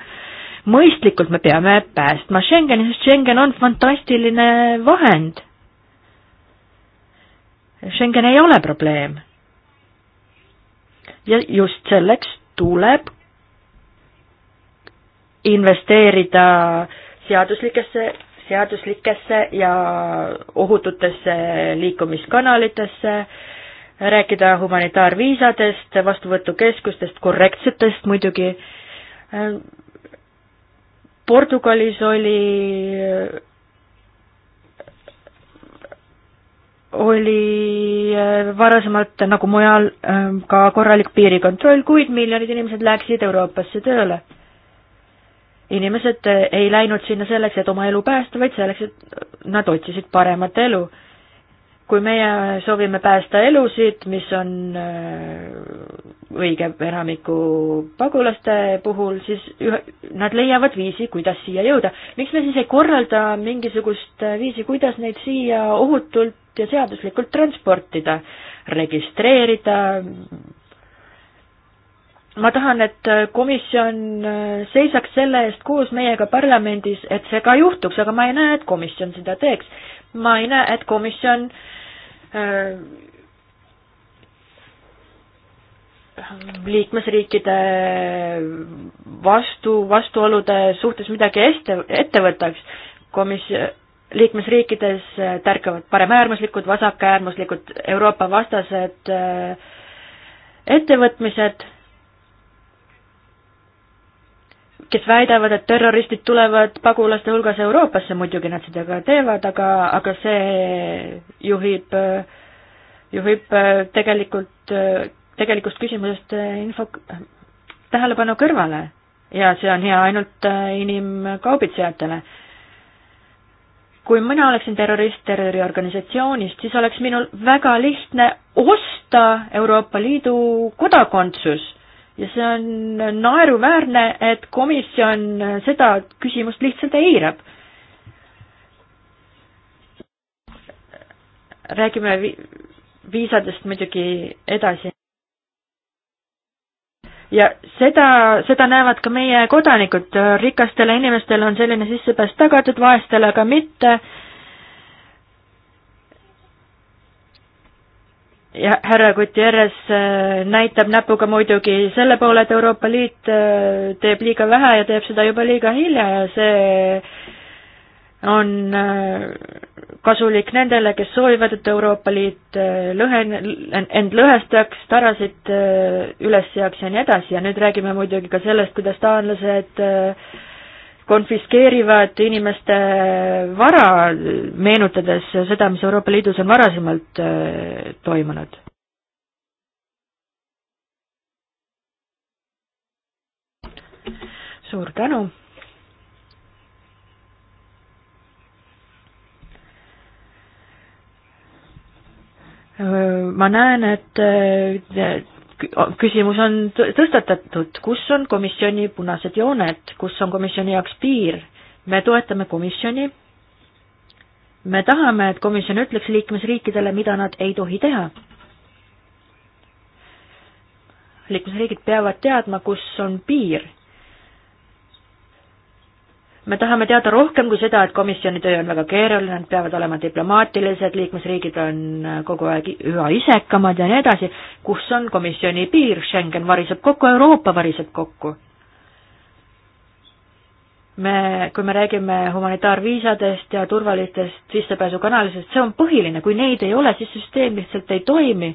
S4: mõistlikult, me peame päästma Schengeni, sest Schengen on fantastiline vahend. Schengen ei ole probleem. ja just selleks tuleb investeerida seaduslikesse seaduslikesse ja ohututesse liikumiskanalitesse, rääkida humanitaarviisadest, vastuvõtukeskustest, korrektsetest muidugi. Portugalis oli, oli äh, varasemalt nagu mujal äh, ka korralik piirikontroll, kuid miljonid inimesed läksid Euroopasse tööle inimesed eh, ei läinud sinna selleks, et oma elu päästa, vaid selleks, et eh, nad otsisid paremat elu. kui meie soovime päästa elusid, mis on eh, õige enamiku pagulaste puhul, siis ühe, nad leiavad viisi, kuidas siia jõuda. miks me siis ei korralda mingisugust viisi, kuidas neid siia ohutult ja seaduslikult transportida, registreerida, ma tahan, et komisjon äh, seisaks selle eest koos meiega parlamendis, et see ka juhtuks, aga ma ei näe, et komisjon seda teeks. ma ei näe, et komisjon äh, liikmesriikide vastu, vastuolude suhtes midagi este, ette võtaks. komis-, liikmesriikides äh, tärkavad paremäärmuslikud, vasakäärmuslikud, Euroopa vastased ettevõtmised kes väidavad, et terroristid tulevad pagulaste hulgas Euroopasse, muidugi nad seda ka teevad, aga, aga see juhib, juhib äh, tegelikult, äh, tegelikust küsimusest äh, info, tähelepanu kõrvale ja see on hea ainult inimkaubitsejatele. kui mina oleksin terrorist terroriorganisatsioonist, siis oleks minul väga lihtne osta Euroopa Liidu kodakondsus ja see on naeruväärne, et komisjon seda küsimust lihtsalt eirab. räägime viisadest muidugi edasi. ja seda, seda näevad ka meie kodanikud, rikastele inimestele on selline sissepääs tagatud, vaestele aga mitte ja härra Gutierrez äh, näitab näpuga muidugi selle poole, et Euroopa Liit äh, teeb liiga vähe ja teeb seda juba liiga hilja ja see on äh, kasulik nendele, kes soovivad, et Euroopa Liit lõhen-, end lõhestaks, tarasid üles seaks ja nii edasi ja nüüd räägime muidugi ka sellest, kuidas taanlased äh, konfiskeerivad inimeste vara, meenutades seda, mis Euroopa Liidus on varasemalt äh, toimunud. suur tänu. Äh, ma näen, et äh, küsimus on tõstatatud, kus on komisjoni punased jooned, kus on komisjoni jaoks piir? me toetame komisjoni, me tahame, et komisjon ütleks liikmesriikidele, mida nad ei tohi teha. liikmesriigid peavad teadma, kus on piir me tahame teada rohkem kui seda, et komisjoni töö on väga keeruline, nad peavad olema diplomaatilised, liikmesriigid on äh, kogu aeg üha isekamad ja nii edasi, kus on komisjoni piir, Schengen variseb kokku, Euroopa variseb kokku. me, kui me räägime humanitaarviisadest ja turvalistest sissepääsukanalisest, see on põhiline, kui neid ei ole, siis süsteem lihtsalt ei toimi.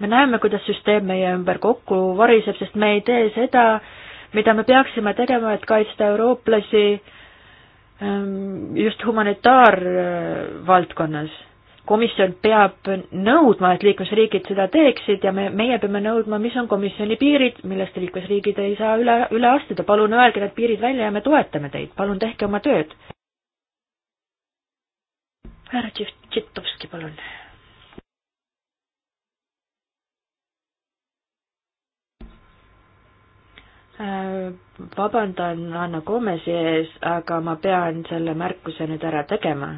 S4: me näeme, kuidas süsteem meie ümber kokku variseb, sest me ei tee seda, mida me peaksime tegema, et kaitsta eurooplasi äh, Ähm, just humanitaarvaldkonnas. komisjon peab nõudma, et liikmesriigid seda teeksid ja me, meie peame nõudma, mis on komisjoni piirid, millest liikmesriigid ei saa üle, üle astuda, palun öelge need piirid välja ja me toetame teid, palun tehke oma tööd. härra Tšetšetovski, palun Äh, vabandan Anna Komesi ees, aga ma pean selle märkuse nüüd ära tegema.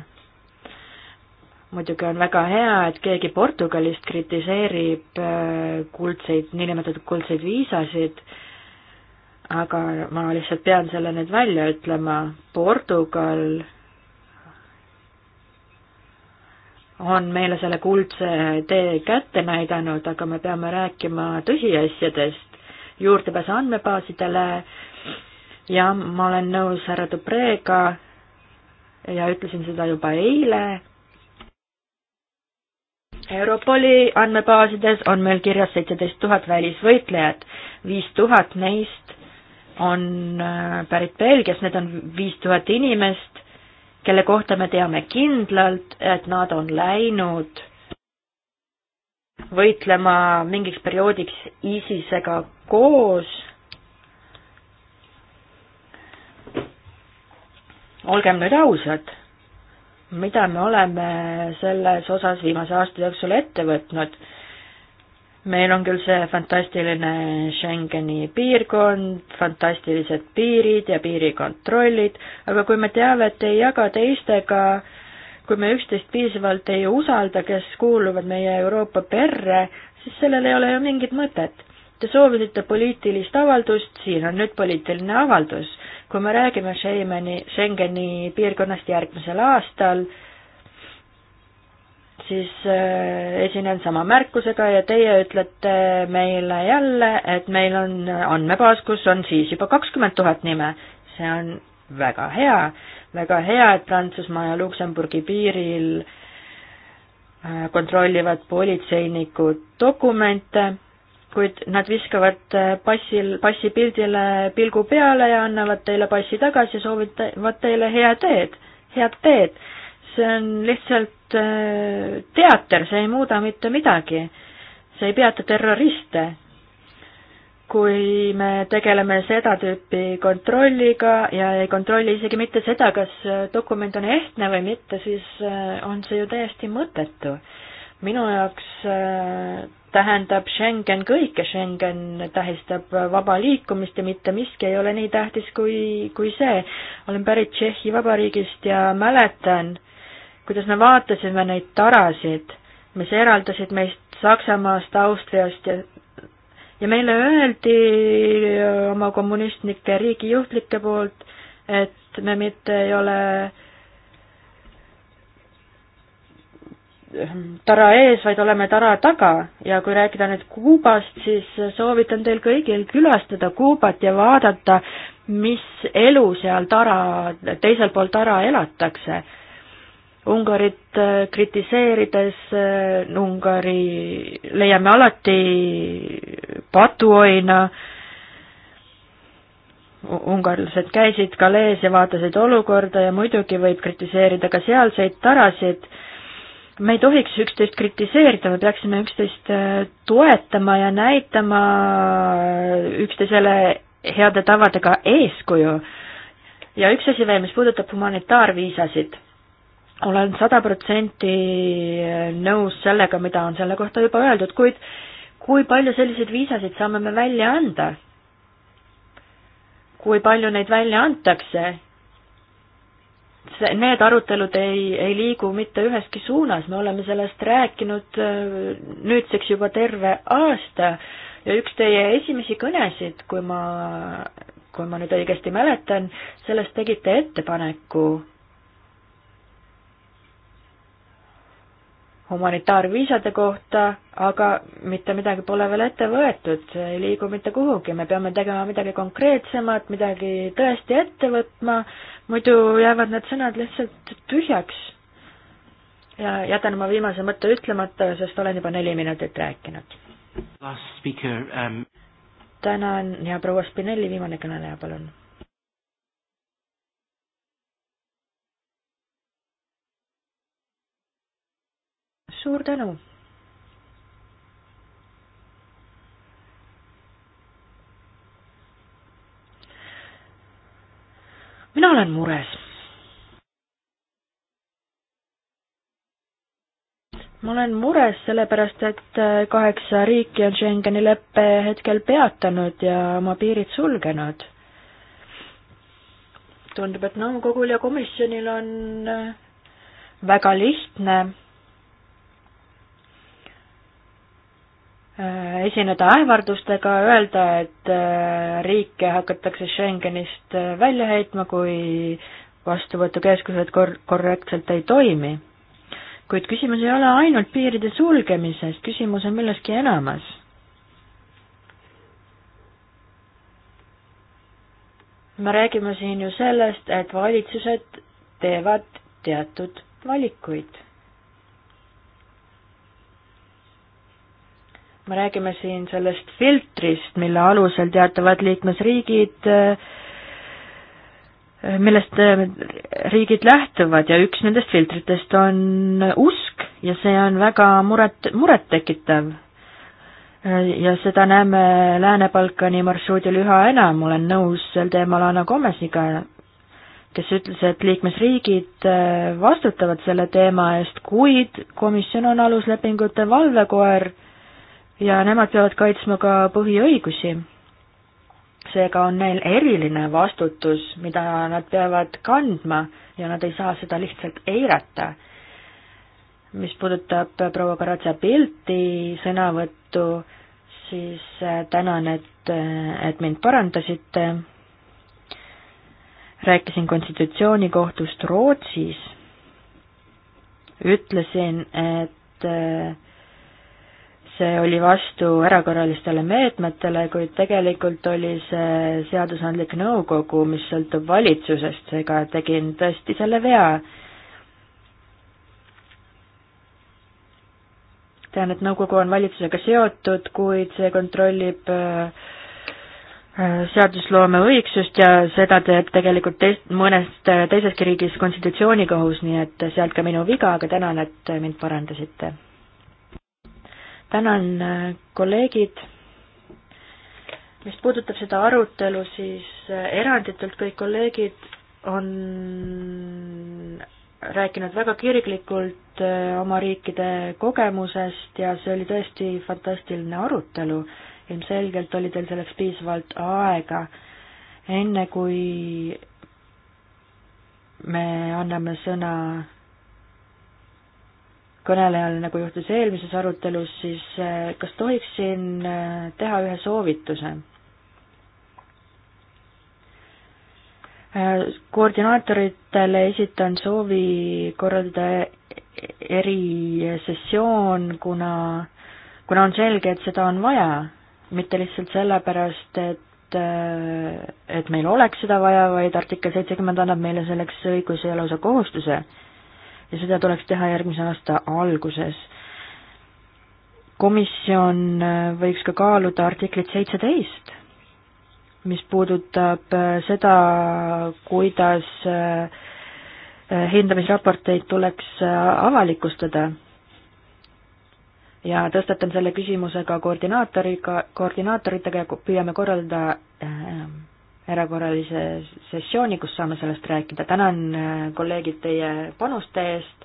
S4: muidugi on väga hea, et keegi Portugalist kritiseerib äh, kuldseid, niinimetatud kuldseid viisasid, aga ma lihtsalt pean selle nüüd välja ütlema, Portugal on meile selle kuldse tee kätte näidanud, aga me peame rääkima tõsiasjadest juurdepääsu andmebaasidele ja ma olen nõus härra Dupreega ja ütlesin seda juba eile. Europoli andmebaasides on meil kirjas seitseteist tuhat välisvõitlejat, viis tuhat neist on äh, pärit Belgiast, need on viis tuhat inimest, kelle kohta me teame kindlalt, et nad on läinud võitlema mingiks perioodiks ISISega koos. olgem nüüd ausad, mida me oleme selles osas viimase aasta jooksul ette võtnud? meil on küll see fantastiline Schengeni piirkond, fantastilised piirid ja piirikontrollid, aga kui me teavet ei jaga teistega, kui me üksteist piisavalt ei usalda, kes kuuluvad meie Euroopa perre, siis sellel ei ole ju mingit mõtet. Te soovisite poliitilist avaldust, siin on nüüd poliitiline avaldus. kui me räägime Schengeni, Schengeni piirkonnast järgmisel aastal, siis äh, esinen sama märkusega ja teie ütlete meile jälle, et meil on andmebaas, kus on siis juba kakskümmend tuhat nime. see on väga hea, väga hea, et Prantsusmaa ja Luksemburgi piiril äh, kontrollivad politseinikud dokumente, kuid nad viskavad äh, passil, passipildile pilgu peale ja annavad teile passi tagasi ja soovivad teile hea teed, head teed. see on lihtsalt äh, teater, see ei muuda mitte midagi. see ei peata terroriste, kui me tegeleme seda tüüpi kontrolliga ja ei kontrolli isegi mitte seda, kas dokument on ehtne või mitte, siis äh, on see ju täiesti mõttetu. minu jaoks äh, tähendab Schengen kõike, Schengen tähistab vaba liikumist ja mitte miski ei ole nii tähtis kui, kui see. olen pärit Tšehhi Vabariigist ja mäletan, kuidas me vaatasime neid tarasid, mis eraldasid meist Saksamaast, Austriast ja ja meile öeldi äh, oma kommunistlike riigijuhtlike poolt, et me mitte ei ole äh, tara ees, vaid oleme tara taga ja kui rääkida nüüd Kuubast, siis soovitan teil kõigil külastada Kuubat ja vaadata, mis elu seal tara, teisel pool tara elatakse Ungarit äh, kritiseerides äh, Ungari leiame alati patuoina. ungarlased käisid galees ja vaatasid olukorda ja muidugi võib kritiseerida ka sealseid tarasid. me ei tohiks üksteist kritiseerida, me peaksime üksteist äh, toetama ja näitama üksteisele heade tavadega eeskuju. ja üks asi veel, mis puudutab humanitaarviisasid olen sada protsenti nõus sellega, mida on selle kohta juba öeldud, kuid kui palju selliseid viisasid saame me välja anda? kui palju neid välja antakse? see, need arutelud ei, ei liigu mitte üheski suunas, me oleme sellest rääkinud äh, nüüdseks juba terve aasta ja üks teie esimesi kõnesid, kui ma, kui ma nüüd õigesti mäletan, sellest tegite ettepaneku humanitaarviisade kohta, aga mitte midagi pole veel ette võetud, see ei liigu mitte kuhugi, me peame tegema midagi konkreetsemat, midagi tõesti ette võtma, muidu jäävad need sõnad lihtsalt tühjaks. ja jätan oma viimase mõtte ütlemata, sest olen juba neli minutit rääkinud.
S1: Um...
S4: tänan ja proua Spinelli, viimane kõneleja, palun suur tänu. mina olen mures. ma olen mures sellepärast, et äh, kaheksa riiki on Schengeni leppe hetkel peatanud ja oma piirid sulgenud. tundub, et nõukogul ja komisjonil on äh, väga lihtne Äh, esineda ähvardustega, öelda, et äh, riike hakatakse Schengenist äh, välja heitma, kui vastuvõtukeskused kor-, korrektselt ei toimi. kuid küsimus ei ole ainult piiride sulgemises, küsimus on milleski enamas. me räägime siin ju sellest, et valitsused teevad teatud valikuid me räägime siin sellest filtrist, mille alusel teatavad liikmesriigid, eh, millest eh, riigid lähtuvad ja üks nendest filtritest on usk ja see on väga muret, murettekitav. Eh, ja seda näeme Lääne-Balkani marsruudil üha enam, olen nõus sel teemal Anna Komesiga, kes ütles, et liikmesriigid vastutavad selle teema eest, kuid komisjon on aluslepingute valvekoer ja nemad peavad kaitsma ka põhiõigusi. seega on neil eriline vastutus, mida nad peavad kandma ja nad ei saa seda lihtsalt eirata. mis puudutab proua Karatsa pilti sõnavõttu, siis äh, tänan, et, äh, et mind parandasite. rääkisin konstitutsioonikohtust Rootsis, ütlesin, et äh, see oli vastu erakorralistele meetmetele, kuid tegelikult oli see seadusandlik nõukogu, mis sõltub valitsusest, seega tegin tõesti selle vea. tean, et nõukogu on valitsusega seotud, kuid see kontrollib äh, äh, seadusloome õigsust ja seda teeb tegelikult teist, mõnest äh, teiseski riigis konstitutsioonikohus, nii et sealt ka minu viga, aga tänan, et mind parandasite tänan, äh, kolleegid. mis puudutab seda arutelu, siis äh, eranditult kõik kolleegid on rääkinud väga kirglikult äh, oma riikide kogemusest ja see oli tõesti fantastiline arutelu. ilmselgelt oli teil selleks piisavalt aega, enne kui me anname sõna kõnelejal, nagu juhtus eelmises arutelus, siis eh, kas tohiksin eh, teha ühe soovituse? Eh, koordinaatoritele esitan soovi korraldada erisessioon, kuna, kuna on selge, et seda on vaja, mitte lihtsalt sellepärast, et, et meil oleks seda vaja, vaid artikkel seitsekümmend annab meile selleks õiguse ja lausa kohustuse ja seda tuleks teha järgmise aasta alguses. komisjon äh, võiks ka kaaluda artiklit seitseteist, mis puudutab äh, seda, kuidas äh, hindamisraporteid tuleks avalikustada ja tõstatan selle küsimuse ka koordinaatoriga, koordinaatoritega ja püüame korraldada erakorralise sessiooni, kus saame sellest rääkida. tänan, äh, kolleegid, teie panuste eest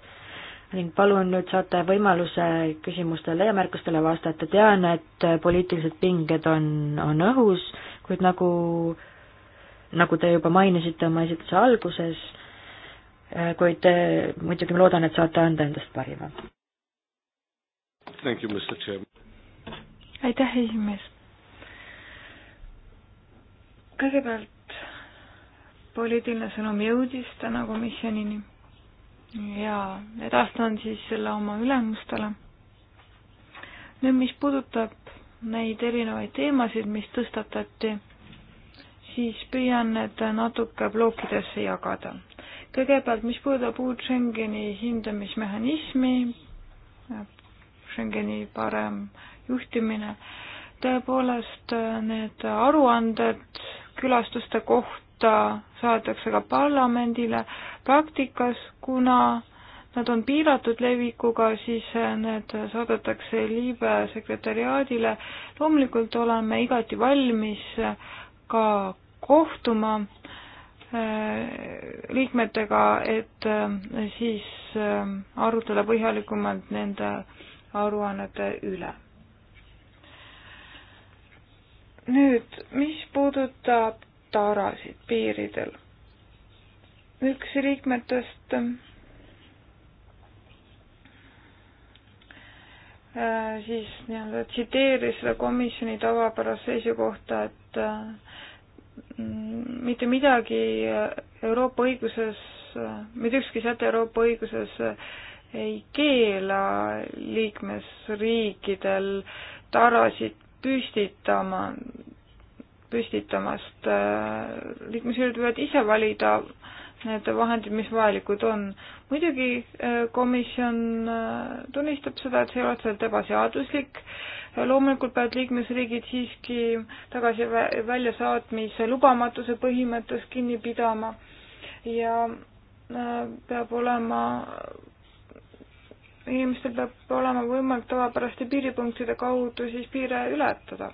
S4: ning palun nüüd saate võimaluse küsimustele ja märkustele vastata. tean, et äh, poliitilised pinged on, on õhus, kuid nagu, nagu te juba mainisite oma esitluse alguses, äh, kuid muidugi ma loodan, et saate anda endast parima. aitäh, esimees
S2: kõigepealt poliitiline sõnum jõudis täna komisjonini ja edastan siis selle oma ülemustele. nüüd, mis puudutab neid erinevaid teemasid, mis tõstatati, siis püüan need natuke plokkidesse jagada. kõigepealt, mis puudutab uut Schengeni hindamismehhanismi, Schengeni parem juhtimine, tõepoolest need aruanded külastuste kohta saadakse ka parlamendile praktikas, kuna nad on piiratud levikuga, siis need saadetakse liibe sekretäriaadile. loomulikult oleme igati valmis ka kohtuma eh, liikmetega, et eh, siis eh, arutada põhjalikumalt nende aruannete üle nüüd, mis puudutab tarasid piiridel. üks liikmetest Äh, siis nii-öelda tsiteeris seda komisjoni tavapärast seisukohta, et äh, mitte midagi Euroopa õiguses äh,, mitte ükski säte Euroopa õiguses ei keela liikmesriikidel tarasid püstitama, püstitamast. Äh, liikmesriigid võivad ise valida need vahendid, mis vajalikud on. muidugi äh, komisjon äh, tunnistab seda, et see ei ole otseselt ebaseaduslik. loomulikult peavad liikmesriigid siiski tagasi väljasaatmise lubamatuse põhimõttest kinni pidama ja peab olema inimestel peab olema võimalik tavapäraste piiripunktide kaudu siis piire ületada.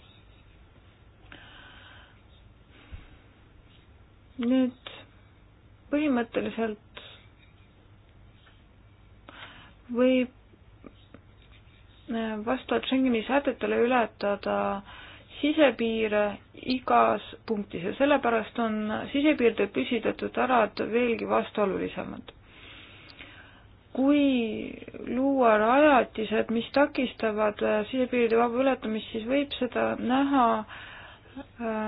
S2: nüüd põhimõtteliselt võib vastavalt Schengeni sätetele ületada sisepiire igas punktis ja sellepärast on sisepiirdel püsitletud alad veelgi vastuolulisemad kui luua rajatised, mis takistavad äh, sisepiiride vaba ületamist, siis võib seda näha äh,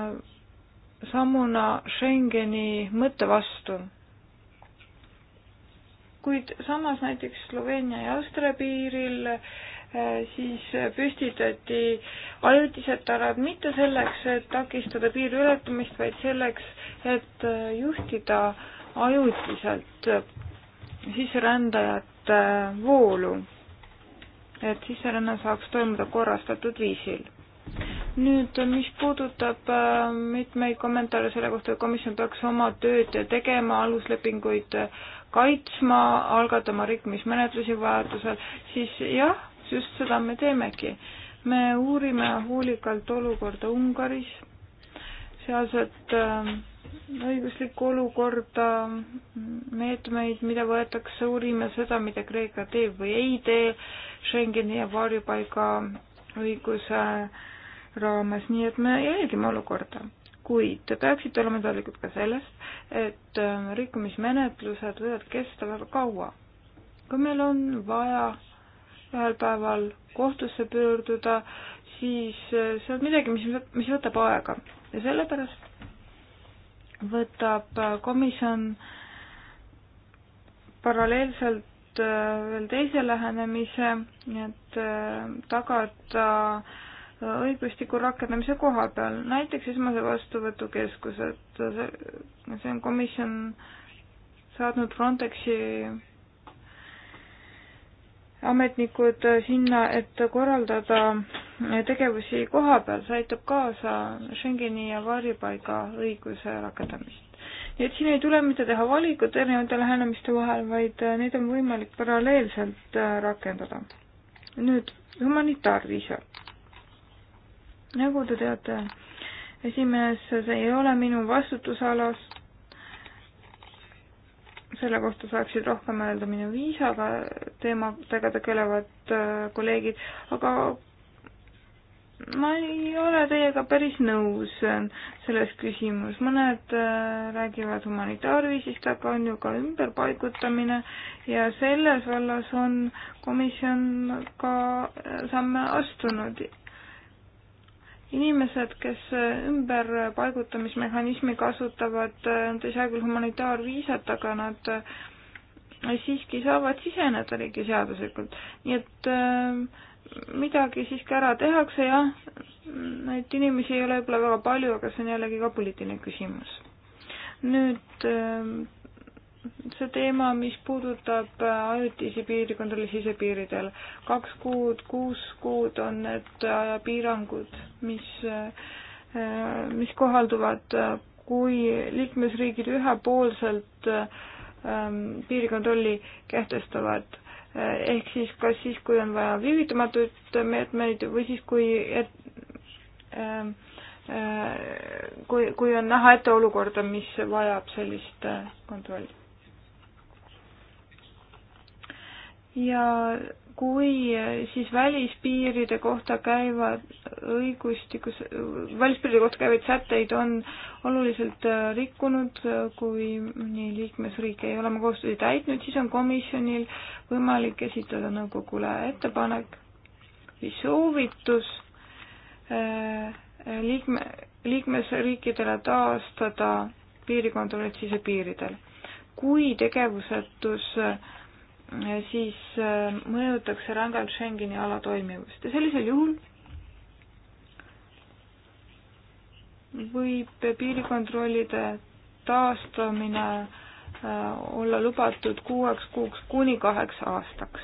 S2: sammuna Schengeni mõtte vastu. kuid samas näiteks Sloveenia ja Austria piiril äh, siis püstitati ajutised tarad mitte selleks, et takistada piiri ületamist, vaid selleks, et juhtida ajutiselt sisserändajate äh, voolu, et sisseränne saaks toimuda korrastatud viisil. nüüd, mis puudutab äh, mitmeid kommentaare selle kohta, et komisjon peaks oma tööd tegema, aluslepinguid äh, kaitsma, algatama rikkumismenetlusi vajadusel, siis jah, just seda me teemegi. me uurime hoolikalt olukorda Ungaris, sealset äh, õiguslikku olukorda, meetmeid, mida võetakse, uurime seda, mida Kreeka teeb või ei tee Schengeni ja varjupaiga õiguse raames, nii et me jälgime olukorda. kuid te peaksite olema teadlikud ka sellest, et äh, rikkumismenetlused võivad kesta väga kaua. kui meil on vaja ühel päeval kohtusse pöörduda, siis äh, see on midagi, mis, mis võtab aega ja sellepärast võtab äh, komisjon paralleelselt äh, veel teise lähenemise, et äh, tagada õigustiku rakendamise koha peal, näiteks esmase vastuvõtu keskused, see on komisjon saatnud Frontexi ametnikud sinna, et korraldada tegevusi koha peal, see aitab kaasa Schengeni ja varjupaiga õiguse rakendamist. nii et siin ei tule mitte teha valikut erinevate lähenemiste vahel, vaid neid on võimalik paralleelselt äh, rakendada. nüüd humanitaarviisa. nagu te teate, esimees, see ei ole minu vastutusalas selle kohta saaksid rohkem öelda minu viisaga teemadega tegelevad äh, kolleegid, aga ma ei ole teiega päris nõus äh, selles küsimus, mõned äh, räägivad humanitaarviisist, aga on ju ka ümberpaigutamine ja selles vallas on komisjon ka samme astunud inimesed, kes äh, ümberpaigutamismehhanismi kasutavad, äh, nad ei saa küll humanitaarviisat, aga nad äh, siiski saavad siseneda riigi seaduslikult. nii et midagi siiski ära tehakse, jah. Neid inimesi ei ole võib-olla väga palju, aga see on jällegi ka poliitiline küsimus. nüüd see teema, mis puudutab äh, ajutisi piirikontrolli sisepiiridel. kaks kuud, kuus kuud on need ajapiirangud, äh, mis, äh, mis kohalduvad, kui liikmesriigid ühepoolselt ähm, piirikontrolli kehtestavad ehk siis kas siis, kui on vaja viivitamatuid meetmeid või siis, kui et, äh, äh, kui, kui on näha ette olukorda, mis vajab sellist kontrolli. ja kui siis välispiiride kohta käivad õigustikus, välispiiride kohta käivaid sätteid on oluliselt äh, rikkunud, kui mõni liikmesriik ei ole oma kohustusi täitnud, siis on komisjonil võimalik esitada nõukogule ettepanek või soovitus äh, liikme, liikmesriikidele taastada piirikontrollid sisepiiridel. kui tegevusetus äh, siis äh, mõjutakse rängalt Schengeni ala toimivust ja sellisel juhul võib piirikontrollide taastamine äh, olla lubatud kuueks kuuks kuni kaheks aastaks.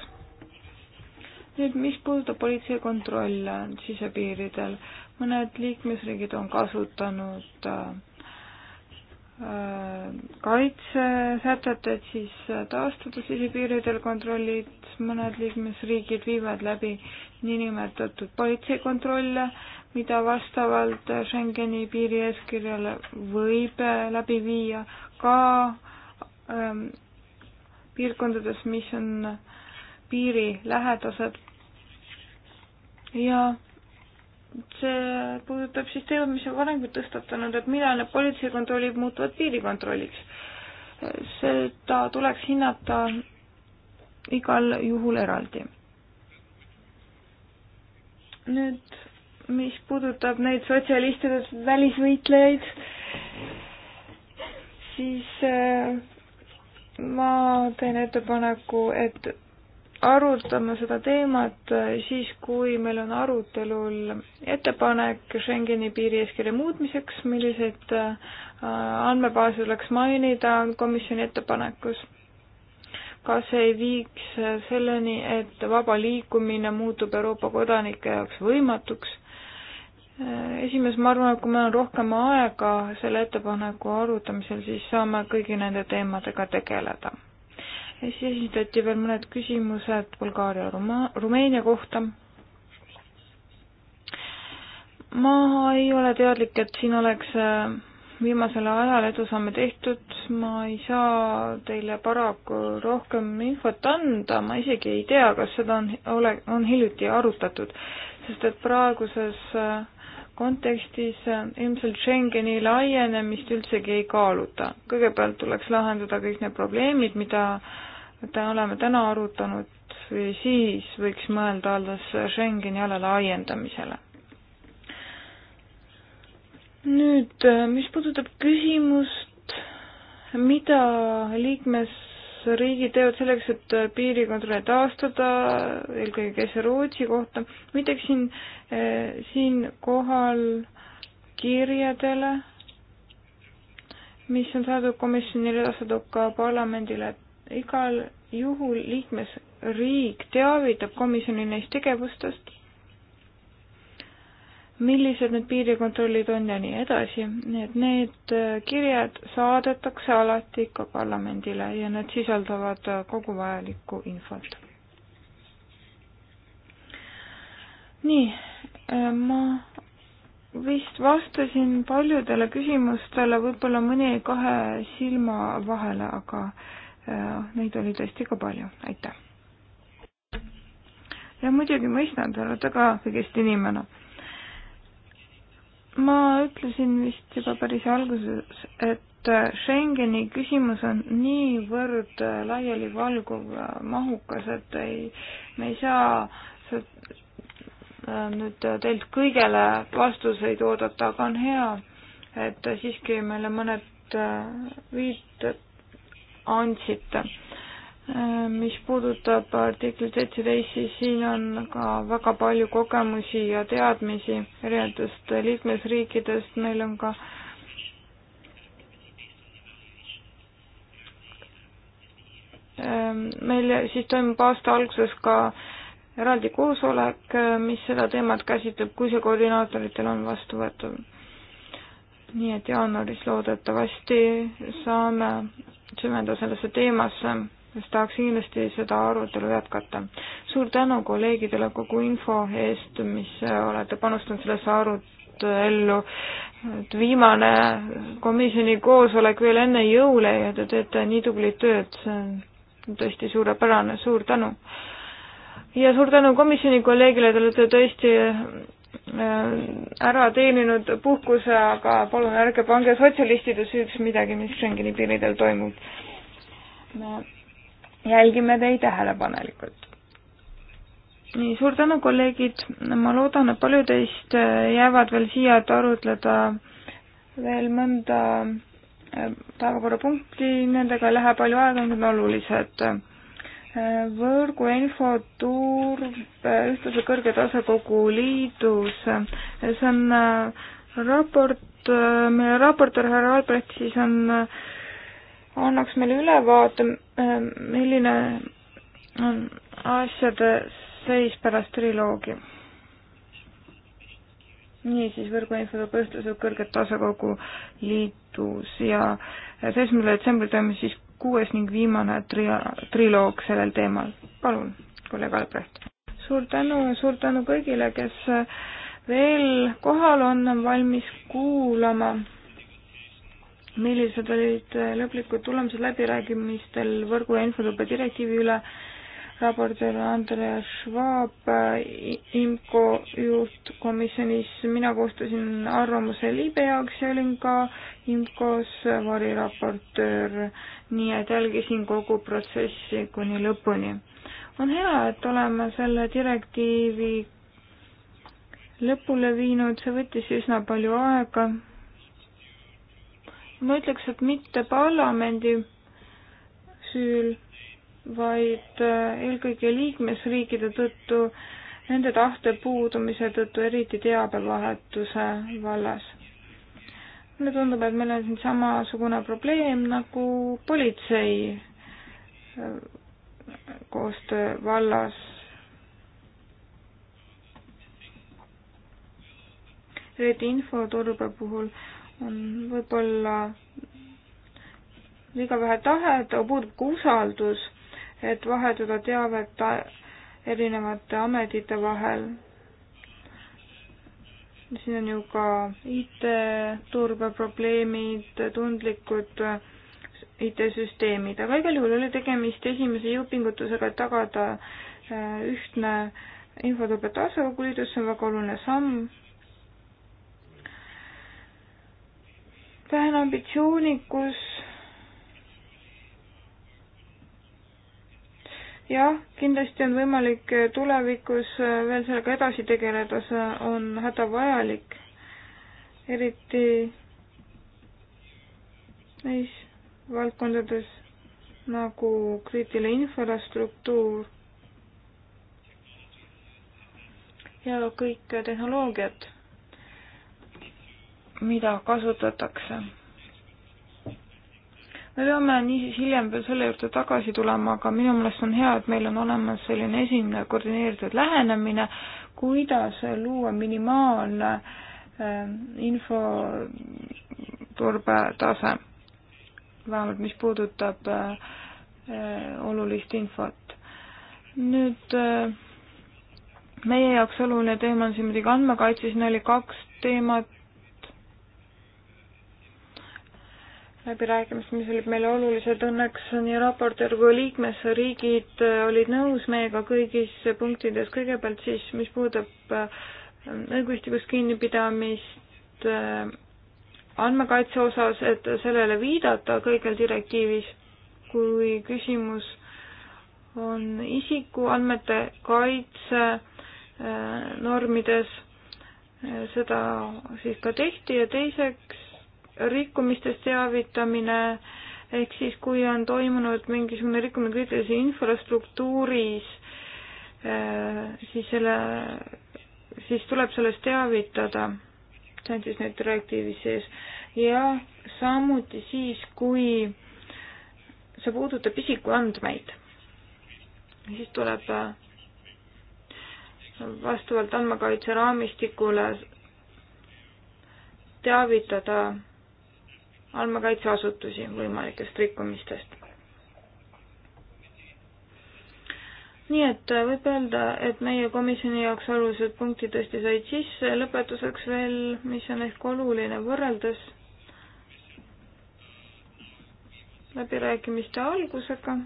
S2: nüüd, mis puudutab politsei kontrolle sisepiiridel, mõned liikmesriigid on kasutanud äh, kaitsesäteted, siis taastada sisepiiridel kontrollid, mõned liikmesriigid viivad läbi niinimetatud politseikontrolle, mida vastavalt Schengeni piirieeskirjale võib äh, läbi viia ka ähm, piirkondades, mis on piirilähedased ja see puudutab siis teemat, mis on varemgi tõstatanud, et millal need politseikontrollid muutuvad piirikontrolliks. seda tuleks hinnata igal juhul eraldi. nüüd, mis puudutab neid sotsialistide välisvõitlejaid, siis äh, ma teen ettepaneku, et arutame seda teemat siis, kui meil on arutelul ettepanek Schengeni piirieeskirja muutmiseks, milliseid äh, andmebaase tuleks mainida komisjoni ettepanekus. kas ei viiks selleni, et vaba liikumine muutub Euroopa kodanike jaoks võimatuks? Äh, esimees, ma arvan, et kui meil on rohkem aega selle ettepaneku arutamisel, siis saame kõigi nende teemadega tegeleda ja siis esitati veel mõned küsimused Bulgaaria Ruma-, Rumeenia kohta. ma ei ole teadlik, et siin oleks äh, viimasel ajal edusamme tehtud, ma ei saa teile paraku rohkem infot anda, ma isegi ei tea, kas seda on, ole, on hiljuti arutatud, sest et praeguses äh, kontekstis äh, ilmselt Schengeni laienemist üldsegi ei kaaluta. kõigepealt tuleks lahendada kõik need probleemid, mida täna oleme täna arutanud, siis võiks mõelda alles Schengeni ala laiendamisele. nüüd, äh, mis puudutab küsimust, mida liikmes riigi teod selleks, et äh, piirikontrolli taastada, eelkõige käis Rootsi kohta, ma ütleksin äh, siinkohal kirjadele, mis on saadud komisjonile, edastatud ka parlamendile, et igal juhul liikmesriik teavitab komisjoni neist tegevustest millised need piirikontrollid on ja nii edasi, nii et need äh, kirjad saadetakse alati ikka parlamendile ja need sisaldavad äh, kogu vajalikku infot. nii, äh, ma vist vastasin paljudele küsimustele, võib-olla mõni jäi kahe silma vahele, aga neid oli tõesti ka palju, aitäh! ja muidugi mõistan, te olete ka kõigest inimene ma ütlesin vist juba päris alguses, et äh, Schengeni küsimus on niivõrd äh, laialivalguv ja mahukas, et ei, me ei saa äh, nüüd teilt kõigele vastuseid oodata, aga on hea, et siiski meile mõned viited andsite mis puudutab artiklit seitseteist, siis siin on ka väga palju kogemusi ja teadmisi erinevatest liikmesriikidest, meil on ka meil siis toimub aasta alguses ka eraldi koosolek, mis seda teemat käsitleb, kui see koordinaatoritel on vastuvõetav. nii et jaanuaris loodetavasti saame süveneda sellesse teemasse siis tahaks kindlasti seda arutelu jätkata. suur tänu kolleegidele kogu info eest, mis olete panustanud sellesse arutellu. et viimane komisjoni koosolek veel enne jõule ja te teete nii tublit tööd, see on tõesti suurepärane, suur tänu. ja suur tänu komisjoni kolleegile, te olete tõesti äh, ära teeninud puhkuse, aga palun ärge pange sotsialistide süüks midagi, mis Schengeni piiridel toimub me jälgime teid tähelepanelikult. nii, suur tänu, kolleegid, ma loodan, et paljud teist jäävad veel siia, et arutleda veel mõnda äh, päevakorrapunkti, nendega ei lähe palju aega, need on olulised. võrgu infoturbe äh, ühtlase kõrge tasekogu liidus, see on äh, raport, meie raportöör härra Albrecht siis on äh, annaks meile ülevaate, eh, milline on asjade seis pärast triloogi. niisiis, võrguinfo toob ühtlasi kõrget tasekogu liidus ja seitsmendal detsembril toimus siis kuues ning viimane tri-, triloog sellel teemal. palun, kolleeg Albrecht. suur tänu, suur tänu kõigile, kes veel kohal on, on valmis kuulama millised olid äh, lõplikud tulemused läbirääkimistel võrgu ja infotõppe direktiivi üle. raportöör Andreas Schwab äh, IMCO juhtkomisjonis, mina koostasin arvamuse Liibe jaoks ja olin ka IMCO-s variraportöör, nii et jälgisin kogu protsessi kuni lõpuni. on hea, et oleme selle direktiivi lõpule viinud, see võttis üsna palju aega ma ütleks, et mitte parlamendi süül, vaid äh, eelkõige liikmesriikide tõttu, nende tahte puudumise tõttu, eriti teabevahetuse vallas. mulle tundub, et meil on siin samasugune probleem nagu politsei äh, koostöö vallas. eriti infoturbe puhul on võib-olla liiga vähe tahet, puudub ka usaldus, et vahetada teavet erinevate ametite vahel. siin on ju ka IT-turbe probleemid, tundlikud IT-süsteemid, aga igal juhul oli tegemist esimese jõupingutusega, et tagada äh, ühtne infoturbe tasakaalu liidus, see on väga oluline samm vähene ambitsioonikus. jah, kindlasti on võimalik tulevikus veel sellega edasi tegeleda, see on hädavajalik, eriti neis valdkondades nagu kriitiline infrastruktuur ja kõik tehnoloogiad mida kasutatakse. me peame niisiis hiljem veel selle juurde tagasi tulema, aga minu meelest on hea, et meil on olemas selline esimene koordineeritud lähenemine, kuidas luua minimaalne ähm, infoturbe tase, vähemalt mis puudutab äh, olulist infot. nüüd äh, meie jaoks oluline teema on siin muidugi andmekaitse, siin oli kaks teemat, läbirääkimised, mis olid meile olulised, õnneks nii raportöör kui liikmesriigid äh, olid nõus meiega kõigis punktides, kõigepealt siis, mis puudutab äh, õigustikust kinnipidamist äh, andmekaitse osas, et sellele viidata kõigil direktiivis, kui küsimus on isikuandmete kaitse normides, seda siis ka tehti ja teiseks rikkumistest teavitamine ehk siis, kui on toimunud mingisugune rikkumine kriitilise infrastruktuuris, eh, siis selle, siis tuleb sellest teavitada. see on siis nüüd direktiivis sees. ja samuti siis, kui see puudutab isikuandmeid, siis tuleb eh, vastavalt andmekaitse raamistikule teavitada andmekaitseasutusi võimalikest rikkumistest. nii et võib öelda, et meie komisjoni jaoks olulised punktid tõesti said sisse, lõpetuseks veel, mis on ehk oluline võrreldes läbirääkimiste algusega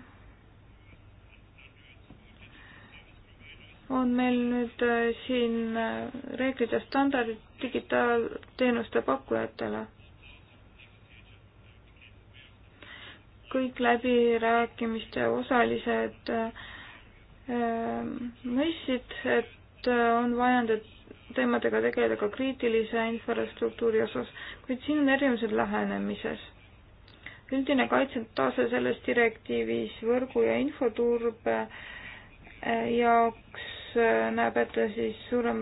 S2: on meil nüüd äh, siin äh, reeglid ja standardid digitaalteenuste pakkujatele. kõik läbirääkimiste osalised ähm, mõistsid, et äh, on vaja nende teemadega tegeleda ka kriitilise infrastruktuuri osas, kuid siin on erinevused lähenemises. üldine kaitsetase selles direktiivis võrgu ja infoturbe äh, jaoks äh, näeb ette siis suurem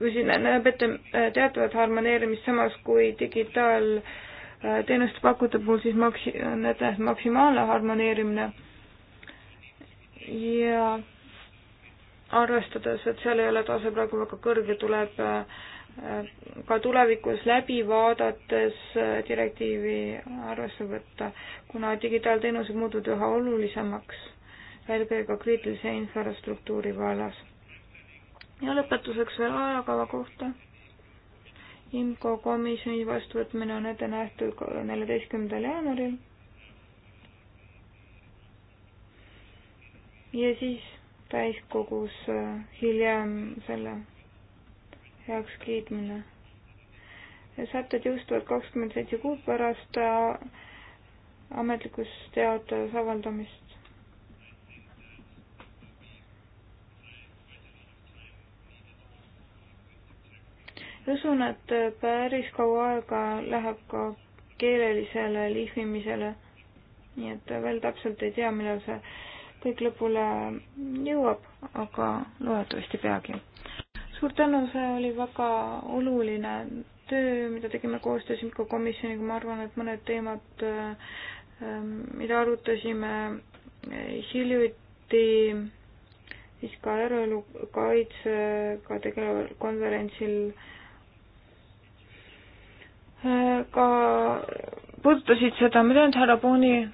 S2: või siin näeb ette teatavat harmoneerimist, samas kui digitaal äh, Äh, teenuste pakkujate puhul siis maksi-, nende maksimaalne harmoneerimine ja arvestades, et seal ei ole tase praegu väga kõrge, tuleb äh, ka tulevikus läbi vaadates äh, direktiivi arvesse võtta, kuna digitaalteenused muutuvad üha olulisemaks, eelkõige kriitilise infrastruktuuri vallas. ja lõpetuseks veel ajakava kohta IMCO komisjoni vastuvõtmine on ette nähtud neljateistkümnendal jaanuaril. ja siis täiskogus äh, hiljem selle heakskiitmine. sätted jõustuvad kakskümmend seitse kuud pärast äh, ametlikus teates avaldamist. usun, et päris kaua aega läheb ka keelelisele lihvimisele. nii et veel täpselt ei tea, millal see kõik lõpule jõuab, aga loodetavasti peagi. suur tänu, see oli väga oluline töö, mida tegime koostöös Mikko komisjoniga, ma arvan, et mõned teemad, ähm, mida arutasime hiljuti siis ka eraelu kaitsega tegeleval konverentsil äh, ka puudutasid seda, ma tean, et härra Booni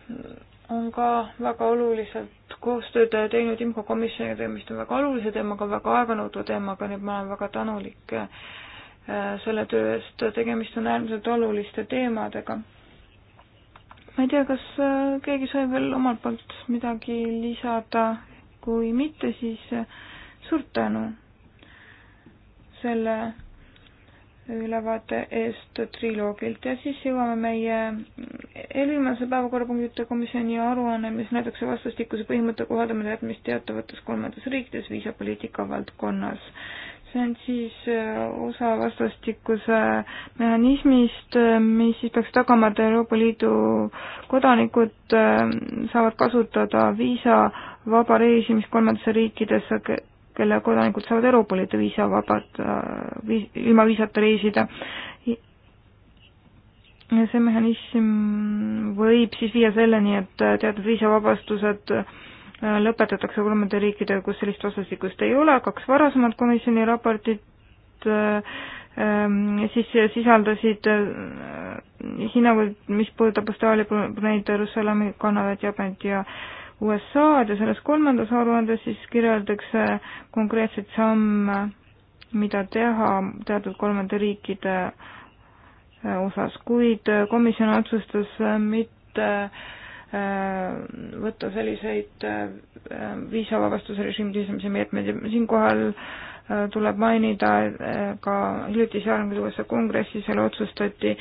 S2: on ka väga oluliselt koostööd teinud IMCO komisjoniga, tegemist on väga olulise teemaga, väga aeganõudva teemaga, nii et ma olen väga tänulik äh, selle töö eest, tegemist on äärmiselt oluliste teemadega. ma ei tea, kas äh, keegi sai veel omalt poolt midagi lisada, kui mitte, siis äh, suur tänu selle ülevaate eest triloogilt ja siis jõuame meie eelviimase päevakorrapunkti juurde komisjoni aruanne, mis näidatakse vastastikuse põhimõtte kohaldamine jätmist teatavates kolmandates riikides viisapoliitika valdkonnas. see on siis äh, osa vastastikuse mehhanismist, äh, mis siis peaks tagama, et Euroopa Liidu kodanikud äh, saavad kasutada viisavaba reisimist kolmandasse riikidesse kelle kodanikud saavad Euroopa Liidu viisa vabalt äh, viis,, ilma viisata reisida. ja see mehhanism võib siis viia selleni, et äh, teatud viisavabastused äh, lõpetatakse kolmandate riikidega, kus sellist vastastikust ei ole, kaks varasemat komisjoni raportit ähm, siis sisaldasid hinnanguid, mis puudutab Austraalia, Brunei, Jeruusalemmi, Kanadat, Jaapanit ja, ja USA-d ja selles kolmandas aruandes siis kirjeldatakse konkreetseid samme, mida teha teatud kolmandate riikide äh, osas, kuid äh, komisjon otsustas äh, mitte võtta selliseid viisavabastuse režiimi sisemise meetmeid ja siinkohal tuleb mainida ka hiljutise arengu USA kongressis, seal otsustati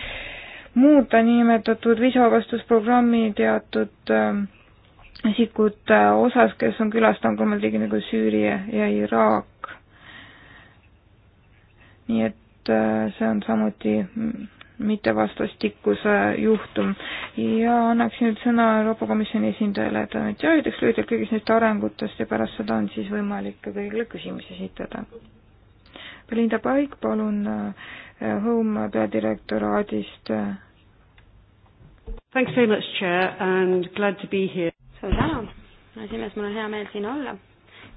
S2: muuta niinimetatud viisavabastusprogrammi teatud äh, isikute äh, osas, kes on külastanud kolmel riigil nagu Süüria ja Iraak. nii et äh, see on samuti mittevastastikuse juhtum ja annaksin nüüd sõna Euroopa Komisjoni esindajale, et ta nüüd jõudis lühidalt kõigist neist arengutest ja pärast seda on siis võimalik ka kõigile küsimusi esitada. Belinda Paik, palun, äh, Home peadirektoraadist
S4: Thanks very much, Chair, and glad to be here
S3: suur tänu, esimees, mul on hea meel siin olla.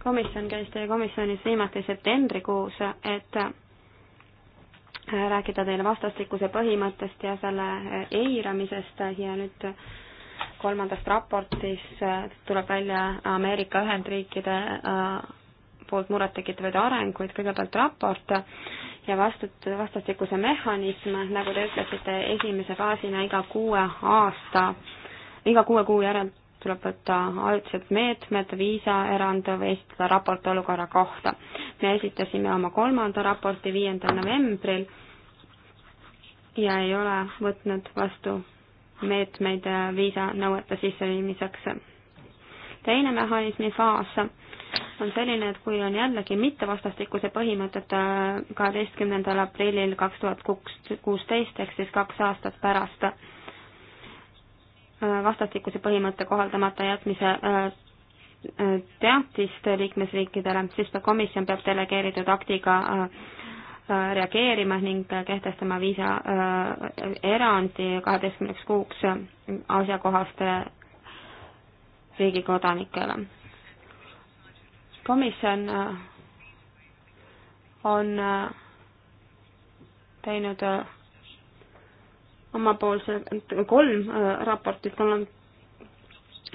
S3: komisjon käis teie komisjonis viimati septembrikuus, et äh, rääkida teile vastastikuse põhimõttest ja selle äh, eiramisest ja nüüd kolmandast raportist äh, tuleb välja Ameerika Ühendriikide poolt murettekitavaid arenguid, kõigepealt raport ja vastut-, vastastikuse mehhanism, nagu te ütlesite, esimese faasina iga kuue aasta, iga kuue kuu järel tuleb võtta ajutised meetmed, viisaerand või esitada raport olukorra kohta. me esitasime oma kolmanda raporti viiendal novembril ja ei ole võtnud vastu meetmeid viisanõuete sisseviimiseks. teine mehhanismi faas on selline, et kui on jällegi mittevastastikuse põhimõtet äh, kaheteistkümnendal aprillil kaks tuhat kuusteist ehk siis kaks aastat pärast Äh, vastastikuse põhimõtte kohaldamata jätmise äh, äh, teatist liikmesriikidele, siis komisjon peab delegeeritud aktiga reageerima ning kehtestama viisa erandi kaheteistkümneks kuuks asjakohaste riigi kodanikele. komisjon on teinud omapoolse, kolm äh, raportit mul on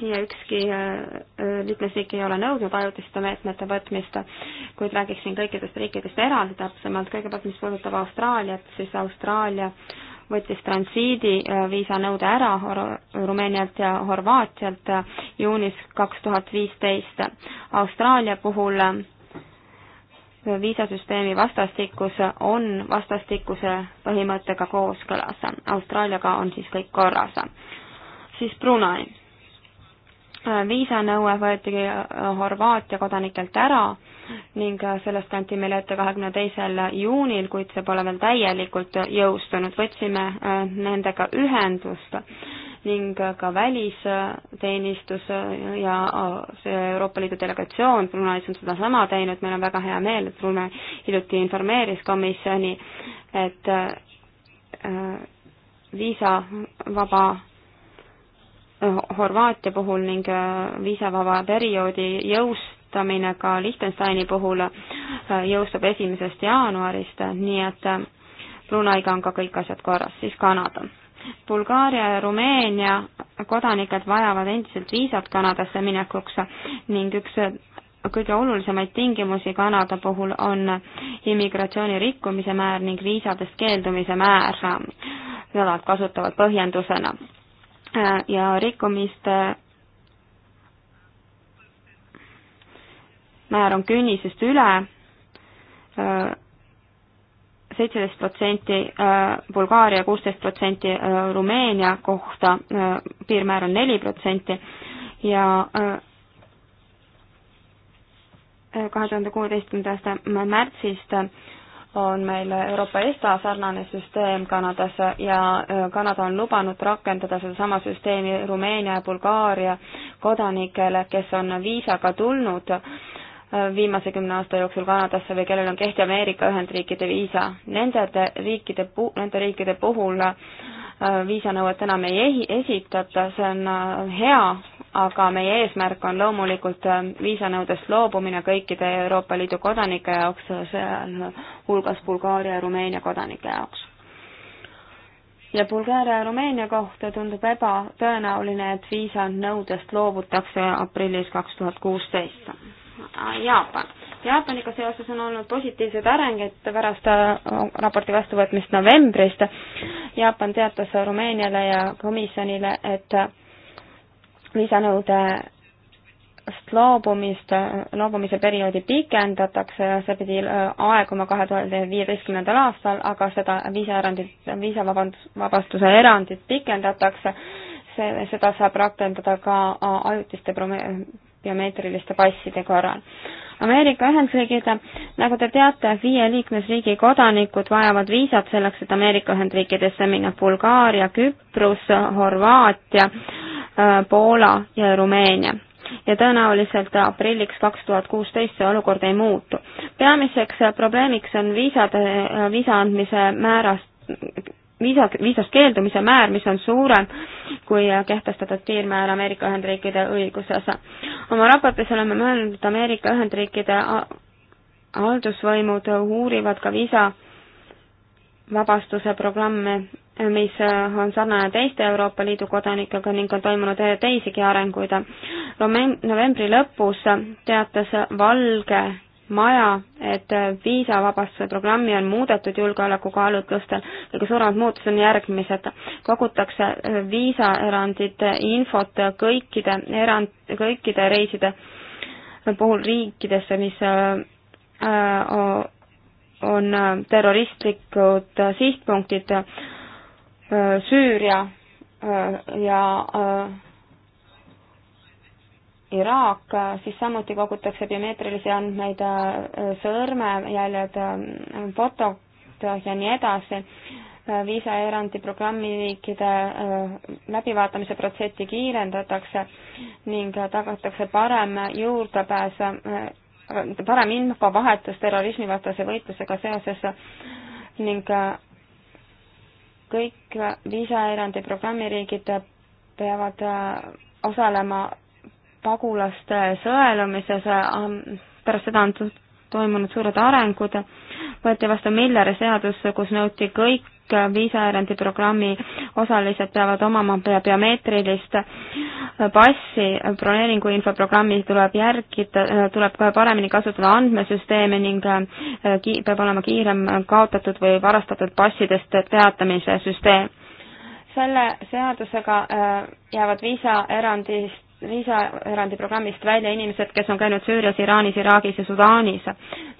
S3: ja ükski äh, äh, liikmesriik ei ole nõudnud ajutiste meetmete võtmist, kuid räägiksin kõikidest riikidest eraldi täpsemalt, kõigepealt mis puudutab Austraaliat, siis Austraalia võttis transiidi viisanõude ära Rumeenialt ja Horvaatialt juunis kaks tuhat viisteist. Austraalia puhul viisasüsteemi vastastikus on vastastikuse põhimõttega kooskõlas. Austraaliaga on siis kõik korras. siis Brunei. viisanõue võeti Horvaatia kodanikelt ära ning sellest anti meile ette kahekümne teisel juunil, kuid see pole veel täielikult jõustunud. võtsime äh, nendega ühendust ning ka välisteenistus ja see Euroopa Liidu delegatsioon Bruneis on sedasama teinud, meil on väga hea meel, et Brune hiljuti informeeris komisjoni, et äh, viisavaba äh, Horvaatia puhul ning äh, viisavaba perioodi jõust kasutamine ka Liechtensteini puhul jõustub esimesest jaanuarist, nii et Bruneiga on ka kõik asjad korras, siis Kanada Bulgaaria ja Rumeenia kodanikud vajavad endiselt viisat Kanadasse minekuks ning üks kõige olulisemaid tingimusi Kanada puhul on immigratsiooni rikkumise määr ning viisadest keeldumise määr. Nad kasutavad põhjendusena ja rikkumiste määr on künnisest üle seitseteist protsenti äh, Bulgaaria, kuusteist protsenti äh, Rumeenia kohta, äh, piirmäär on neli protsenti ja kahe tuhande kuueteistkümnenda aasta märtsist on meil Euroopa ESTA sarnane süsteem Kanadas ja Kanada on lubanud rakendada sedasama süsteemi Rumeenia ja Bulgaaria kodanikele, kes on viisaga tulnud viimase kümne aasta jooksul Kanadasse või kellel on kehtiv Ameerika Ühendriikide viisa. Nende riikide, nende riikide puhul äh, viisanõuet enam ei esitata, see on äh, hea, aga meie eesmärk on loomulikult äh, viisanõudest loobumine kõikide Euroopa Liidu kodanike jaoks, sealhulgas Bulgaaria ja Rumeenia kodanike jaoks ja Bulgaaria ja Rumeenia kohta tundub ebatõenäoline, et viisanõudest loobutakse aprillis kaks tuhat kuusteist Jaapan. Jaapaniga seoses on olnud positiivsed arengid pärast äh, raporti vastuvõtmist novembrist. Jaapan teatas Rumeeniale ja komisjonile, et lisanõudest loobumist, loobumise perioodi pikendatakse, see pidi äh, aeguma kahe tuhande viieteistkümnendal aastal, aga seda viisaerandit, viisavabastuse erandit pikendatakse, see, seda saab rakendada ka äh, ajutiste biomeetriliste passide korral. Ameerika Ühendriigid, nagu te teate, viie liikmesriigi kodanikud vajavad viisat selleks, et Ameerika Ühendriikidesse minna Bulgaaria, Küpros, Horvaatia, äh, Poola ja Rumeenia. ja tõenäoliselt aprilliks kaks tuhat kuusteist see olukord ei muutu. peamiseks probleemiks on viisade, äh, viisa andmise määrast viisa, viisast keeldumise määr, mis on suurem kui kehtestatud piirmäär Ameerika Ühendriikide õiguses. oma raportis oleme mõelnud, Ameerika Ühendriikide haldusvõimud uurivad ka viisavabastuse programme, mis on sarnane teiste Euroopa Liidu kodanikega ning on toimunud teisigi arenguid. novembri lõpus teatas Valge maja, et viisavabastuse programmi on muudetud julgeolekukaalutlustel. kõige suuremad muutused on järgmised. kogutakse äh, viisaerandite infot kõikide erand, kõikide reiside puhul riikidesse, mis äh, on äh, terroristlikud sihtpunktid Süüria ja Iraak, siis samuti kogutakse biomeetrilisi andmeid, äh, sõrmejäljed, äh, fotod ja nii edasi. Äh, viisaerandi programmiliikide läbivaatamise protsessi kiirendatakse ning tagatakse parem juurdepääs, parem infovahetus terrorismivastase võitlusega seoses ning kõik viisaerandi programmiriigid peavad osalema pagulaste sõelumises ähm, pärast seda on toimunud suured arengud, võeti vastu Milleri seadus, kus nõuti kõik viisaerandi programmi osalised peavad omama biomeetrilist passi, broneeringu infoprogrammi tuleb järgida, tuleb kohe paremini kasutada andmesüsteemi ning äh, ki-, peab olema kiirem kaotatud või varastatud passidest teatamise süsteem. selle seadusega äh, jäävad viisaerandist viisaerandi programmist välja inimesed, kes on käinud Süürias, Iraanis, Iraagis ja Sudaanis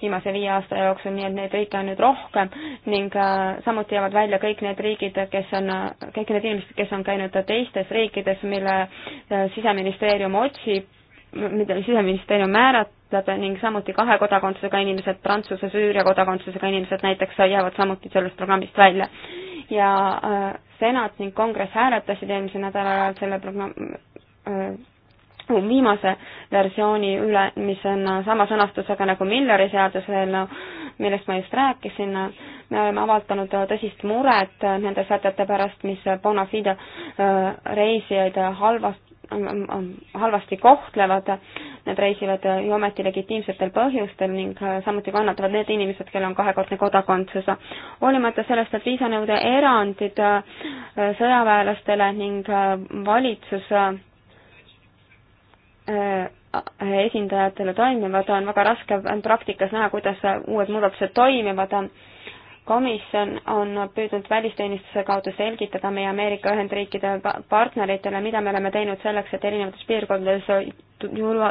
S3: viimase viie aasta jooksul, nii et neid riike on nüüd rohkem ning äh, samuti jäävad välja kõik need riigid, kes on, kõik need inimesed, kes on käinud teistes riikides, mille äh, siseministeerium otsib, mida siseministeerium määratleb ning samuti kahe kodakondsusega inimesed, Prantsuse, Süüria kodakondsusega inimesed näiteks jäävad samuti sellest programmist välja. ja äh, senat ning kongress hääletasid eelmisel nädalal selle programmi Äh, viimase versiooni üle, mis on sama sõnastusega nagu Milleri seaduseelnõu, millest ma just rääkisin, me oleme avaldanud tõsist muret nende sätete pärast, mis bona fide äh, reisijaid halvast, äh, halvasti kohtlevad, nad reisivad ju ometi legitiimsetel põhjustel ning samuti kannatavad need inimesed, kellel on kahekordne kodakondsus. hoolimata sellest, et viisanõude erandid sõjaväelastele ning valitsus Äh, esindajatele toimivad, on väga raske on praktikas näha, kuidas uued muudatused toimivad. komisjon on püüdnud välisteenistuse kaudu selgitada meie Ameerika Ühendriikide partneritele, mida me oleme teinud selleks, et erinevates piirkondades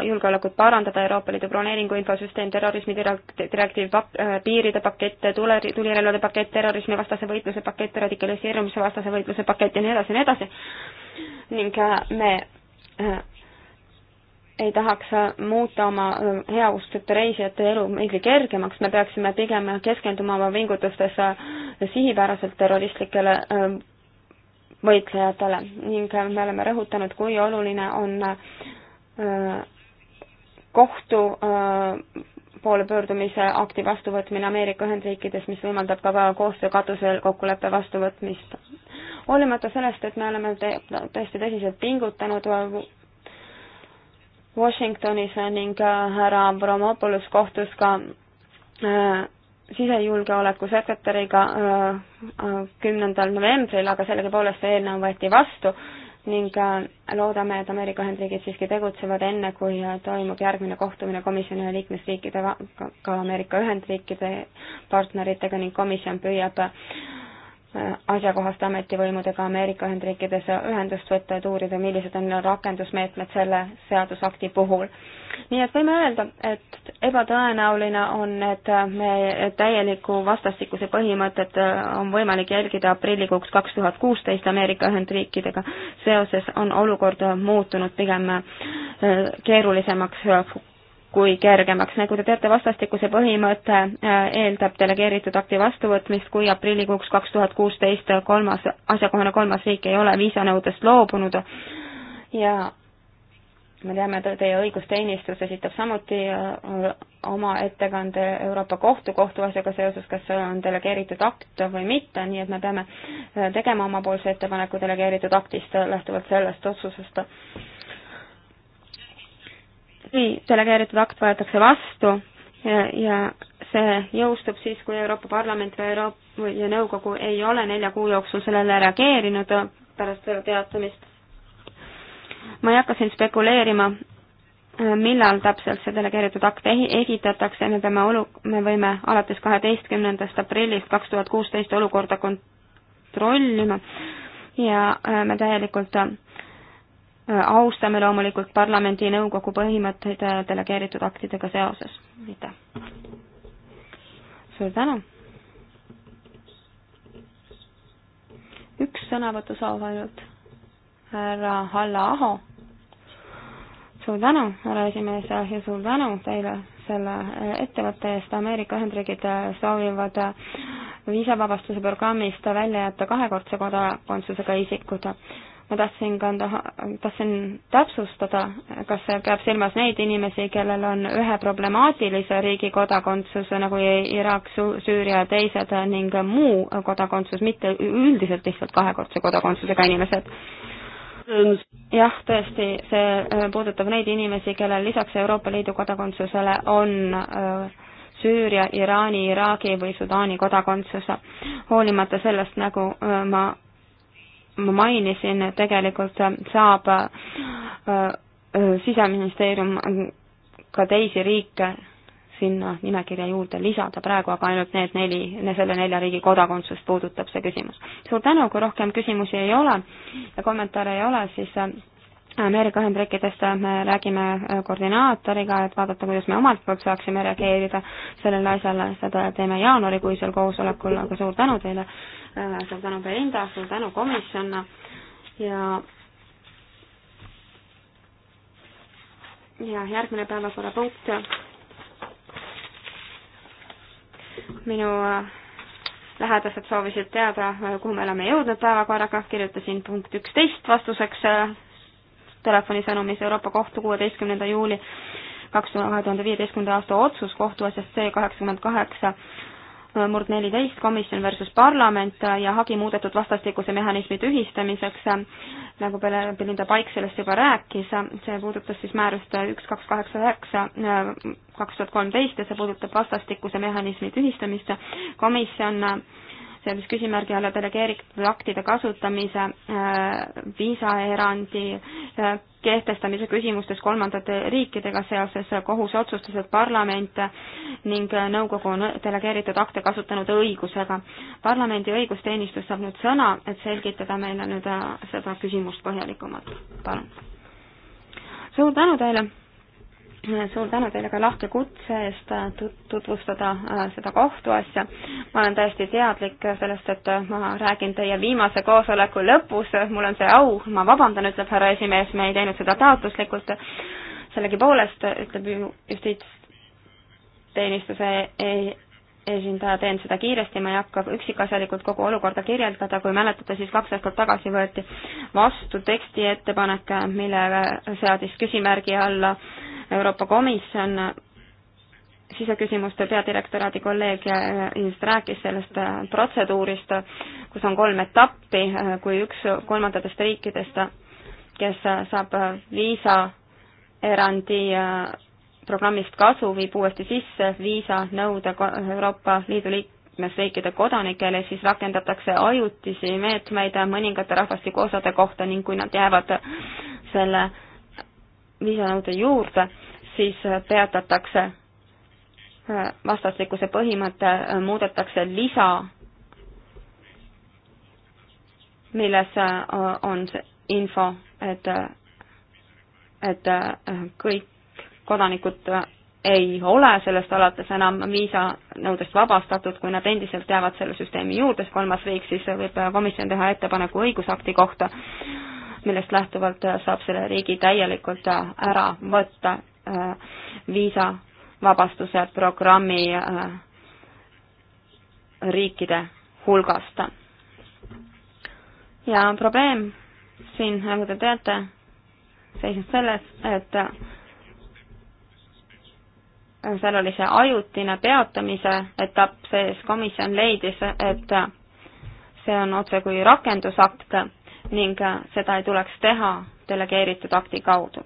S3: julgeolekut parandada, Euroopa Liidu broneeringu infosüsteem, terrorismi direktiiv, äh, piiride pakett, tule, tulirelvade pakett, terrorismivastase võitluse pakett, radikaliseerumise vastase võitluse pakett ja nii edasi ja nii edasi. ning äh, me ei tahaks muuta oma heausksete reisijate elu meile kergemaks, me peaksime pigem keskenduma oma pingutustes sihipäraselt terroristlikele võitlejatele ning me oleme rõhutanud, kui oluline on kohtu poole pöördumise akti vastuvõtmine Ameerika Ühendriikides, mis võimaldab ka koostöö katusel kokkuleppe vastuvõtmist. hoolimata sellest, et me oleme te tõesti tõsiselt pingutanud, Washingtonis ning äh, härra Avramopoulos kohtus ka äh, sisejulgeoleku sekretäriga äh, kümnendal novembril, aga sellegipoolest see eelnõu võeti vastu ning loodame, et Ameerika Ühendriigid siiski tegutsevad enne, kui toimub järgmine kohtumine komisjoni ja liikmesriikide, ka Ameerika Ühendriikide partneritega ning komisjon püüab asjakohaste ametivõimudega Ameerika Ühendriikides ühendust võtta, et uurida, millised on rakendusmeetmed selle seadusakti puhul. nii et võime öelda, et ebatõenäoline on, et me täieliku vastastikuse põhimõtet äh, on võimalik jälgida aprillikuuks kaks tuhat kuusteist Ameerika Ühendriikidega. seoses on olukord muutunud pigem äh, keerulisemaks äh, kui kergemaks. nagu te teate, vastastikuse põhimõte äh, eeldab delegeeritud akti vastuvõtmist, kui aprillikuuks kaks tuhat kuusteist kolmas, asjakohane kolmas riik ei ole viisanõudest loobunud ja me teame, teie õigusteenistus esitab samuti äh, oma ettekande Euroopa Kohtu kohtuasjaga seoses, kas see on delegeeritud akt või mitte, nii et me peame äh, tegema omapoolse ettepaneku delegeeritud aktist lähtuvalt sellest otsusest kui delegeeritud akt võetakse vastu ja, ja see jõustub siis, kui Euroopa Parlament või Euroopa ja Nõukogu ei ole nelja kuu jooksul sellele reageerinud pärast teatamist. ma ei hakka siin spekuleerima, millal täpselt see delegeeritud akt esitatakse, me peame olu-, me võime alates kaheteistkümnendast aprillist kaks tuhat kuusteist olukorda kontrollima ja äh, me täielikult äh, austame loomulikult parlamendi ja nõukogu põhimõtteid äh, delegeeritud aktidega seoses. aitäh! suur tänu! üks sõnavõtusoov ainult, härra Halla Aho. suur tänu, härra esimees, ja suur tänu teile selle äh, ettevõtte eest, Ameerika Ühendriigid äh, soovivad viisavabastuse programmist välja jätta kahekordse kodakondsusega isikud ma tahtsin kanda, tahtsin täpsustada, kas see peab silmas neid inimesi, kellel on ühe problemaatilise riigi kodakondsus nagu Iraak, Süüria ja teised ning muu kodakondsus, mitte üldiselt lihtsalt kahekordse kodakondsusega inimesed. jah, tõesti, see äh, puudutab neid inimesi, kellel lisaks Euroopa Liidu kodakondsusele on öö, äh, Süüria, Iraani, Iraagi või Sudaani kodakondsus. hoolimata sellest, nagu äh, ma ma mainisin, tegelikult saab äh, äh, siseministeerium äh, ka teisi riike sinna nimekirja juurde lisada, praegu aga ainult need neli, selle nelja riigi kodakondsust puudutab see küsimus. suur tänu, kui rohkem küsimusi ei ole ja kommentaare ei ole, siis Ameerika Ühendriikidest me räägime äh, koordinaatoriga, et vaadata, kuidas me omalt poolt saaksime reageerida sellele asjale, seda teeme jaanuarikuisel koosolekul, aga suur tänu teile, äh, suur tänu, Belinda, suur tänu, komisjon ja ja järgmine päevakorrapunkt minu äh, lähedased soovisid teada, kuhu me oleme jõudnud päevakorraga, kirjutasin punkt üksteist vastuseks telefonisõnumis Euroopa Kohtu kuueteistkümnenda juuli kaks tuhande viieteistkümnenda aasta otsus kohtuasjast C kaheksakümmend kaheksa äh, murd neliteist komisjon versus parlament äh, ja hagi muudetud vastastikuse mehhanismi tühistamiseks, äh, nagu Belinda Paik sellest juba rääkis, see puudutas siis määrust üks, kaks, kaheksa, üheksa, kaks tuhat kolmteist ja see puudutab vastastikuse mehhanismi tühistamist. komisjon sellise küsimärgi alla delegeeritud aktide kasutamise, äh, viisaerandi äh, kehtestamise küsimustes kolmandate riikidega seoses kohus otsustas, et parlament ning nõukogu on delegeeritud akte kasutanud õigusega. parlamendi õigusteenistus saab nüüd sõna, et selgitada meile nüüd äh, seda küsimust põhjalikumalt. palun. suur tänu teile suur tänu teile ka lahke kutse eest äh, tutvustada äh, seda kohtuasja. ma olen täiesti teadlik sellest, et äh, ma räägin teie viimase koosoleku lõpus, mul on see au, ma vabandan, ütleb härra esimees, me ei teinud seda taotluslikult. sellegipoolest ütleb ju justiitsteenistuse e-, esindaja, teen seda kiiresti, ma ei hakka üksikasjalikult kogu olukorda kirjeldada, kui mäletate, siis kaks aastat tagasi võeti vastu tekstiettepanek, mille seadis küsimärgi alla äh, Euroopa Komisjon siseküsimuste peadirektoraadi kolleeg just rääkis sellest äh, protseduurist, kus on kolm etappi, äh, kui üks kolmandatest riikidest, kes äh, saab viisaerandi programmist kasu, viib uuesti sisse viisanõude Euroopa Liidu liikmesriikide kodanikele, siis rakendatakse ajutisi meetmeid mõningate rahvastikuosade kohta ning kui nad jäävad selle lisanõude juurde, siis äh, peatatakse äh, vastastikuse põhimõte, äh, muudetakse lisa, milles on see info, et, et kõik kodanikud ei ole sellest alates enam viisanõudest vabastatud, kui nad endiselt jäävad selle süsteemi juurde, kolmas riik, siis võib komisjon teha ettepaneku õigusakti kohta millest lähtuvalt äh, saab selle riigi täielikult äh, ära võtta äh, viisavabastuse programmi riikide hulgast. ja probleem siin, nagu te teate, seisnes selles, et seal oli see ajutine peatamise etapp sees, komisjon leidis, et see on otsekui rakendusakt ning äh, seda ei tuleks teha delegeeritud akti kaudu.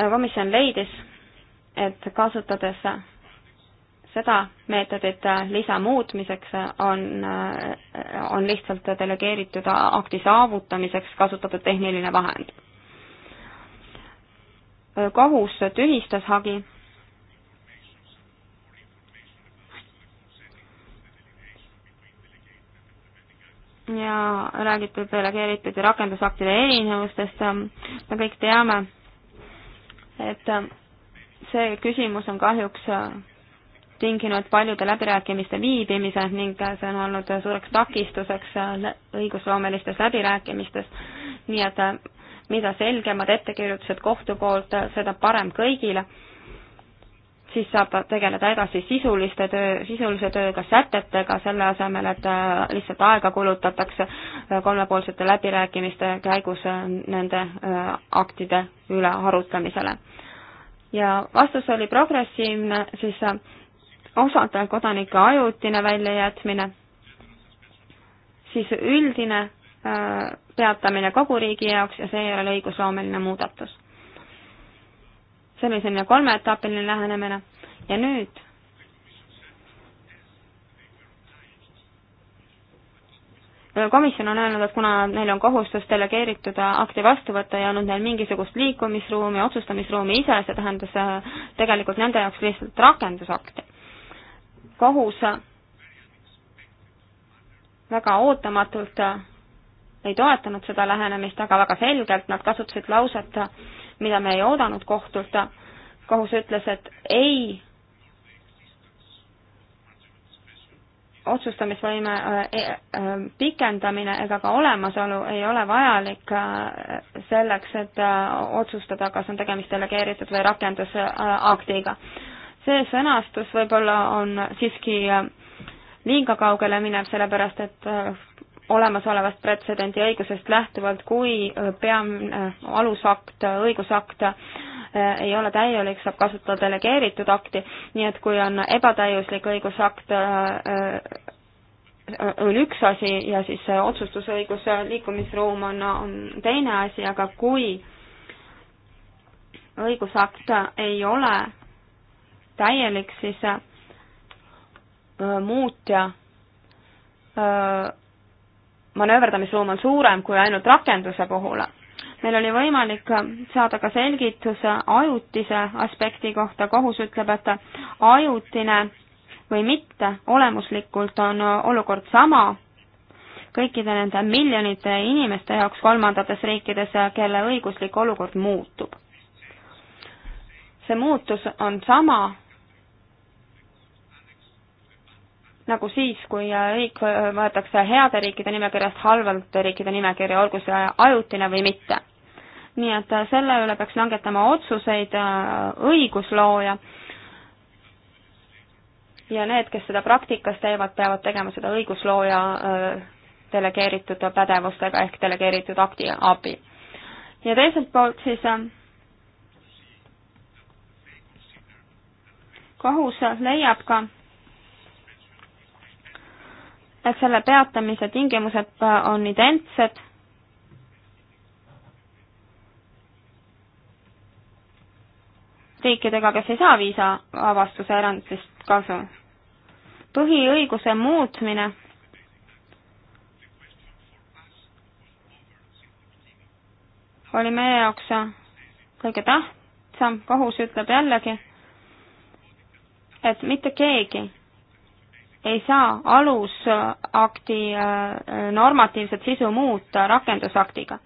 S3: Äh, komisjon leidis, et kasutades seda meetodit äh, lisa muutmiseks on, on lihtsalt delegeeritud akti saavutamiseks kasutatud tehniline vahend. kohus tühistas hagi ja räägitud delegeeritud ja rakendusaktide erinevustest. me kõik teame, et see küsimus on kahjuks tinginud paljude läbirääkimiste viibimise ning see on olnud suureks takistuseks õigusloomelistes läbirääkimistes. nii et mida selgemad ettekirjutused kohtu poolt, seda parem kõigile siis saab tegeleda edasi sisuliste töö, sisulise tööga, sätetega, selle asemel, et äh, lihtsalt aega kulutatakse äh, kolmepoolsete läbirääkimiste käigus äh, nende aktide üle arutamisele. ja vastus oli progressiivne, siis osade kodanike ajutine väljajätmine, siis üldine peatamine kogu riigi jaoks ja seejärel õigusloomeline muudatus see oli selline kolmeetapiline lähenemine ja nüüd komisjon on öelnud, et kuna neil on kohustus delegeeritud akti vastu võtta, ei olnud neil mingisugust liikumisruumi, otsustamisruumi ise, see tähendas äh, tegelikult nende jaoks lihtsalt rakendusakti. kohus väga ootamatult ei toetanud seda lähenemist, aga väga selgelt nad kasutasid lauset mida me ei oodanud kohtult. kohus ütles, et ei, otsustamisvõime äh, äh, pikendamine ega ka olemasolu ei ole vajalik äh, selleks, et otsustada, kas on tegemist delegeeritud või rakendusaktiga. see sõnastus võib-olla on siiski liiga kaugele minev, sellepärast et olemasolevast pretsedendi õigusest lähtuvalt, kui äh, peamine äh, alusakt, äh, õigusakt ei ole täielik, saab kasutada delegeeritud akti, nii et kui on ebatäiuslik õigusakt, on üks asi ja siis otsustusõiguse liikumisruum on, on teine asi, aga kui õigusakt ei ole täielik, siis muutja manööverdamisruum on suurem kui ainult rakenduse puhul. meil oli võimalik saada ka selgitus ajutise aspekti kohta, kohus ütleb, et ajutine või mitte, olemuslikult on olukord sama kõikide nende miljonite inimeste jaoks kolmandates riikides, kelle õiguslik olukord muutub. see muutus on sama nagu siis, kui riik võetakse heade riikide nimekirjast halvade riikide nimekirja, olgu see ajutine või mitte. nii et äh, selle üle peaks langetama otsuseid äh, õiguslooja ja need, kes seda praktikas teevad, peavad tegema seda õiguslooja äh, delegeeritud pädevustega ehk delegeeritud akti abil. ja teiselt poolt siis kohus leiab ka, et selle peatamise tingimused äh, on identsed. riikidega, kes ei saa viisavabastuse erandist kasu. põhiõiguse muutmine oli meie jaoks kõige tähtsam, kohus ütleb jällegi, et mitte keegi ei saa alusakti äh, normatiivset sisu muuta rakendusaktiga.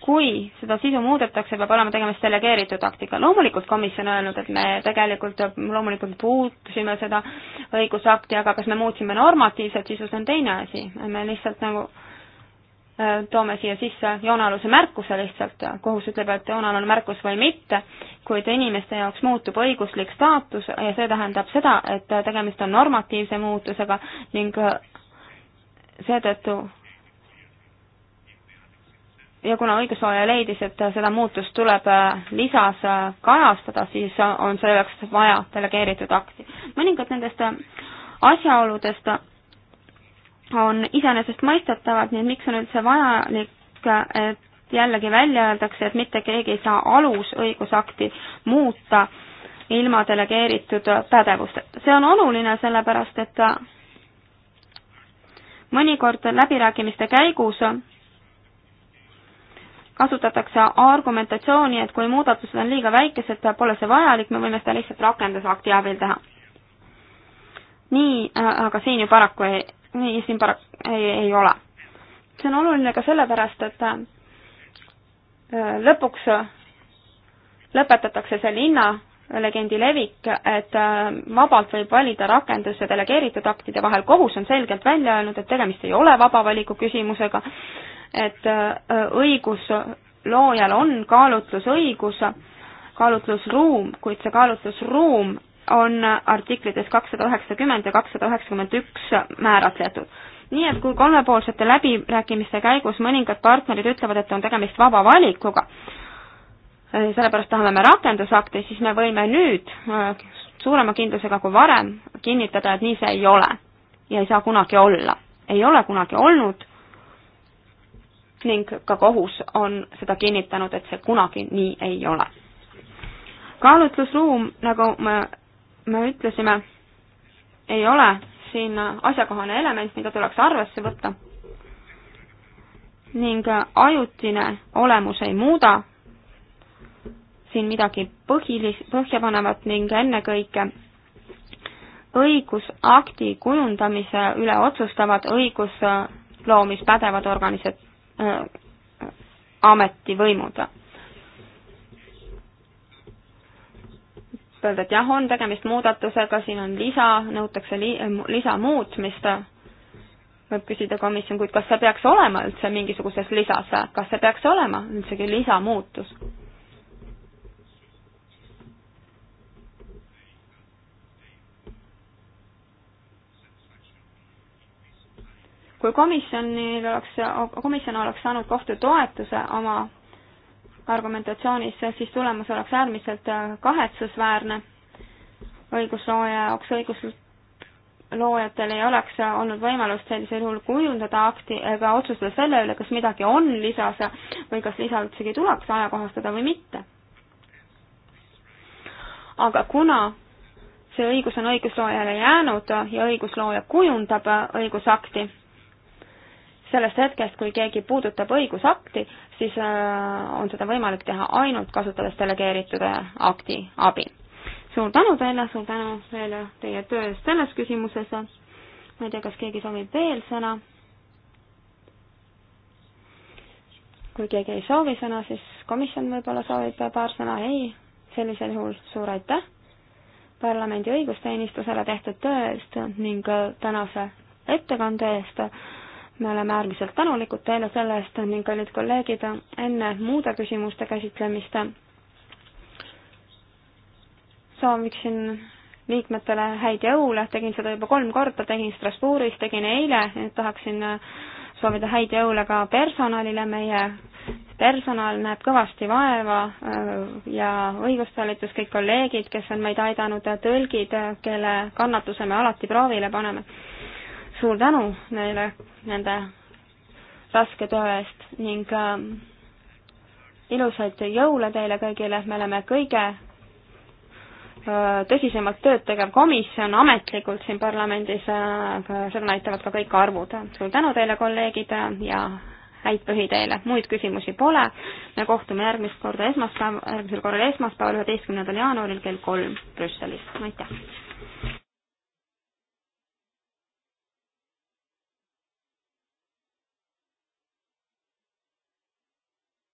S3: kui seda sisu muudetakse, peab olema tegemist delegeeritud aktiga. loomulikult komisjon on öelnud, et me tegelikult, loomulikult puutusime seda õigusakti, aga kas me muutsime normatiivset sisu, see on teine asi. me lihtsalt nagu äh, toome siia sisse joonealuse märkuse lihtsalt, kohus ütleb, et joonealune märkus või mitte, kuid inimeste jaoks muutub õiguslik staatus ja see tähendab seda, et tegemist on normatiivse muutusega ning seetõttu ja kuna õiguslooja leidis, et seda muutust tuleb lisas kajastada, siis on selleks vaja delegeeritud akti. mõningad nendest asjaoludest on iseenesestmõistetavad, nii et miks on üldse vajalik, et jällegi välja öeldakse, et mitte keegi ei saa alusõigusakti muuta ilma delegeeritud pädevusteta. see on oluline, sellepärast et mõnikord läbirääkimiste käigus kasutatakse argumentatsiooni, et kui muudatused on liiga väikesed, pole see vajalik, me võime seda lihtsalt rakendusakti abil teha. nii, aga siin ju paraku ei, nii siin para-, ei, ei ole. see on oluline ka sellepärast, et äh, lõpuks äh, lõpetatakse see linna legendi levik, et äh, vabalt võib valida rakenduse delegeeritud aktide vahel, kohus on selgelt välja öelnud, et tegemist ei ole vaba valiku küsimusega, et õigusloojal on kaalutlusõigus, kaalutlusruum, kuid see kaalutlusruum on artiklites kakssada üheksakümmend ja kakssada üheksakümmend üks määratletud. nii et kui kolmepoolsete läbirääkimiste käigus mõningad partnerid ütlevad, et on tegemist vaba valikuga, sellepärast tahame me rakendusakti, siis me võime nüüd suurema kindlusega kui varem kinnitada, et nii see ei ole ja ei saa kunagi olla. ei ole kunagi olnud ning ka kohus on seda kinnitanud, et see kunagi nii ei ole kaalutlusruum, nagu ma me ütlesime, ei ole siin asjakohane element, mida tuleks arvesse võtta ning ajutine olemus ei muuda siin midagi põhilis-, põhjapanevat ning ennekõike õigusakti kujundamise üle otsustavad õigusloomispädevad organisa- äh,, ametivõimud öelda, et jah, on tegemist muudatusega, siin on lisa, nõutakse li-, äh, lisa muutmist, võib küsida komisjon, kuid kas see peaks olema üldse mingisuguses lisas, kas see peaks olema üldsegi lisamuutus? kui komisjonil oleks, komisjon oleks saanud kohtu toetuse oma argumentatsioonis, siis tulemus oleks äärmiselt äh, kahetsusväärne õiguslooja jaoks, õigusloojatel ei oleks äh, olnud võimalust sellisel juhul kujundada akti ega otsustada selle üle, kas midagi on lisas või kas lisa üldsegi tuleks ajakohastada või mitte. aga kuna see õigus on õigusloojale jäänud ja õiguslooja kujundab äh, õigusakti, sellest hetkest, kui keegi puudutab õigusakti, siis äh, on seda võimalik teha ainult kasutades delegeeritud äh, akti abi. suur tänu teile, suur tänu veel teie töö eest selles küsimuses. ma ei tea, kas keegi soovib veel sõna? kui keegi ei soovi sõna, siis komisjon võib-olla soovib paar sõna, ei, sellisel juhul suur aitäh parlamendi õigusteenistusele tehtud töö eest ning äh, tänase ettekande eest me oleme äärmiselt tänulikud teile selle eest ning kallid kolleegid, enne muude küsimuste käsitlemist sooviksin liikmetele häid jõule, tegin seda juba kolm korda, tegin Strasbourgis, tegin eile, nüüd tahaksin soovida häid jõule ka personalile, meie personal näeb kõvasti vaeva ja õigustalitus, kõik kolleegid, kes on meid aidanud, tõlgid, kelle kannatuse me alati proovile paneme suur tänu neile nende raske töö eest ning äh, ilusaid jõule teile kõigile, me oleme kõige äh, tõsisemalt tööd tegev komisjon ametlikult siin parlamendis, äh, seda näitavad ka kõik arvud. suur tänu teile, kolleegid, äh, ja häid pühi teile, muid küsimusi pole. me kohtume järgmist korda esmaspäev, järgmisel korral esmaspäeval, üheteistkümnendal jaanuaril kell kolm Brüsselis, aitäh!